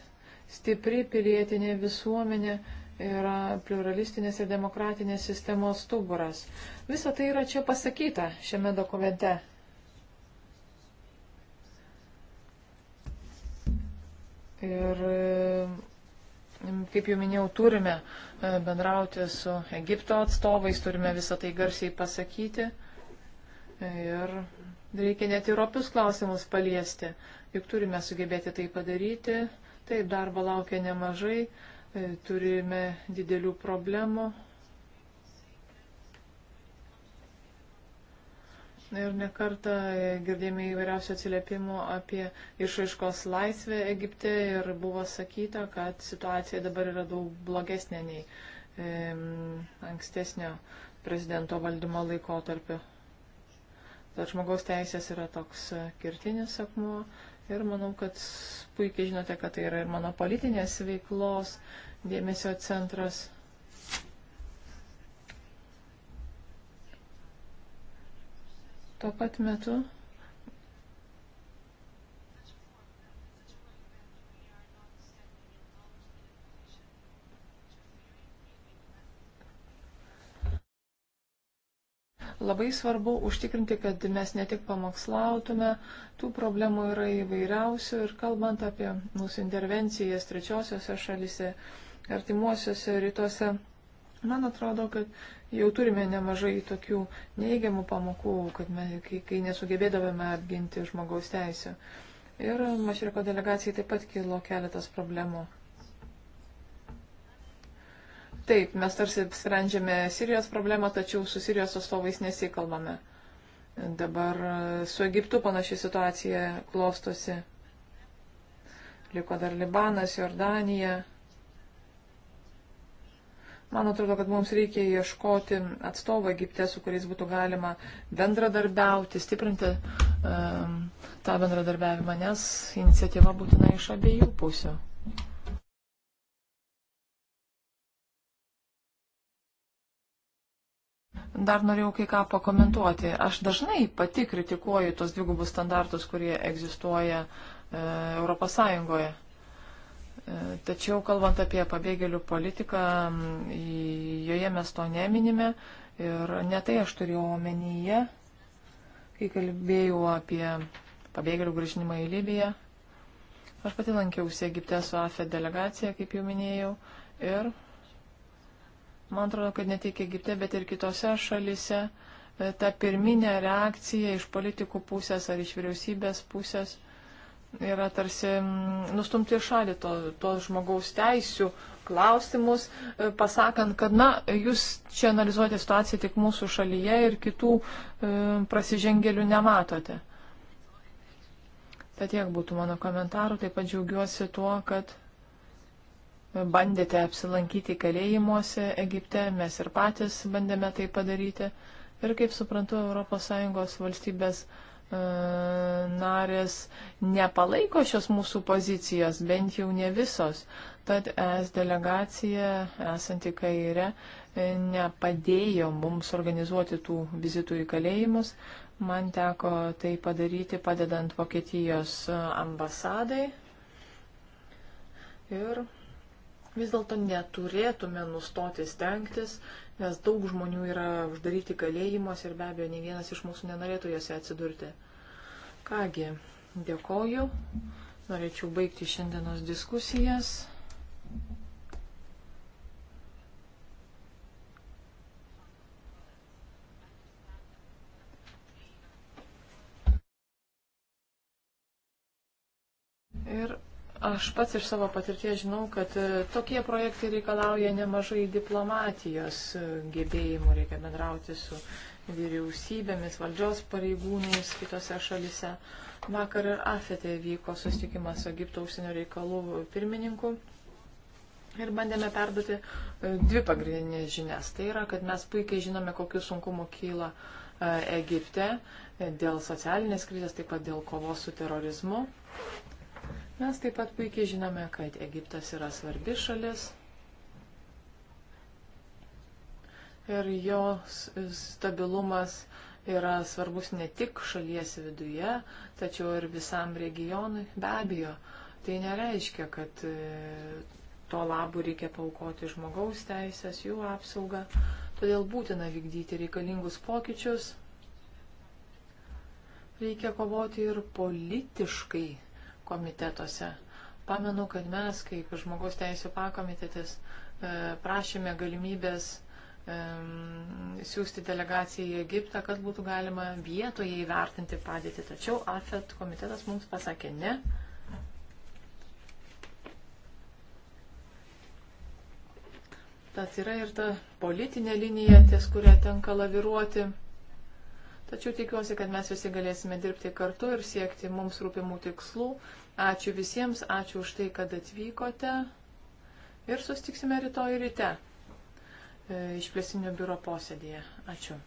stipri pilietinė visuomenė uh, yra pluralistinės ir demokratinės sistemos stuburas. Visa tai yra čia pasakyta šiame dokumente. Ir kaip jau minėjau, turime e, bendrauti su Egipto atstovais, turime visą tai garsiai pasakyti. Ir reikia net ir opius klausimus paliesti. Juk turime sugebėti tai padaryti. Taip, darbo laukia nemažai, E, turime didelių problemų. Ir nekartą e, girdėjome įvairiausių atsiliepimų apie išraiškos laisvę Egipte ir buvo sakyta, kad situacija dabar yra daug blogesnė nei e, ankstesnio prezidento valdymo laikotarpiu. Tad žmogaus teisės yra toks e, kirtinis akmuo Ir manau, kad puikiai žinote, kad tai yra ir mano politinės veiklos dėmesio centras. Tuo pat metu Labai svarbu užtikrinti, kad mes ne tik pamokslautume, tų problemų yra įvairiausių ir kalbant apie mūsų intervencijas trečiosiose šalise, artimuosiuose rytuose, man atrodo, kad jau turime nemažai tokių neįgiamų pamokų, kad mes, kai, kai nesugebėdavome apginti žmogaus teisę. Ir Mašriko delegacijai taip pat kilo keletas problemų. Taip, mes tarsi sprendžiame Sirijos problemą, tačiau su Sirijos atstovais nesikalbame. Dabar su Egiptu panaši situacija klostosi. Liko dar Libanas, Jordanija. Man atrodo, kad mums reikia ieškoti atstovą Egipte, su kuriais būtų galima bendradarbiauti, stiprinti um, tą bendradarbiavimą, nes iniciatyva būtina iš abiejų pusių. Dar norėjau kai ką pakomentuoti. Aš dažnai pati kritikuoju tos dvigubus standartus, kurie egzistuoja e, Europos Sąjungoje. E, tačiau, kalbant apie pabėgėlių politiką, joje mes to neminime ir netai aš turėjau omenyje, kai kalbėjau apie pabėgėlių grįžinimą į Libiją. Aš pati lankiausi Egipte su AFE delegacija, kaip jau minėjau, ir Man atrodo, kad ne tik Egipte, bet ir kitose šalise e, ta pirminė reakcija iš politikų pusės ar iš vyriausybės pusės yra tarsi nustumti šalį to, tos žmogaus teisių klausimus, e, pasakant, kad na, jūs čia analizuojate situaciją tik mūsų šalyje ir kitų e, prasižengėlių nematote. Tad tiek būtų mano komentarų, taip pat džiaugiuosi tuo, kad bandėte apsilankyti kalėjimuose Egipte, mes ir patys bandėme tai padaryti. Ir kaip suprantu, ES valstybės e, narės nepalaiko šios mūsų pozicijos, bent jau ne visos. Tad es delegacija esanti kairė e, nepadėjo mums organizuoti tų vizitų į kalėjimus. Man teko tai padaryti padedant Vokietijos e, ambasadai. Ir vis dėlto neturėtume nustoti stengtis, nes daug žmonių yra uždaryti kalėjimuose ir be abejo, ne vienas iš mūsų nenorėtų juose atsidurti. Kągi, dėkoju. Norėčiau baigti šiandienos diskusijas. Ir Aš pats iš savo patirties žinau, kad e, tokie projektai reikalauja nemažai diplomatijos e, gebėjimų, reikia bendrauti su vyriausybėmis, valdžios pareigūnais kitose šalise. Vakar ir Afete vyko susitikimas su Egipto užsienio reikalų pirmininku ir bandėme perduoti e, dvi pagrindinės žinias. Tai yra, kad mes puikiai žinome, kokiu sunkumu kyla Egipte dėl socialinės krizės, taip pat dėl kovos su terorizmu. Mes taip pat puikiai žinome, kad Egiptas yra svarbi šalis ir jos stabilumas yra svarbus ne tik šalies viduje, tačiau ir visam regionui. Be abejo, tai nereiškia, kad e, to labu reikia paukoti žmogaus teisės, jų apsaugą. Todėl būtina vykdyti reikalingus pokyčius. Reikia kovoti ir politiškai komitetuose. Pamenu, kad mes, kaip žmogaus teisų pakomitetis, e, prašėme galimybės siūsti delegaciją į Egiptą, kad būtų galima vietoje įvertinti padėtį. Tačiau AFET komitetas mums pasakė ne. Tad yra ir ta politinė linija, ties kurią tenka laviruoti. Tačiau tikiuosi, kad mes visi galėsime dirbti kartu ir siekti mums rūpimų tikslų. Ačiū visiems, ačiū už tai, kad atvykote ir sustiksime rytoj ryte e, išplėsinių biuro posėdėje. Ačiū.